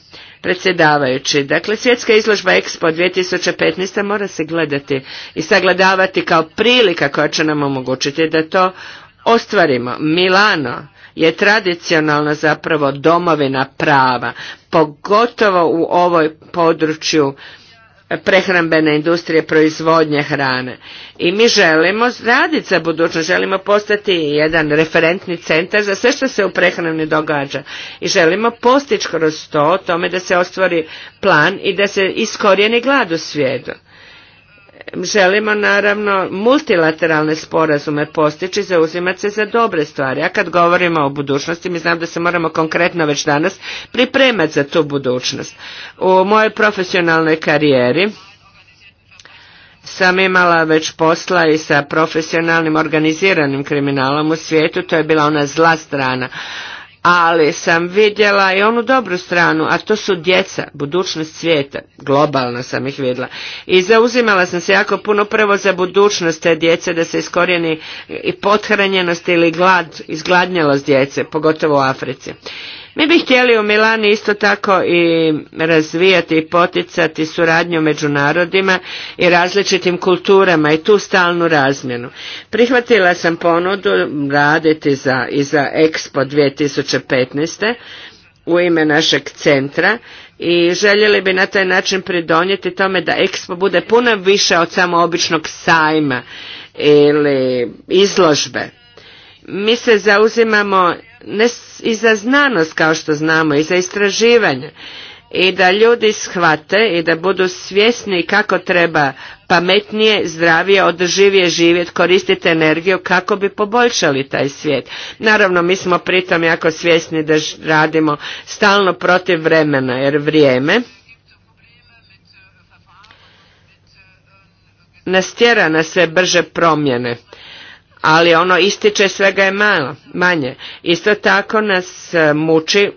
Predsjedavajući, dakle svjetska izložba Expo 2015. mora se gledati i sagledavati kao prilika koja će nam omogućiti da to ostvarimo. Milano, je tradicionalna zapravo domovina prava, pogotovo u ovoj području prehrambene industrije proizvodnje hrane. I mi želimo raditi za budućnost, želimo postati jedan referentni centar za sve što se u prehrani događa. I želimo postići kroz to tome da se ostvari plan i da se iskorijeni glad u svijetu želimo naravno multilateralne sporazume postići, zauzimati se za dobre stvari. A kad govorimo o budućnosti, mi znam da se moramo konkretno već danas pripremati za tu budućnost. U mojoj profesionalnoj karijeri sam imala već posla i sa profesionalnim organiziranim kriminalom u svijetu, to je bila ona zla strana ali sam vidjela i onu dobru stranu, a to su djeca, budućnost svijeta, globalno sam ih vidjela. I zauzimala sam se jako puno prvo za budućnost te djece, da se iskorijeni i pothranjenost ili glad, izgladnjelost djece, pogotovo u Africi. Mi bi htjeli u Milani isto tako i razvijati i poticati suradnju među narodima i različitim kulturama i tu stalnu razmjenu. Prihvatila sam ponudu raditi za, i za Expo 2015 u ime našeg centra i željeli bi na taj način pridonijeti tome da Expo bude puno više od samo običnog sajma ili izložbe mi se zauzimamo ne i za znanost kao što znamo i za istraživanje i da ljudi shvate i da budu svjesni kako treba pametnije, zdravije, održivije živjeti, koristiti energiju kako bi poboljšali taj svijet. Naravno, mi smo pritom jako svjesni da radimo stalno protiv vremena, jer vrijeme nas na sve brže promjene ali ono ističe svega je malo, manje. Isto tako nas e, muči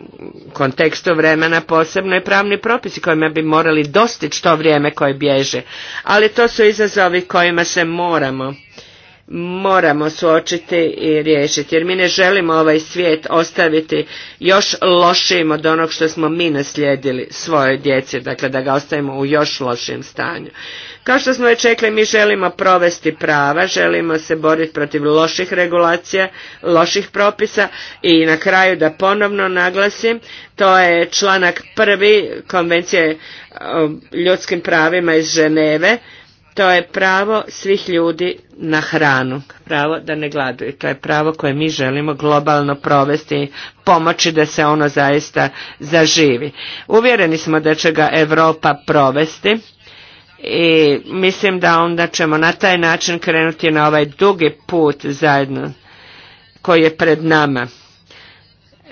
kontekstu vremena posebno i pravni propisi kojima bi morali dostići to vrijeme koje bježe. Ali to su izazovi kojima se moramo moramo suočiti i riješiti, jer mi ne želimo ovaj svijet ostaviti još lošijim od onog što smo mi naslijedili svoje djece. dakle da ga ostavimo u još lošijem stanju. Kao što smo već rekli, mi želimo provesti prava, želimo se boriti protiv loših regulacija, loših propisa i na kraju da ponovno naglasim, to je članak prvi konvencije o ljudskim pravima iz Ženeve, to je pravo svih ljudi na hranu, pravo da ne gladuju. To je pravo koje mi želimo globalno provesti i pomoći da se ono zaista zaživi. Uvjereni smo da će ga Europa provesti i mislim da onda ćemo na taj način krenuti na ovaj dugi put zajedno koji je pred nama.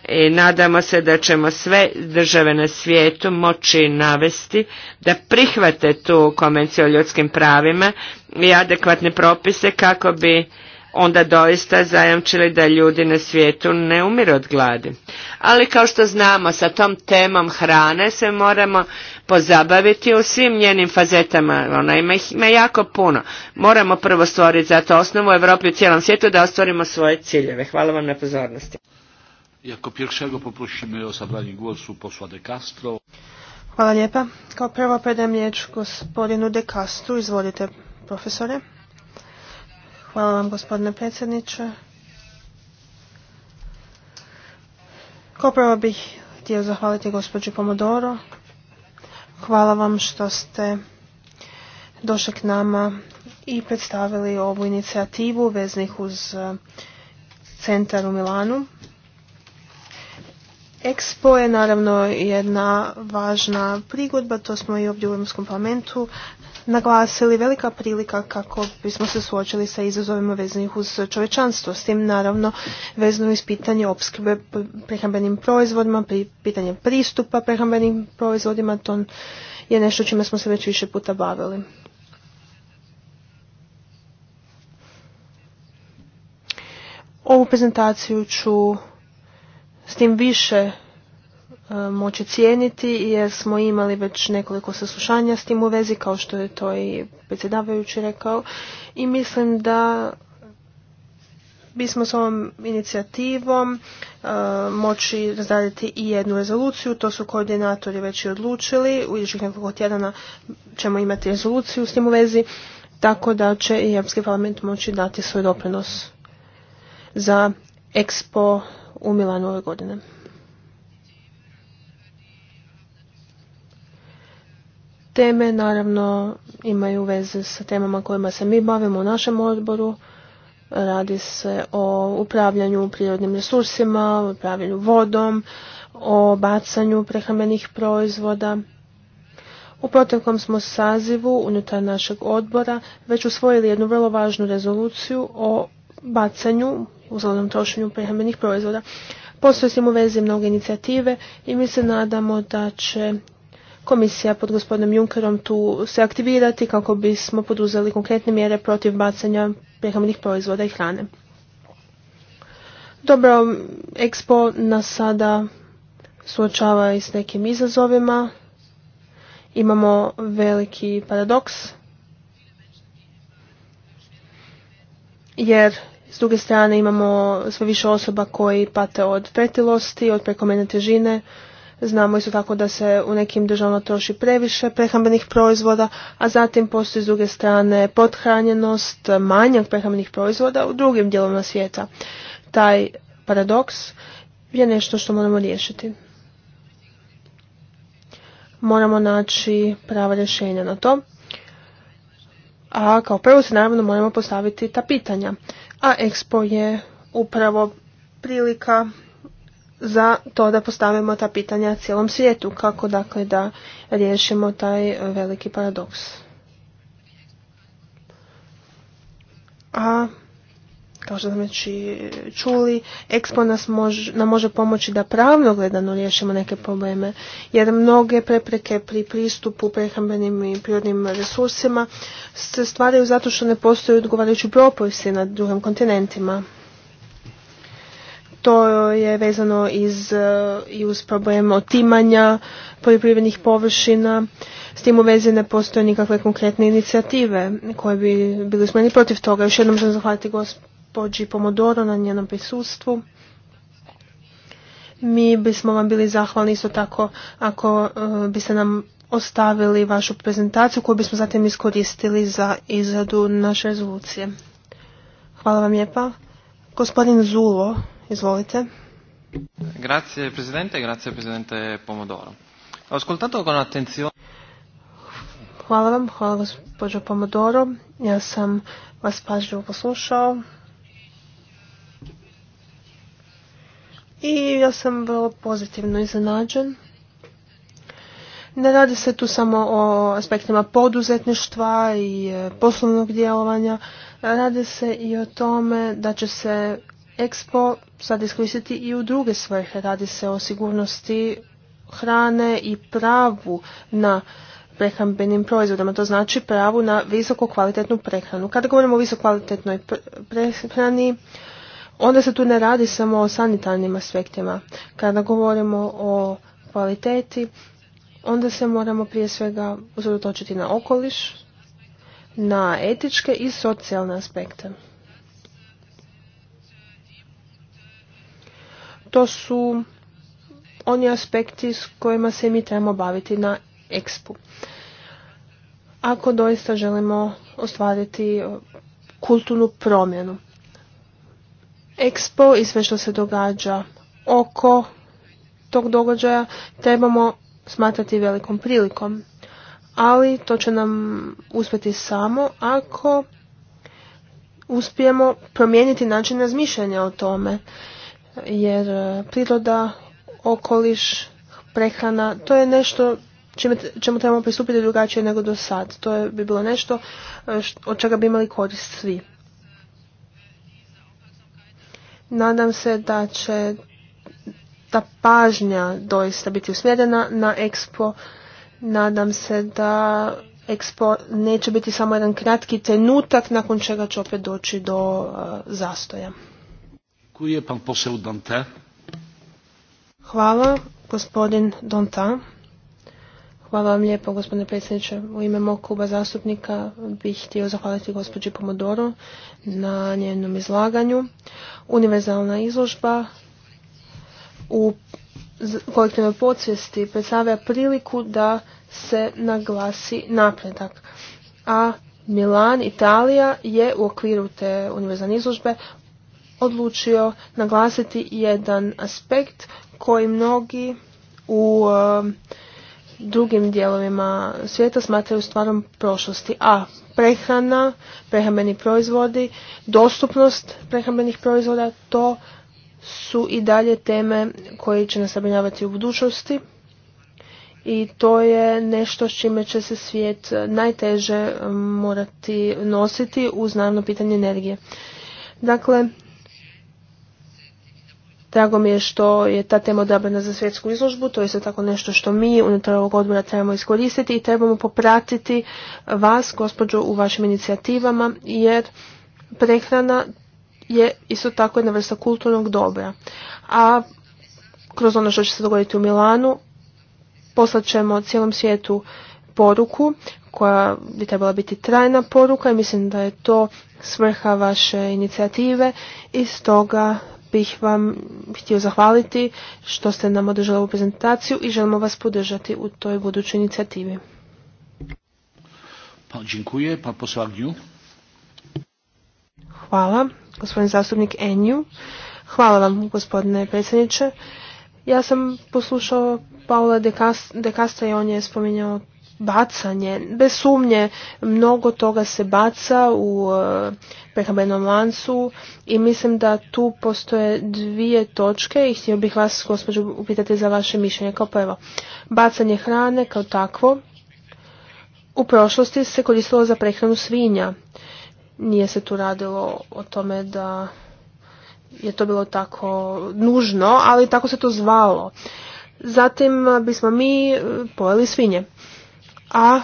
I nadamo se da ćemo sve države na svijetu moći navesti da prihvate tu konvenciju o ljudskim pravima i adekvatne propise kako bi onda doista zajamčili da ljudi na svijetu ne umiru od gladi. Ali kao što znamo, sa tom temom hrane se moramo pozabaviti u svim njenim fazetama. Ona ima, ima jako puno. Moramo prvo stvoriti za to osnovu u Europi i u cijelom svijetu da ostvarimo svoje ciljeve. Hvala vam na pozornosti. Jako De Castro. Hvala lijepa. Kao prvo predam riječ gospodinu De Castro. Izvolite, profesore. Hvala vam gospodine predsjedniče. Kopravo bih htio zahvaliti gospođi Pomodoro. Hvala vam što ste došli k nama i predstavili ovu inicijativu veznih uz e, centar u Milanu. Expo je naravno jedna važna prigodba, to smo i ovdje u Europskom parlamentu naglasili velika prilika kako bismo se suočili sa izazovima vezanih uz čovečanstvo. S tim naravno vezano iz pitanje opskrbe prehrambenim proizvodima, pitanje pristupa prehrambenim proizvodima, to je nešto čime smo se već više puta bavili. Ovu prezentaciju ću s tim više E, moći cijeniti jer smo imali već nekoliko saslušanja s tim u vezi kao što je to i predsjedavajući rekao i mislim da bismo s ovom inicijativom e, moći razraditi i jednu rezoluciju. To su koordinatori već i odlučili. U idućih nekoliko tjedana ćemo imati rezoluciju s tim u vezi, tako da će i Europski parlament moći dati svoj doprinos za Expo u Milanu ove godine. teme naravno imaju veze sa temama kojima se mi bavimo u našem odboru. Radi se o upravljanju prirodnim resursima, upravljanju vodom, o bacanju prehrambenih proizvoda. U proteklom smo sazivu unutar našeg odbora već usvojili jednu vrlo važnu rezoluciju o bacanju, uzlovnom trošenju prehrambenih proizvoda. Postoje s tim u vezi mnoge inicijative i mi se nadamo da će komisija pod gospodinom Junckerom tu se aktivirati kako bismo poduzeli konkretne mjere protiv bacanja prehrambenih proizvoda i hrane. Dobro, Expo nas sada suočava i s nekim izazovima. Imamo veliki paradoks. Jer s druge strane imamo sve više osoba koji pate od pretilosti, od prekomjerne težine, Znamo isto tako da se u nekim državama troši previše prehrambenih proizvoda, a zatim postoji s druge strane pothranjenost, manjak prehrambenih proizvoda u drugim dijelovima svijeta. Taj paradoks je nešto što moramo riješiti. Moramo naći prava rješenja na to. A kao prvo se naravno moramo postaviti ta pitanja. A Expo je upravo prilika za to da postavimo ta pitanja cijelom svijetu, kako dakle da riješimo taj e, veliki paradoks. A kao što smo već čuli, Expo nas nam može pomoći da pravno gledano riješimo neke probleme, jer mnoge prepreke pri pristupu prehrambenim i prirodnim resursima se stvaraju zato što ne postoje odgovarajući propisi na drugim kontinentima. To je vezano iz, e, i uz problem otimanja poljoprivrednih površina. S tim u vezi ne postoje nikakve konkretne inicijative koje bi bili smo protiv toga. Još jednom želim zahvaliti gospođi Pomodoro na njenom prisustvu. Mi bismo vam bili zahvalni isto tako ako e, biste nam ostavili vašu prezentaciju koju bismo zatim iskoristili za izradu naše rezolucije. Hvala vam lijepa. Gospodin Zulo Izvolite. Grazie Presidente, grazie Presidente Pomodoro. Ho ascoltato con attenzione... Hvala vam, hvala gospođo Pomodoro. Ja sam vas pažljivo poslušao. I ja sam vrlo pozitivno iznenađen. Ne radi se tu samo o aspektima poduzetništva i e, poslovnog djelovanja. Radi se i o tome da će se Expo sad iskoristiti i u druge svrhe. Radi se o sigurnosti hrane i pravu na prehrambenim proizvodama. to znači pravu na visoko kvalitetnu prehranu. Kada govorimo o visoko kvalitetnoj prehrani, onda se tu ne radi samo o sanitarnim aspektima. Kada govorimo o kvaliteti, onda se moramo prije svega usredotočiti na okoliš, na etičke i socijalne aspekte. to su oni aspekti s kojima se mi trebamo baviti na ekspu. Ako doista želimo ostvariti e, kulturnu promjenu. EXPO i sve što se događa oko tog događaja trebamo smatrati velikom prilikom. Ali to će nam uspjeti samo ako uspijemo promijeniti način razmišljanja o tome jer e, priroda, okoliš, prehrana, to je nešto čime, čemu trebamo pristupiti drugačije nego do sad. To je, bi bilo nešto e, od čega bi imali korist svi. Nadam se da će ta pažnja doista biti usmjerena na Expo. Nadam se da Expo neće biti samo jedan kratki trenutak nakon čega će opet doći do e, zastoja. Hvala, gospodin Donta. Hvala vam lijepo, gospodine predsjedniče. U ime mog kluba zastupnika bih htio zahvaliti gospođi Pomodoro na njenom izlaganju. Univerzalna izložba u kolektivnoj podsvijesti predstavlja priliku da se naglasi napredak. A Milan, Italija je u okviru te univerzalne izložbe odlučio naglasiti jedan aspekt koji mnogi u um, drugim dijelovima svijeta smatraju stvarom prošlosti. A prehrana, prehrambeni proizvodi, dostupnost prehrambenih proizvoda, to su i dalje teme koje će nas zabrinjavati u budućnosti i to je nešto s čime će se svijet najteže um, morati nositi uz naravno pitanje energije. Dakle, Drago mi je što je ta tema odabrana za svjetsku izložbu, to je isto tako nešto što mi unutar ovog odbora trebamo iskoristiti i trebamo popratiti vas, gospođo, u vašim inicijativama, jer prehrana je isto tako jedna vrsta kulturnog dobra. A kroz ono što će se dogoditi u Milanu, poslat ćemo cijelom svijetu poruku koja bi trebala biti trajna poruka i mislim da je to svrha vaše inicijative i stoga bih vam htio zahvaliti što ste nam održali ovu prezentaciju i želimo vas podržati u toj budućoj inicijativi. Pa, dziękuję, pa Hvala, gospodin zastupnik Enju. Hvala vam, gospodine predsjedniče. Ja sam poslušao Paula de Castro i on je spominjao bacanje. Bez sumnje, mnogo toga se baca u e, prehrambenom lancu i mislim da tu postoje dvije točke i htio bih vas, gospođo, upitati za vaše mišljenje. Kao prvo, bacanje hrane kao takvo u prošlosti se koristilo za prehranu svinja. Nije se tu radilo o tome da je to bilo tako nužno, ali tako se to zvalo. Zatim bismo mi e, pojeli svinje a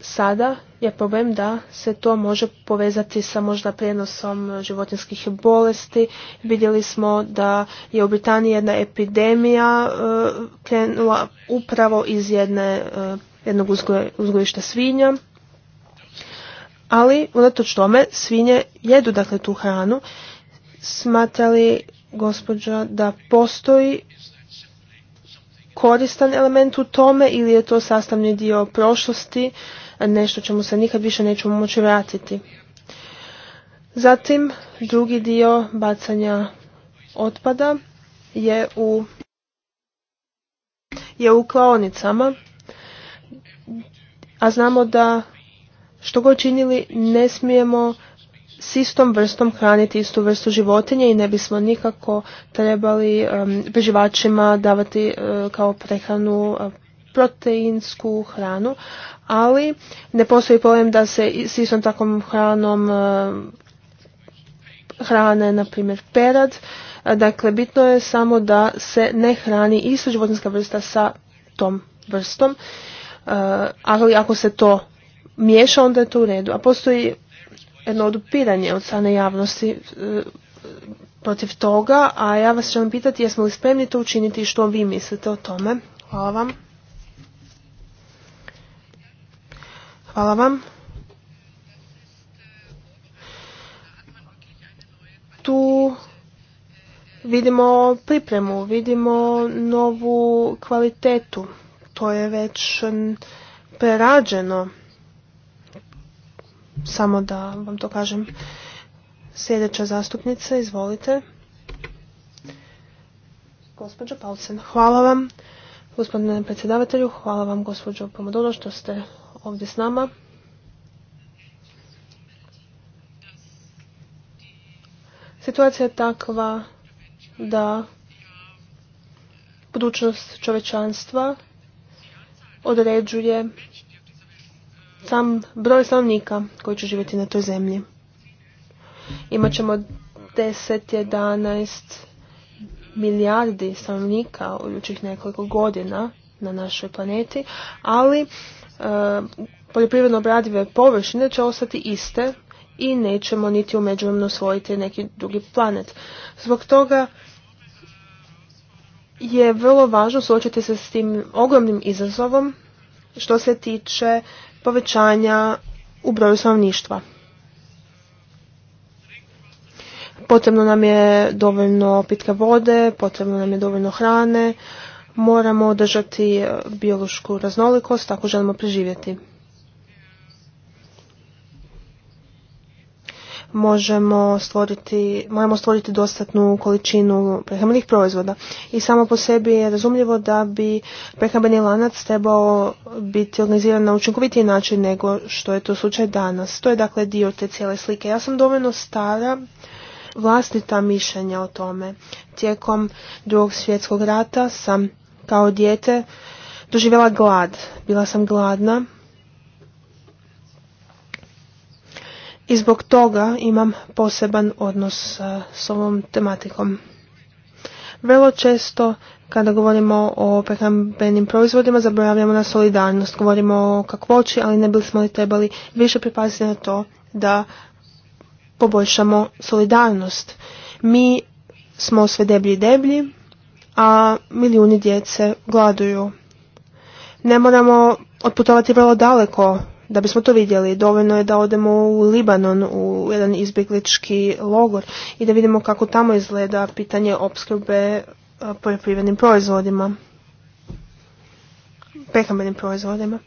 sada je problem da se to može povezati sa možda prijenosom e, životinskih bolesti. Vidjeli smo da je u Britaniji jedna epidemija e, krenula upravo iz jedne, e, jednog uzgojišta svinja. Ali, unatoč tome, svinje jedu dakle tu hranu. Smatrali gospođa da postoji koristan element u tome ili je to sastavni dio prošlosti, nešto čemu se nikad više nećemo moći vratiti. Zatim, drugi dio bacanja otpada je u, je u klaonicama, a znamo da što god činili ne smijemo s istom vrstom hraniti istu vrstu životinje i ne bismo nikako trebali preživačima davati e, kao prehranu e, proteinsku hranu, ali ne postoji problem da se s istom takvom hranom e, hrane, na primjer, perad. Dakle, bitno je samo da se ne hrani ista životinska vrsta sa tom vrstom, ali ako se to miješa, onda je to u redu. A postoji jedno odupiranje od strane javnosti e, protiv toga, a ja vas želim pitati jesmo li spremni to učiniti i što vi mislite o tome. Hvala vam. Hvala vam. Tu vidimo pripremu, vidimo novu kvalitetu. To je već prerađeno samo da vam to kažem. Sljedeća zastupnica, izvolite. Gospođa Palcen, hvala vam. Gospodine predsjedavatelju, hvala vam gospođo Pomodolo što ste ovdje s nama. Situacija je takva da budućnost čovečanstva određuje sam broj stanovnika koji će živjeti na toj zemlji. Imaćemo 10-11 milijardi stanovnika u ljučih nekoliko godina na našoj planeti, ali e, poljoprivredno obradive površine će ostati iste i nećemo niti u međuvremenu osvojiti neki drugi planet. Zbog toga je vrlo važno suočiti se s tim ogromnim izazovom što se tiče povećanja u broju stanovništva. Potrebno nam je dovoljno pitke vode, potrebno nam je dovoljno hrane, moramo održati biološku raznolikost ako želimo preživjeti. možemo stvoriti, moramo stvoriti dostatnu količinu prehrambenih proizvoda. I samo po sebi je razumljivo da bi prehrambeni lanac trebao biti organiziran na učinkovitiji način nego što je to slučaj danas. To je dakle dio te cijele slike. Ja sam dovoljno stara vlastita mišljenja o tome. Tijekom drugog svjetskog rata sam kao dijete doživjela glad. Bila sam gladna i zbog toga imam poseban odnos e, s ovom tematikom. Vrlo često kada govorimo o prehrambenim proizvodima zaboravljamo na solidarnost, govorimo o kakvoći, ali ne bismo li trebali više pripaziti na to da poboljšamo solidarnost. Mi smo sve deblji i deblji, a milijuni djece gladuju. Ne moramo otputovati vrlo daleko da bismo to vidjeli, dovoljno je da odemo u Libanon, u jedan izbjeglički logor i da vidimo kako tamo izgleda pitanje opskrbe e, poljoprivrednim proizvodima, prehrambenim proizvodima.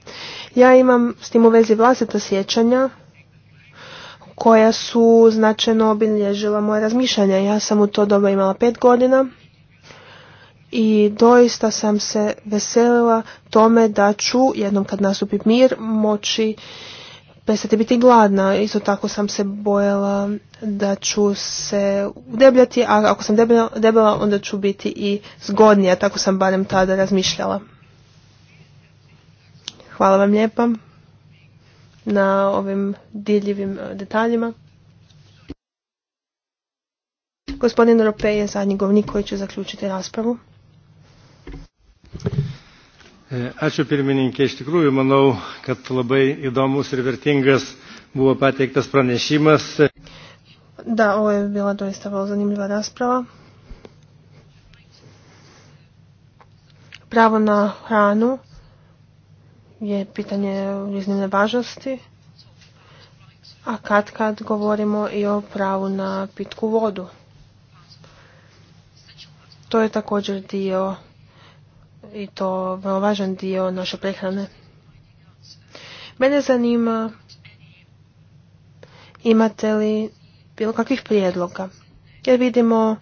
Ja imam s tim u vezi vlastita sjećanja koja su značajno obilježila moje razmišljanja. Ja sam u to doba imala pet godina i doista sam se veselila tome da ću jednom kad nastupi mir moći prestati biti gladna. Isto tako sam se bojala da ću se debljati, a ako sam debela, debela onda ću biti i zgodnija, tako sam barem tada razmišljala. Hvala vam lijepa na ovim diljivim e, detaljima. Gospodin Rope je zadnji govnik koji će zaključiti raspravu. E, ačiū pirmininkė, iš tikrųjų manau, kad labai įdomus ir vertingas buvo pateiktas pranešimas. Da, ovo je bila doista vrlo zanimljiva rasprava. Pravo na hranu je pitanje iznimne važnosti, a kad kad govorimo i o pravu na pitku vodu. To je također dio i to vrlo važan dio naše prehrane. Mene zanima imate li bilo kakvih prijedloga jer vidimo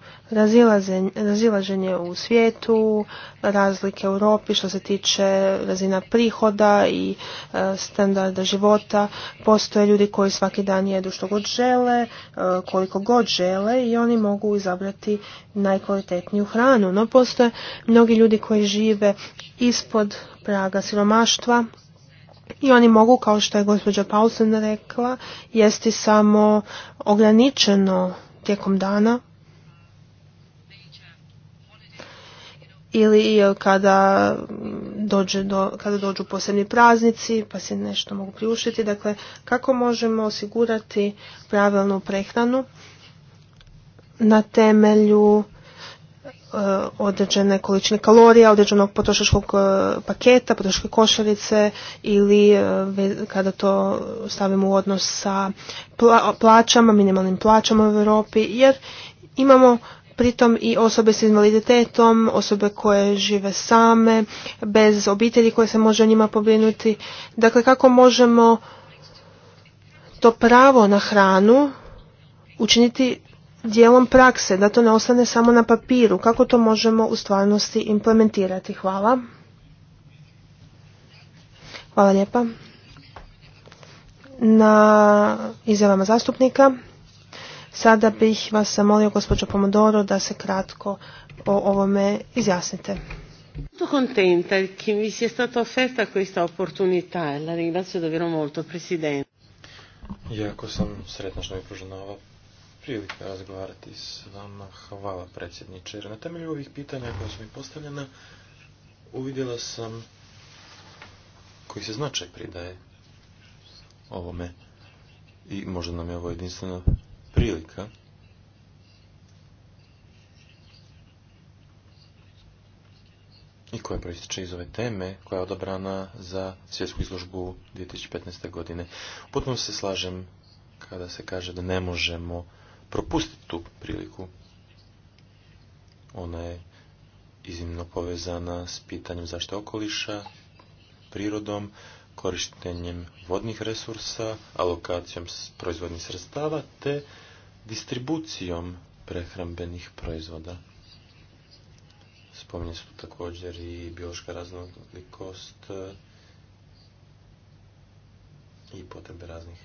razilaženje u svijetu, razlike u Europi što se tiče razina prihoda i e, standarda života. Postoje ljudi koji svaki dan jedu što god žele, e, koliko god žele i oni mogu izabrati najkvalitetniju hranu. No postoje mnogi ljudi koji žive ispod praga siromaštva, i oni mogu, kao što je gospođa Paulsen rekla, jesti samo ograničeno tijekom dana ili kada, dođe do, kada dođu posebni praznici pa se nešto mogu priušiti. Dakle, kako možemo osigurati pravilnu prehranu na temelju E, određene količine kalorija, određenog potrošačkog e, paketa, potrošačke košarice ili e, kada to stavimo u odnos sa plaćama, minimalnim plaćama u Europi, jer imamo pritom i osobe s invaliditetom, osobe koje žive same, bez obitelji koje se može o njima pobrinuti. Dakle, kako možemo to pravo na hranu učiniti dijelom prakse, da to ne ostane samo na papiru, kako to možemo u stvarnosti implementirati. Hvala. Hvala lijepa. Na izjavama zastupnika. Sada bih vas zamolio, gospođo Pomodoro, da se kratko o ovome izjasnite. contenta che mi sia stata offerta questa opportunità e la ringrazio davvero molto, Presidente. Jako sam sretna što mi je pružena ova prilika razgovarati s vama. Hvala predsjedniče. Na temelju ovih pitanja koja su mi postavljena, uvidjela sam koji se značaj pridaje ovome. I možda nam je ovo jedinstvena prilika. I koja proističe iz ove teme, koja je odabrana za svjetsku izložbu 2015. godine. Potpuno se slažem kada se kaže da ne možemo propustiti tu priliku. Ona je iznimno povezana s pitanjem zaštite okoliša, prirodom, korištenjem vodnih resursa, alokacijom proizvodnih sredstava te distribucijom prehrambenih proizvoda. Spominje su također i biološka raznolikost eh, i potrebe raznih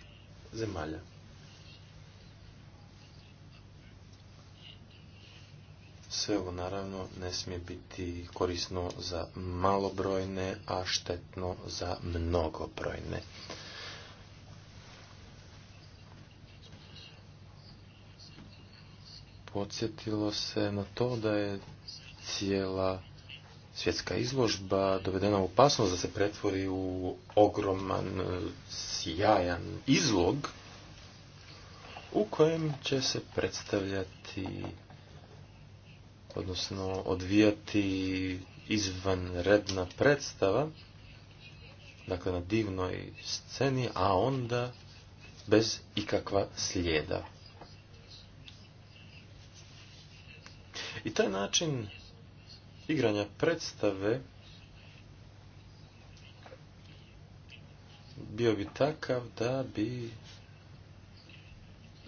zemalja. Sve ovo naravno ne smije biti korisno za malobrojne, a štetno za mnogobrojne. Podsjetilo se na to da je cijela svjetska izložba dovedena u opasnost da se pretvori u ogroman, sjajan izlog u kojem će se predstavljati odnosno odvijati izvanredna predstava, dakle na divnoj sceni, a onda bez ikakva slijeda. I taj način igranja predstave bio bi takav da bi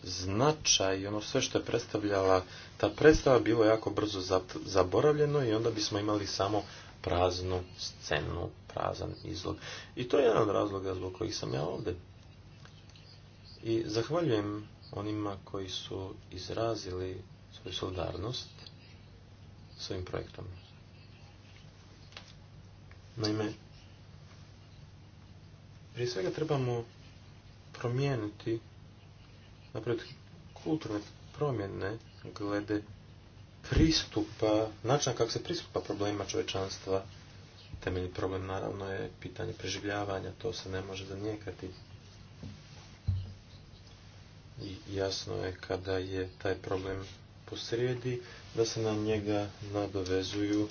značaj, ono sve što je predstavljala ta predstava bilo jako brzo zaboravljeno i onda bismo imali samo praznu scenu, prazan izlog. I to je jedan od razloga zbog kojih sam ja ovdje. I zahvaljujem onima koji su izrazili svoju solidarnost s svojim projektom. Naime, prije svega trebamo promijeniti, napraviti kulturne promjene glede pristupa, način kako se pristupa problemima čovečanstva. Temeljni problem naravno je pitanje preživljavanja, to se ne može zanijekati. I jasno je kada je taj problem posrijedi, da se na njega nadovezuju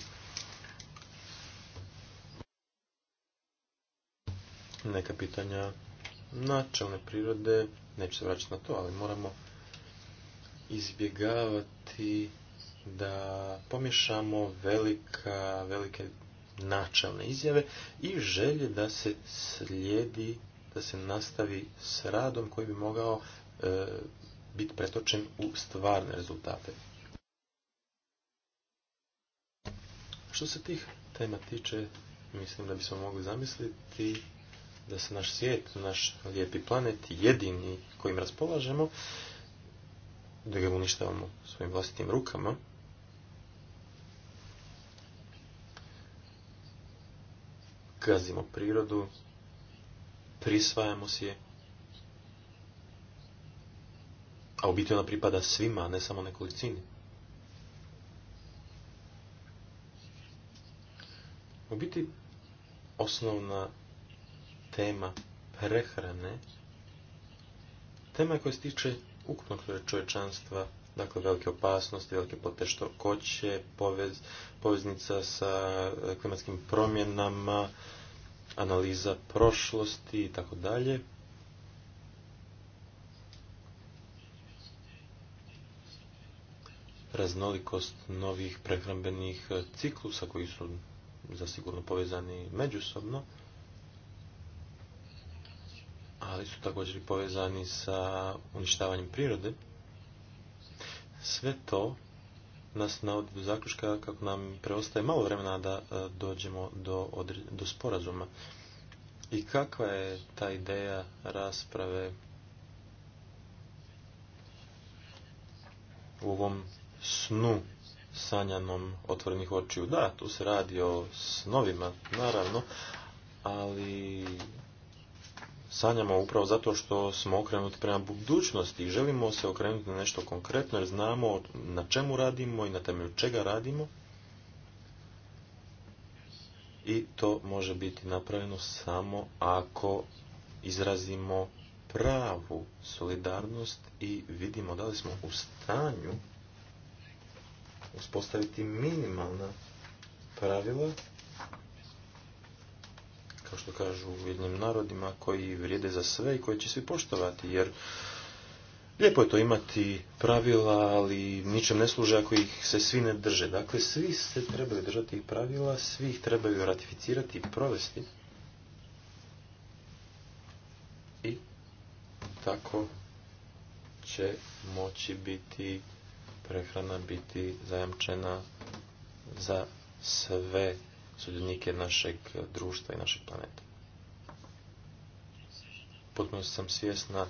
neka pitanja načelne prirode, neću se vraćati na to, ali moramo izbjegavati da pomješamo velika, velike načelne izjave i želje da se slijedi, da se nastavi s radom koji bi mogao e, biti pretočen u stvarne rezultate. Što se tih tema tiče, mislim da bismo mogli zamisliti da se naš svijet, naš lijepi planet, jedini kojim raspolažemo, da ga uništavamo svojim vlastitim rukama, gazimo prirodu, prisvajamo si je, a u biti ona pripada svima, a ne samo nekolicini. U biti, osnovna tema prehrane, tema koja se tiče ukupnog čovječanstva, dakle velike opasnosti, velike poteškoće, povez, poveznica sa e, klimatskim promjenama, analiza prošlosti i tako dalje. raznolikost novih prehrambenih e, ciklusa koji su zasigurno povezani međusobno ali su također povezani sa uništavanjem prirode. Sve to nas navodi do zaključka kako nam preostaje malo vremena da e, dođemo do, do sporazuma. I kakva je ta ideja rasprave u ovom snu sanjanom otvorenih očiju? Da, tu se radi o snovima, naravno, ali sanjamo upravo zato što smo okrenuti prema budućnosti i želimo se okrenuti na nešto konkretno jer znamo na čemu radimo i na temelju čega radimo. I to može biti napravljeno samo ako izrazimo pravu solidarnost i vidimo da li smo u stanju uspostaviti minimalna pravila kao što kažu u jednim narodima, koji vrijede za sve i koji će svi poštovati, jer lijepo je to imati pravila, ali ničem ne služe ako ih se svi ne drže. Dakle, svi se trebaju držati pravila, svi ih trebaju ratificirati i provesti. I tako će moći biti prehrana biti zajamčena za sve sudionike našeg društva i našeg planeta. Potpuno sam svjesna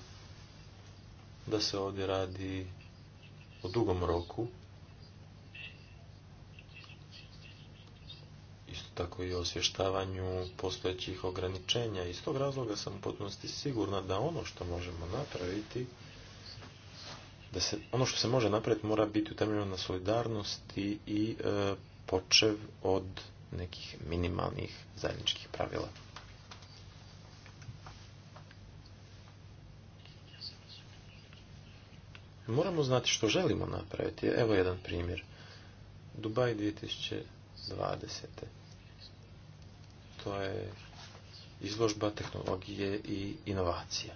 da se ovdje radi o dugom roku, isto tako i o osvještavanju postojećih ograničenja. Iz tog razloga sam u potpunosti sigurna da ono što možemo napraviti, da se ono što se može napraviti mora biti utemeljeno na solidarnosti i e, počev od nekih minimalnih zajedničkih pravila. Moramo znati što želimo napraviti. Evo jedan primjer. Dubaj 2020. To je izložba tehnologije i inovacija.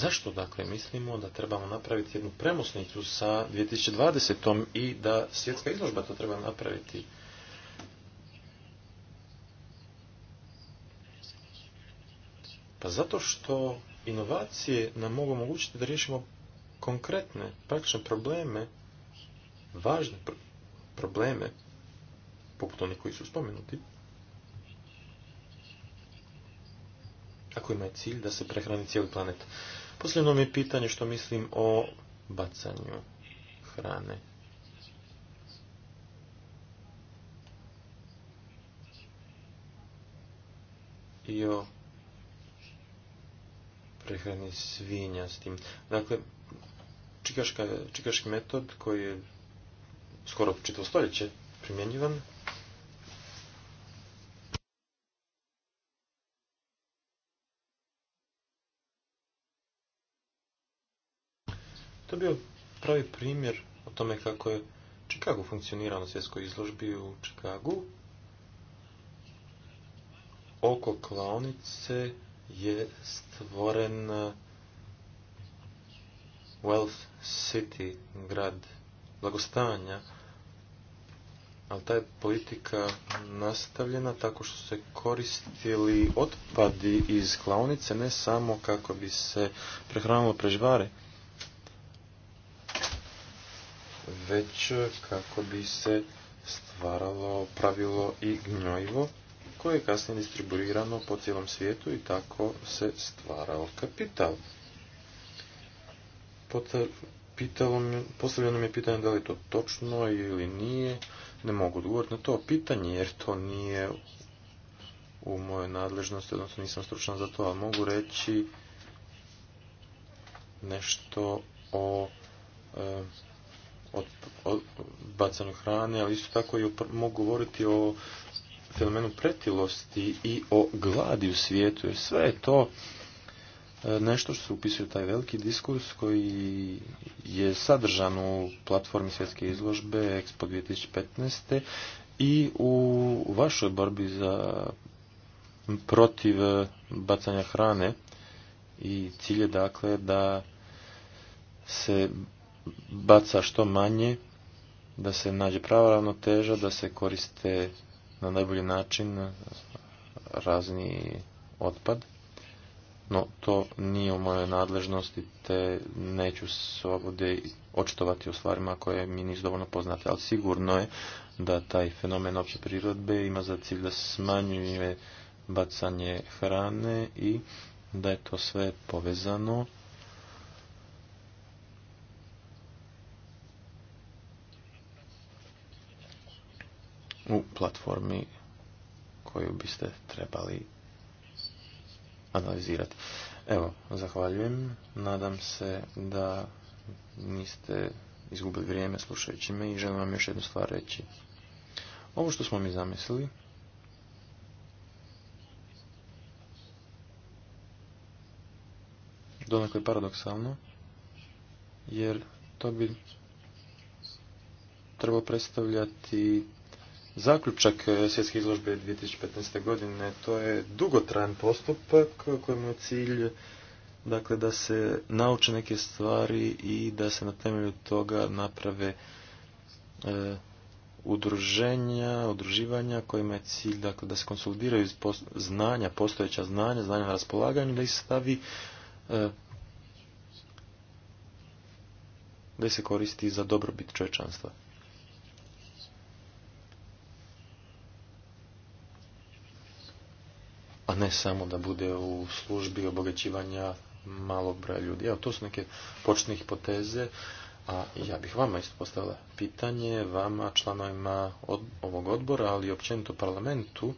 Zašto dakle mislimo da trebamo napraviti jednu premosnicu sa 2020. i da svjetska izložba to treba napraviti? Pa zato što inovacije nam mogu omogućiti da riješimo konkretne, praktične probleme, važne probleme, poput onih koji su spomenuti. Ako ima je cilj da se prehrani cijeli planet. Posljedno mi je pitanje što mislim o bacanju hrane. I o prehrani svinja s tim. Dakle, čikaška, čikaški metod koji je skoro čitav stoljeće primjenjivan, To je bio pravi primjer o tome kako je Chicago funkcionirao na svjetskoj izložbi u Chicagu. Oko klaonice je stvoren uh, Wealth City, grad blagostanja, ali ta je politika nastavljena tako što su se koristili otpadi iz klaonice, ne samo kako bi se prehranilo prežvare, već kako bi se stvaralo pravilo i gnojivo koje je kasnije distribuirano po cijelom svijetu i tako se stvarao kapital. postavljeno mi je pitanje da li je to točno ili nije. Ne mogu odgovoriti na to pitanje jer to nije u mojoj nadležnosti, odnosno nisam stručan za to, ali mogu reći nešto o e, od bacanju hrane, ali isto tako i mogu govoriti o fenomenu pretilosti i o gladi u svijetu. Jer sve je to e, nešto što se upisuje taj veliki diskurs koji je sadržan u platformi svjetske izložbe Expo 2015. i u vašoj borbi za protiv bacanja hrane i cilje je dakle da se baca što manje, da se nađe prava ravnoteža, da se koriste na najbolji način razni otpad. No, to nije u mojoj nadležnosti, te neću se ovdje očitovati u stvarima koje mi nisu dovoljno poznate, ali sigurno je da taj fenomen opće prirodbe ima za cilj da smanjuje bacanje hrane i da je to sve povezano u platformi koju biste trebali analizirati. Evo, zahvaljujem. Nadam se da niste izgubili vrijeme slušajući me i želim vam još jednu stvar reći. Ovo što smo mi zamislili je paradoksalno, jer to bi trebao predstavljati zaključak e, svjetske izložbe 2015. godine. To je dugotrajan postupak kojemu je cilj dakle, da se nauče neke stvari i da se na temelju toga naprave e, udruženja, udruživanja kojima je cilj dakle, da se konsolidiraju znanja, postojeća znanja, znanja na raspolaganju, da ih stavi e, da se koristi za dobrobit čovječanstva. ne samo da bude u službi obogaćivanja malog broja ljudi. Evo, to su neke početne hipoteze, a ja bih vama isto postavila pitanje, vama, članovima ovog odbora, ali i općenito parlamentu,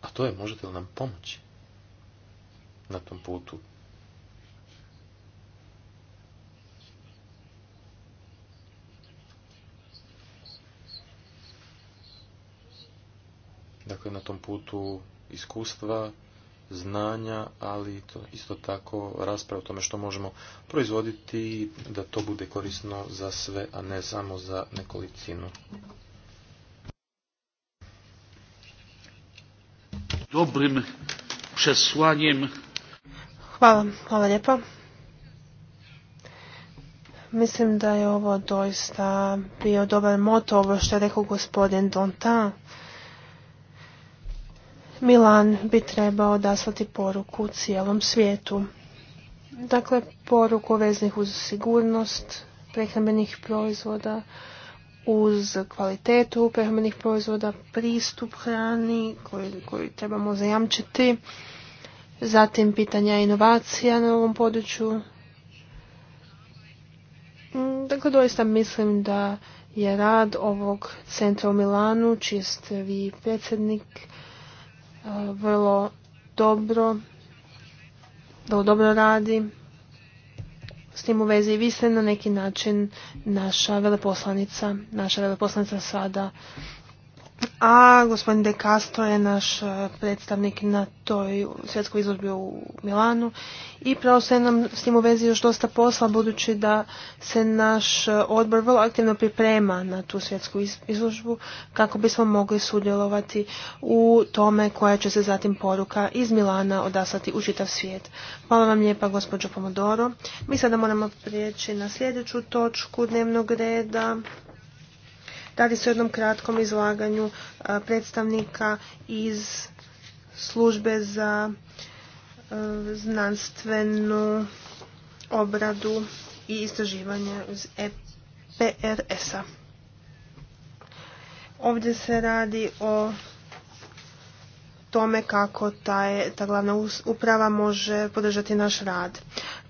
a to je možete li nam pomoći na tom putu? Dakle, na tom putu iskustva, znanja, ali to isto tako rasprava o tome što možemo proizvoditi da to bude korisno za sve, a ne samo za nekolicinu. Dobrim Hvala, hvala Mislim da je ovo doista bio dobar moto, ovo što je rekao gospodin Dontan Milan bi trebao odaslati poruku cijelom svijetu. Dakle, poruku veznih uz sigurnost prehrambenih proizvoda, uz kvalitetu prehrambenih proizvoda, pristup hrani koji trebamo zajamčiti, zatim pitanja inovacija na ovom području. Dakle, doista mislim da je rad ovog centra u Milanu, čiji ste vi predsjednik, vrlo dobro, vrlo dobro radi. S tim u vezi i vi ste na neki način naša veleposlanica, naša veleposlanica sada a gospodin De Castro je naš e, predstavnik na toj svjetskoj izložbi u Milanu i pravo se nam s tim u vezi još dosta posla budući da se naš e, odbor vrlo aktivno priprema na tu svjetsku izložbu kako bismo mogli sudjelovati u tome koja će se zatim poruka iz Milana odaslati u čitav svijet. Hvala vam lijepa gospođo Pomodoro. Mi sada moramo prijeći na sljedeću točku dnevnog reda. Radi se o jednom kratkom izlaganju e, predstavnika iz službe za e, znanstvenu obradu i istraživanje iz EPRS-a. Ovdje se radi o tome kako ta glavna uprava može podržati naš rad.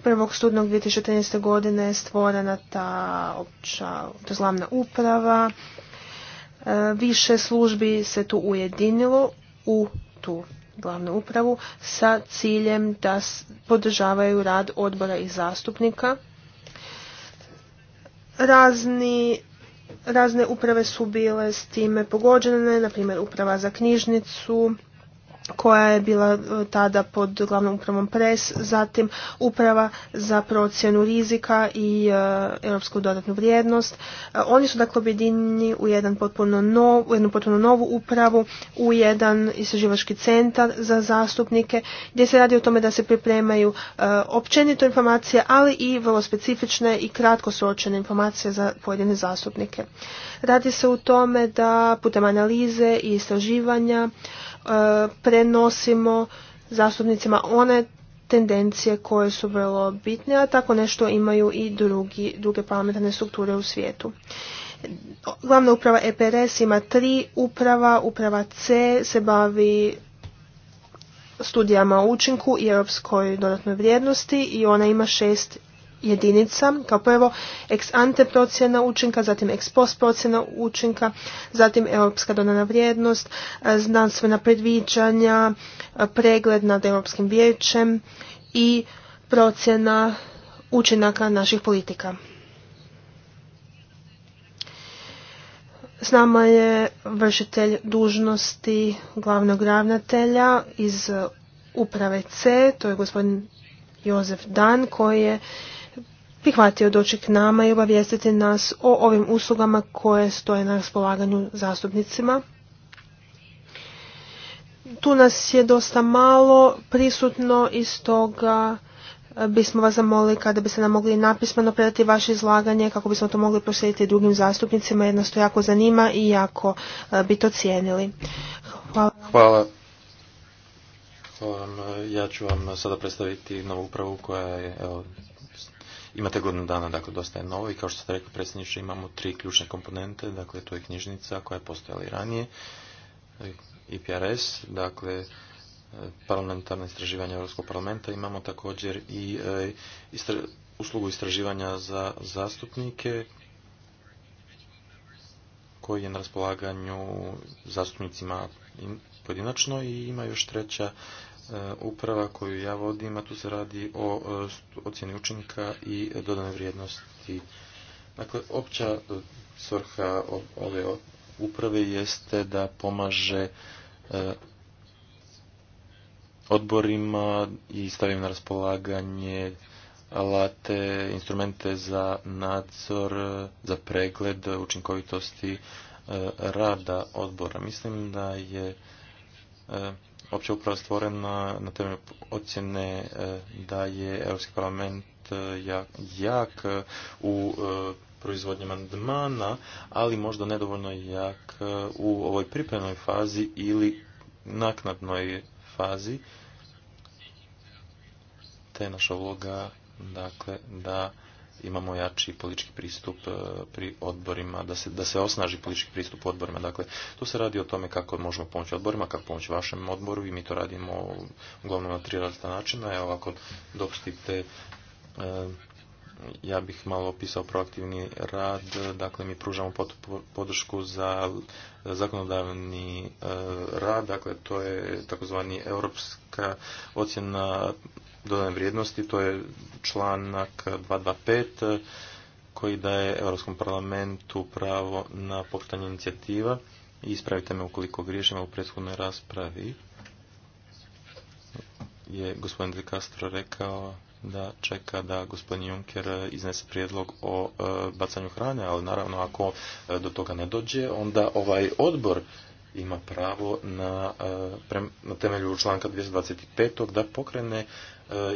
1. studnog 2013. godine je stvorena ta opća, to glavna uprava. E, više službi se tu ujedinilo u tu glavnu upravu sa ciljem da podržavaju rad odbora i zastupnika. Razni Razne uprave su bile s time pogođene, na primjer uprava za knjižnicu, koja je bila e, tada pod glavnom upravom PRES, zatim uprava za procjenu rizika i e, europsku dodatnu vrijednost. E, oni su dakle objedinjeni u, jednu potpuno novu upravu, u jedan istraživački centar za zastupnike, gdje se radi o tome da se pripremaju općenito informacije, ali i vrlo specifične i kratko sročene informacije za pojedine zastupnike. Radi se u tome da putem analize i istraživanja E, prenosimo zastupnicima one tendencije koje su vrlo bitne, a tako nešto imaju i drugi, druge parlamentarne strukture u svijetu. Glavna uprava EPRS ima tri uprava, uprava C se bavi studijama o učinku i europskoj dodatnoj vrijednosti i ona ima šest jedinica. Kao prvo, ex ante procjena učinka, zatim ex post procjena učinka, zatim europska donana vrijednost, e, znanstvena predviđanja, e, pregled nad Europskim vijećem i procjena učinaka naših politika. S nama je vršitelj dužnosti glavnog ravnatelja iz uprave C, to je gospodin Jozef Dan, koji je prihvatio doći k nama i obavijestiti nas o ovim uslugama koje stoje na raspolaganju zastupnicima. Tu nas je dosta malo prisutno i stoga e, bismo vas zamolili kada bi se nam mogli napismeno predati vaše izlaganje kako bismo to mogli proslijediti drugim zastupnicima jer nas to jako zanima i jako e, bi to cijenili. Hvala. Hvala. Ja ću vam sada predstaviti novu upravu koja je evo, Imate godinu dana, dakle, dosta je novo i kao što ste rekli, predsjedniče, imamo tri ključne komponente, dakle, to je knjižnica koja je postojala i ranije, IPRS, dakle, parlamentarna istraživanja Europskog parlamenta, imamo također i e, uslugu istraživanja za zastupnike, koji je na raspolaganju zastupnicima pojedinačno i ima još treća E, uprava koju ja vodim, a tu se radi o e, ocjeni učinka i dodane vrijednosti. Dakle, opća e, svrha ove uprave jeste da pomaže odborima i stavim na raspolaganje alate, instrumente za nadzor, za pregled učinkovitosti rada odbora. Mislim da je opća uprava stvorena na temelju ocjene e, da je Europski parlament e, jak, jak e, u proizvodnje mandmana, ali možda nedovoljno jak u ovoj pripremnoj fazi ili naknadnoj fazi. Te naša uloga, dakle, da imamo jači politički pristup e, pri odborima, da se, da se osnaži politički pristup odborima. Dakle, tu se radi o tome kako možemo pomoći odborima, kako pomoći vašem odboru i mi to radimo uglavnom na tri različita načina. Evo, ako dopustite, e, ja bih malo opisao proaktivni rad, dakle mi pružamo podršku za zakonodavni e, rad, dakle to je takozvani europska ocjena dodane vrijednosti, to je članak 225 koji daje Europskom parlamentu pravo na pokretanje inicijativa i ispravite me ukoliko griješimo u prethodnoj raspravi je gospodin De Castro rekao da čeka da gospodin Juncker iznese prijedlog o e, bacanju hrane, ali naravno ako e, do toga ne dođe, onda ovaj odbor ima pravo na, e, na temelju članka 225. da pokrene e,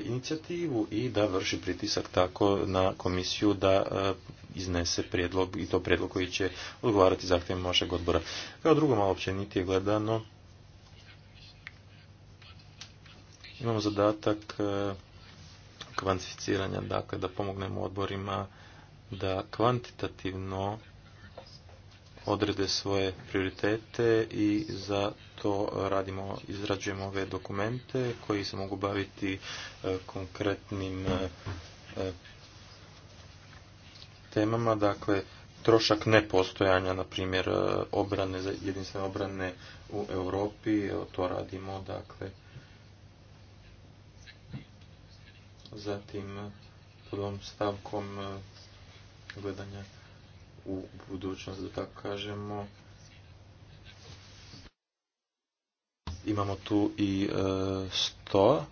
inicijativu i da vrši pritisak tako na komisiju da e, iznese prijedlog i to prijedlog koji će odgovarati zahtjevima vašeg odbora. Kao drugo malo gledano imamo zadatak kvantificiranja, dakle da pomognemo odborima da kvantitativno odrede svoje prioritete i za to radimo, izrađujemo ove dokumente koji se mogu baviti e, konkretnim e, e, temama, dakle trošak nepostojanja, na primjer obrane, jedinstvene obrane u Europi, evo to radimo, dakle zatim pod ovom stavkom gledanja u budućnost, da tako kažemo. Imamo tu i e, sto.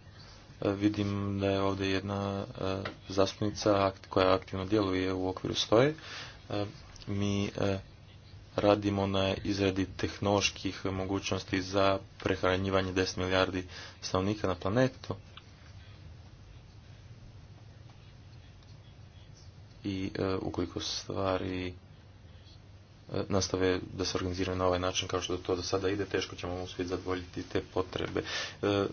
E, vidim da je ovdje jedna e, zastupnica koja aktivno djeluje u okviru stoje. Mi radimo na izradi tehnoloških mogućnosti za prehranjivanje 10 milijardi stanovnika na planetu. i e, ukoliko stvari e, nastave da se organiziraju na ovaj način kao što to do sada ide, teško ćemo uspjeti zadovoljiti te potrebe. E,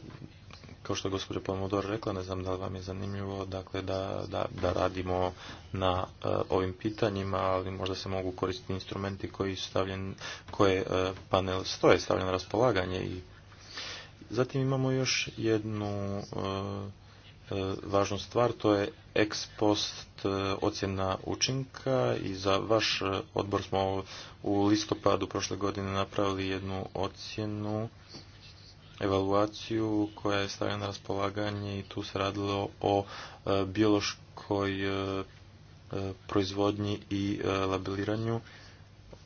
kao što je gospođa Pomodor rekla, ne znam da li vam je zanimljivo, dakle da, da, radimo na e, ovim pitanjima, ali možda se mogu koristiti instrumenti koji su stavljen, koje panel stoje stavljen na raspolaganje i Zatim imamo još jednu E, važnu stvar, to je ex post e, ocjena učinka i za vaš e, odbor smo u listopadu prošle godine napravili jednu ocjenu, evaluaciju koja je stavljena na raspolaganje i tu se radilo o biološkoj proizvodnji i labeliranju.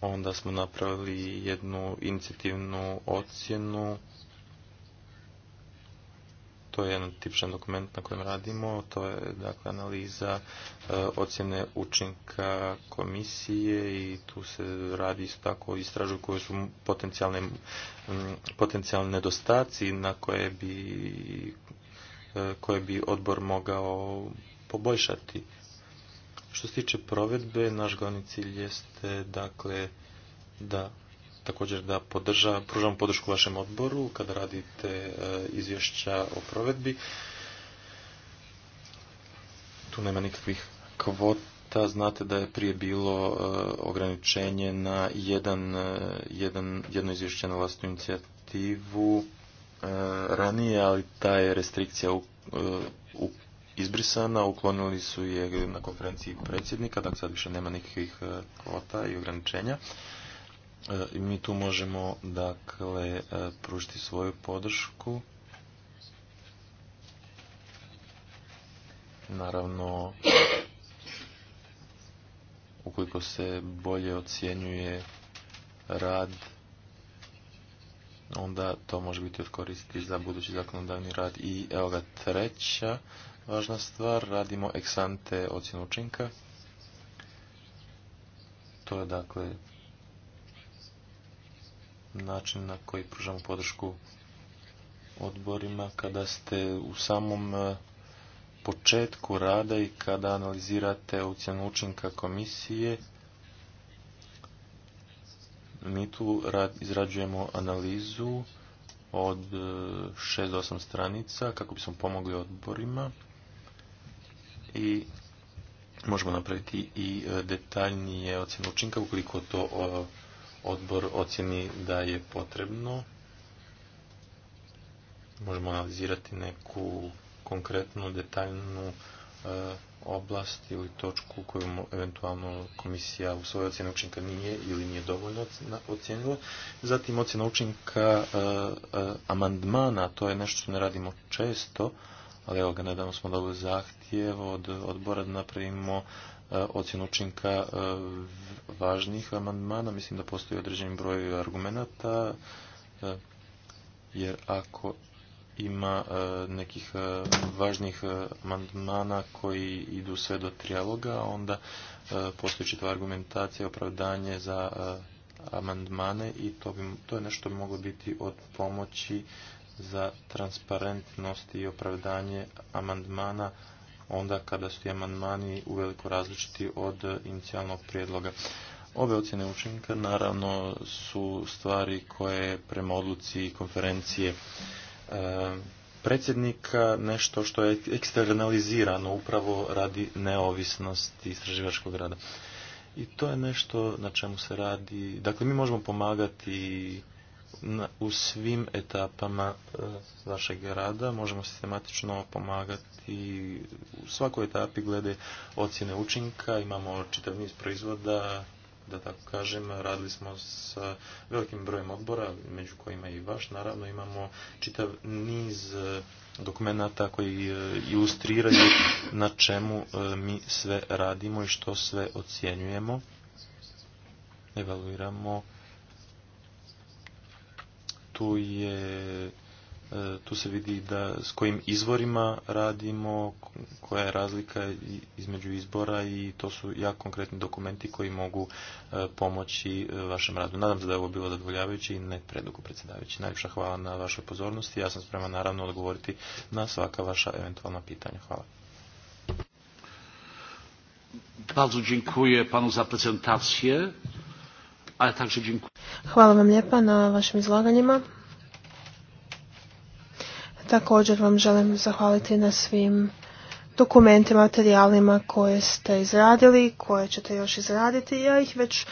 Onda smo napravili jednu inicijativnu ocjenu to je jedan tipičan dokument na kojem radimo, to je dakle analiza eh, ocjene učinka komisije i tu se radi isto tako istražuju koje su potencijalne, mm, potencijalne nedostaci na koje bi, e, koje bi odbor mogao poboljšati. Što se tiče provedbe, naš glavni cilj jeste dakle da također da podrža, pružamo podršku vašem odboru kada radite e, izvješća o provedbi. Tu nema nikakvih kvota. Znate da je prije bilo e, ograničenje na jedan, e, jedan, jedno izvješće na vlastnu inicijativu ranije, ali ta je restrikcija u, izbrisana, uklonili su je na konferenciji predsjednika, dakle sad više nema nikakvih kvota i ograničenja. E, i mi tu možemo dakle e, pružiti svoju podršku. Naravno, ukoliko se bolje ocjenjuje rad, onda to može biti od za budući zakonodavni rad. I evo ga treća važna stvar, radimo eksante ocjenu učinka. To je dakle način na koji pružamo podršku odborima kada ste u samom e, početku rada i kada analizirate ocjenu učinka komisije. Mi tu izrađujemo analizu od 6 e, do 8 stranica kako bismo pomogli odborima i možemo napraviti i e, detaljnije ocjenu učinka ukoliko to odbor ocjeni da je potrebno, možemo analizirati neku konkretnu, detaljnu e, oblast ili točku koju eventualno komisija u svojoj ocjeni učinka nije ili nije dovoljno ocijenila. Zatim ocjena učinka e, e, amandmana, to je nešto što ne radimo često, ali evo ga nedavno smo dobili zahtjev od odbora da napravimo Eh, ocjenu učinka eh, važnih amandmana. Mislim da postoji određeni broj argumenata, eh, jer ako ima nekih važnih amandmana koji idu sve do trijaloga, onda postoji čitva argumentacija, opravdanje za amandmane i to, to je nešto moglo biti od pomoći za transparentnost i opravdanje amandmana onda kada su ti amandmani uveliko različiti od inicijalnog prijedloga. Ove ocjene učenika naravno su stvari koje prema odluci konferencije e, predsjednika nešto što je eksternalizirano upravo radi neovisnosti istraživačkog rada. I to je nešto na čemu se radi. Dakle, mi možemo pomagati u svim etapama e, vašeg rada možemo sistematično pomagati u svakoj etapi glede ocjene učinka. Imamo čitav niz proizvoda, da tako kažem, radili smo s velikim brojem odbora, među kojima i vaš. Naravno imamo čitav niz e, dokumenata koji e, ilustriraju na čemu e, mi sve radimo i što sve ocjenjujemo. Evaluiramo tu je e, tu se vidi da s kojim izvorima radimo, koja je razlika između izbora i to su jako konkretni dokumenti koji mogu e, pomoći e, vašem radu. Nadam se da je ovo bilo zadovoljavajuće i ne predugo predsjedavajući. Najljepša hvala na vašoj pozornosti. Ja sam spreman naravno odgovoriti na svaka vaša eventualna pitanja. Hvala. Bardzo dziękuję panu za prezentację, ale także Hvala vam lijepa na vašim izlaganjima. Također vam želim zahvaliti na svim dokumentima, materijalima koje ste izradili, koje ćete još izraditi. Ja ih već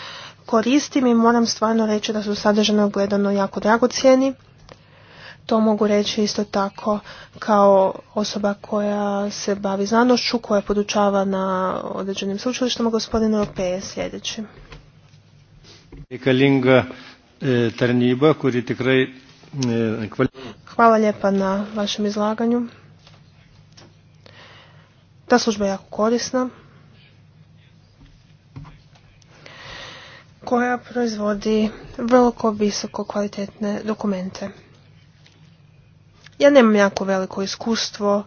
koristim i moram stvarno reći da su sadržano gledano jako dragocijeni. To mogu reći isto tako kao osoba koja se bavi znanošću, koja podučava na određenim sveučilištima. Gospodin Europeje, E, e, Hvala lijepa na vašem izlaganju. Ta služba je jako korisna. koja proizvodi vrlo visoko kvalitetne dokumente. Ja nemam jako veliko iskustvo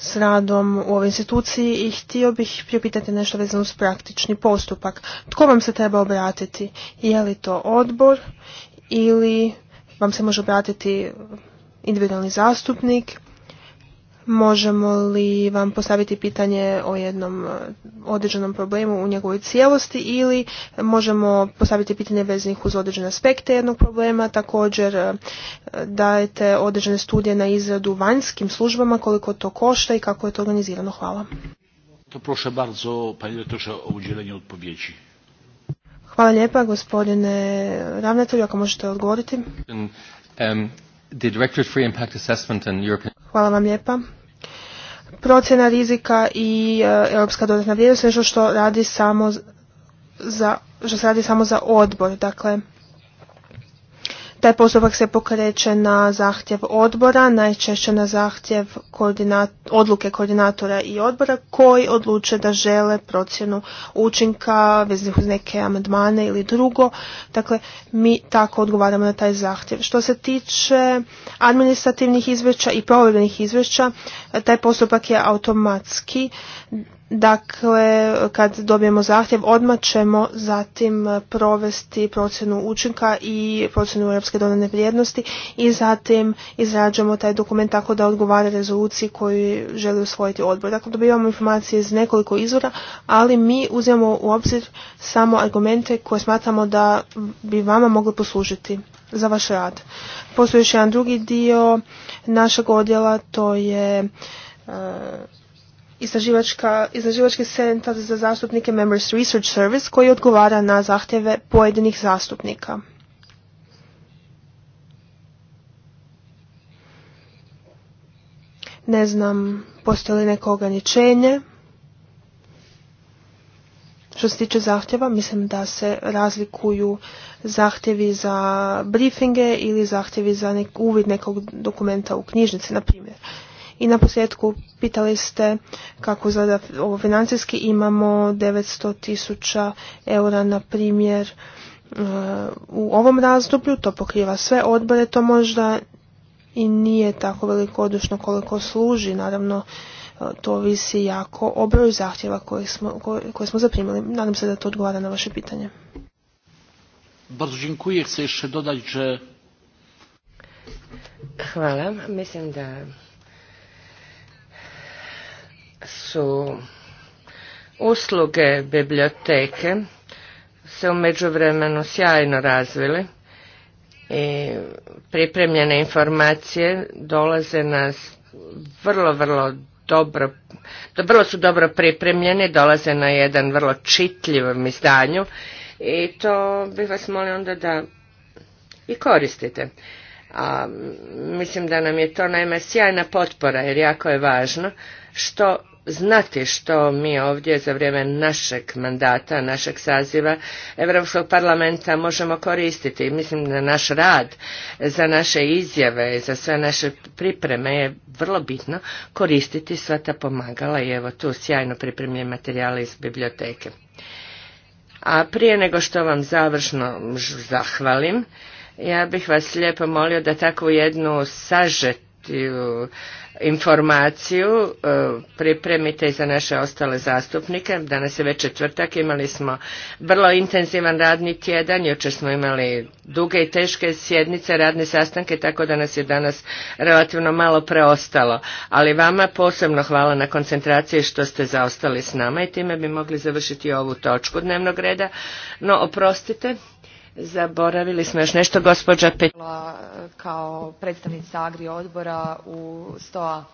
s radom u ovoj instituciji i htio bih priopitati nešto vezano uz praktični postupak. Tko vam se treba obratiti? Je li to odbor ili vam se može obratiti individualni zastupnik možemo li vam postaviti pitanje o jednom e, određenom problemu u njegovoj cijelosti ili možemo postaviti pitanje vezanih uz određene aspekte jednog problema. Također e, dajete određene studije na izradu vanjskim službama, koliko to košta i kako je to organizirano. Hvala. To bardzo, o Hvala lijepa, gospodine ravnatelju, ako možete odgovoriti. Um, Hvala vam lijepa procjena rizika i e, europska dodatna vrijednost nešto što radi samo za, što se radi samo za odbor. Dakle, taj postupak se pokreće na zahtjev odbora, najčešće na zahtjev odluke koordinatora i odbora koji odluče da žele procjenu učinka veznih uz neke amandmane ili drugo. Dakle, mi tako odgovaramo na taj zahtjev. Što se tiče administrativnih izvješća i provedbenih izvješća, taj postupak je automatski Dakle, kad dobijemo zahtjev, odmah ćemo zatim provesti procjenu učinka i procjenu europske dodane vrijednosti i zatim izrađujemo taj dokument tako da odgovara rezoluciji koju želi usvojiti odbor. Dakle, dobivamo informacije iz nekoliko izvora, ali mi uzimamo u obzir samo argumente koje smatramo da bi vama mogli poslužiti za vaš rad. Postoji još jedan drugi dio našeg odjela, to je... E, istraživački centar za zastupnike Members Research Service koji odgovara na zahtjeve pojedinih zastupnika. Ne znam, postoji li neko ograničenje što se tiče zahtjeva, mislim da se razlikuju zahtjevi za briefinge ili zahtjevi za uvid nekog dokumenta u knjižnici, na primjer. I na posljedku pitali ste kako zada ovo financijski. Imamo 900 tisuća eura na primjer e, u ovom razdoblju. To pokriva sve odbore. To možda i nije tako veliko velikodušno koliko služi. Naravno e, to visi jako o broju zahtjeva koje smo, zaprimili. Nadam se da to odgovara na vaše pitanje. Bardzo dziękuję. Chcę Hvala. Mislim da su usluge biblioteke se u međuvremenu sjajno razvili i pripremljene informacije dolaze na vrlo, vrlo dobro, vrlo su dobro pripremljene, dolaze na jedan vrlo čitljivom izdanju i to bih vas molio onda da i koristite. A, mislim da nam je to naime sjajna potpora jer jako je važno što znati što mi ovdje za vrijeme našeg mandata, našeg saziva Europskog parlamenta možemo koristiti. Mislim da naš rad za naše izjave, za sve naše pripreme je vrlo bitno koristiti sva ta pomagala i evo tu sjajno pripremljen materijale iz biblioteke. A prije nego što vam završno zahvalim, ja bih vas lijepo molio da takvu jednu sažet informaciju e, pripremite i za naše ostale zastupnike. Danas je već četvrtak, imali smo vrlo intenzivan radni tjedan, jučer smo imali duge i teške sjednice, radne sastanke, tako da nas je danas relativno malo preostalo. Ali vama posebno hvala na koncentraciji što ste zaostali s nama i time bi mogli završiti ovu točku dnevnog reda. No, oprostite, Zaboravili smo još nešto, gospođa Petrova Kao predstavnica Agri odbora u STOA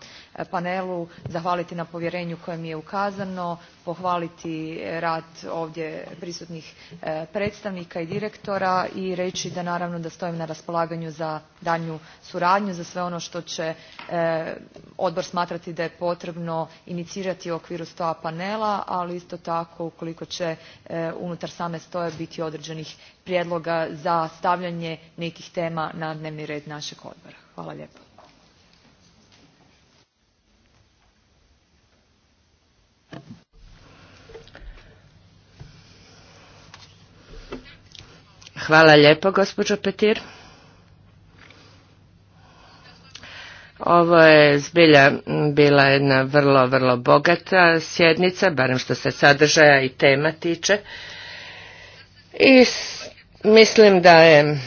panelu zahvaliti na povjerenju koje mi je ukazano pohvaliti rad ovdje prisutnih e, predstavnika i direktora i reći da naravno da stojim na raspolaganju za daljnju suradnju za sve ono što će e, odbor smatrati da je potrebno inicirati u okviru stoa panela ali isto tako ukoliko će e, unutar same stoje biti određenih prijedloga za stavljanje nekih tema na dnevni red našeg odbora. Hvala lijepo. Hvala lijepo, gospođo Petir. Ovo je zbilja bila jedna vrlo, vrlo bogata sjednica, barem što se sadržaja i tema tiče. I mislim da je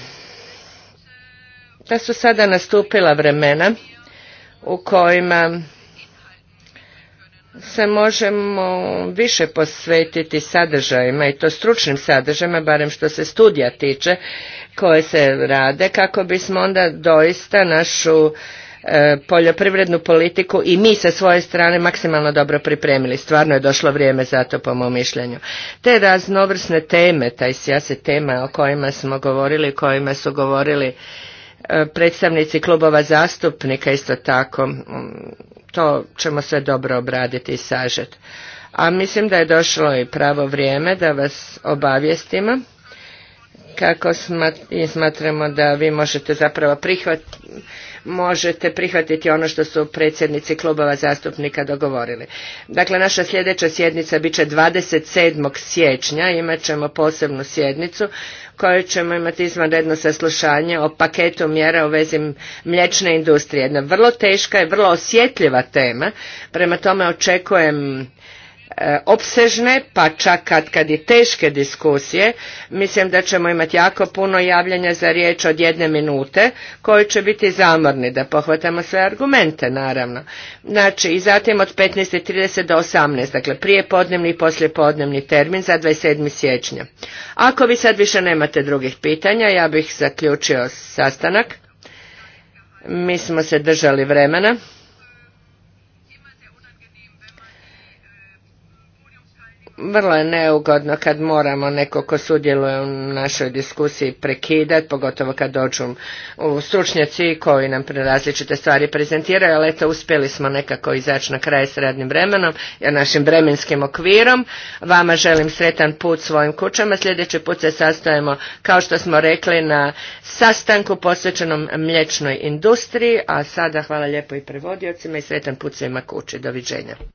da su sada nastupila vremena u kojima se možemo više posvetiti sadržajima i to stručnim sadržajima, barem što se studija tiče koje se rade, kako bismo onda doista našu e, poljoprivrednu politiku i mi sa svoje strane maksimalno dobro pripremili. Stvarno je došlo vrijeme za to po mom mišljenju. Te raznovrsne teme, taj sjase tema o kojima smo govorili, kojima su govorili e, predstavnici klubova zastupnika isto tako to ćemo sve dobro obraditi i sažeti. A mislim da je došlo i pravo vrijeme da vas obavijestimo kako smatramo da vi možete zapravo prihvatiti možete prihvatiti ono što su predsjednici klubova zastupnika dogovorili. Dakle, naša sljedeća sjednica bit će 27. siječnja, imat ćemo posebnu sjednicu koju ćemo imati izvanredno saslušanje o paketu mjera u vezi mlječne industrije. Jedna vrlo teška i vrlo osjetljiva tema, prema tome očekujem E, opsežne, pa čak kad, kad i teške diskusije. Mislim da ćemo imati jako puno javljanja za riječ od jedne minute, koji će biti zamorni, da pohvatamo sve argumente, naravno. Znači, i zatim od 15.30 do 18, dakle prije podnevni i poslije podnevni termin za 27. siječnja. Ako vi sad više nemate drugih pitanja, ja bih zaključio sastanak. Mi smo se držali vremena. vrlo je neugodno kad moramo neko ko sudjeluje u našoj diskusiji prekidati, pogotovo kad dođu stručnjaci koji nam različite stvari prezentiraju, ali eto uspjeli smo nekako izaći na kraj s radnim vremenom, i našim vremenskim okvirom. Vama želim sretan put svojim kućama. Sljedeći put se sastajemo, kao što smo rekli, na sastanku posvećenom mlječnoj industriji, a sada hvala lijepo i prevodiocima i sretan put svima kući. Doviđenja.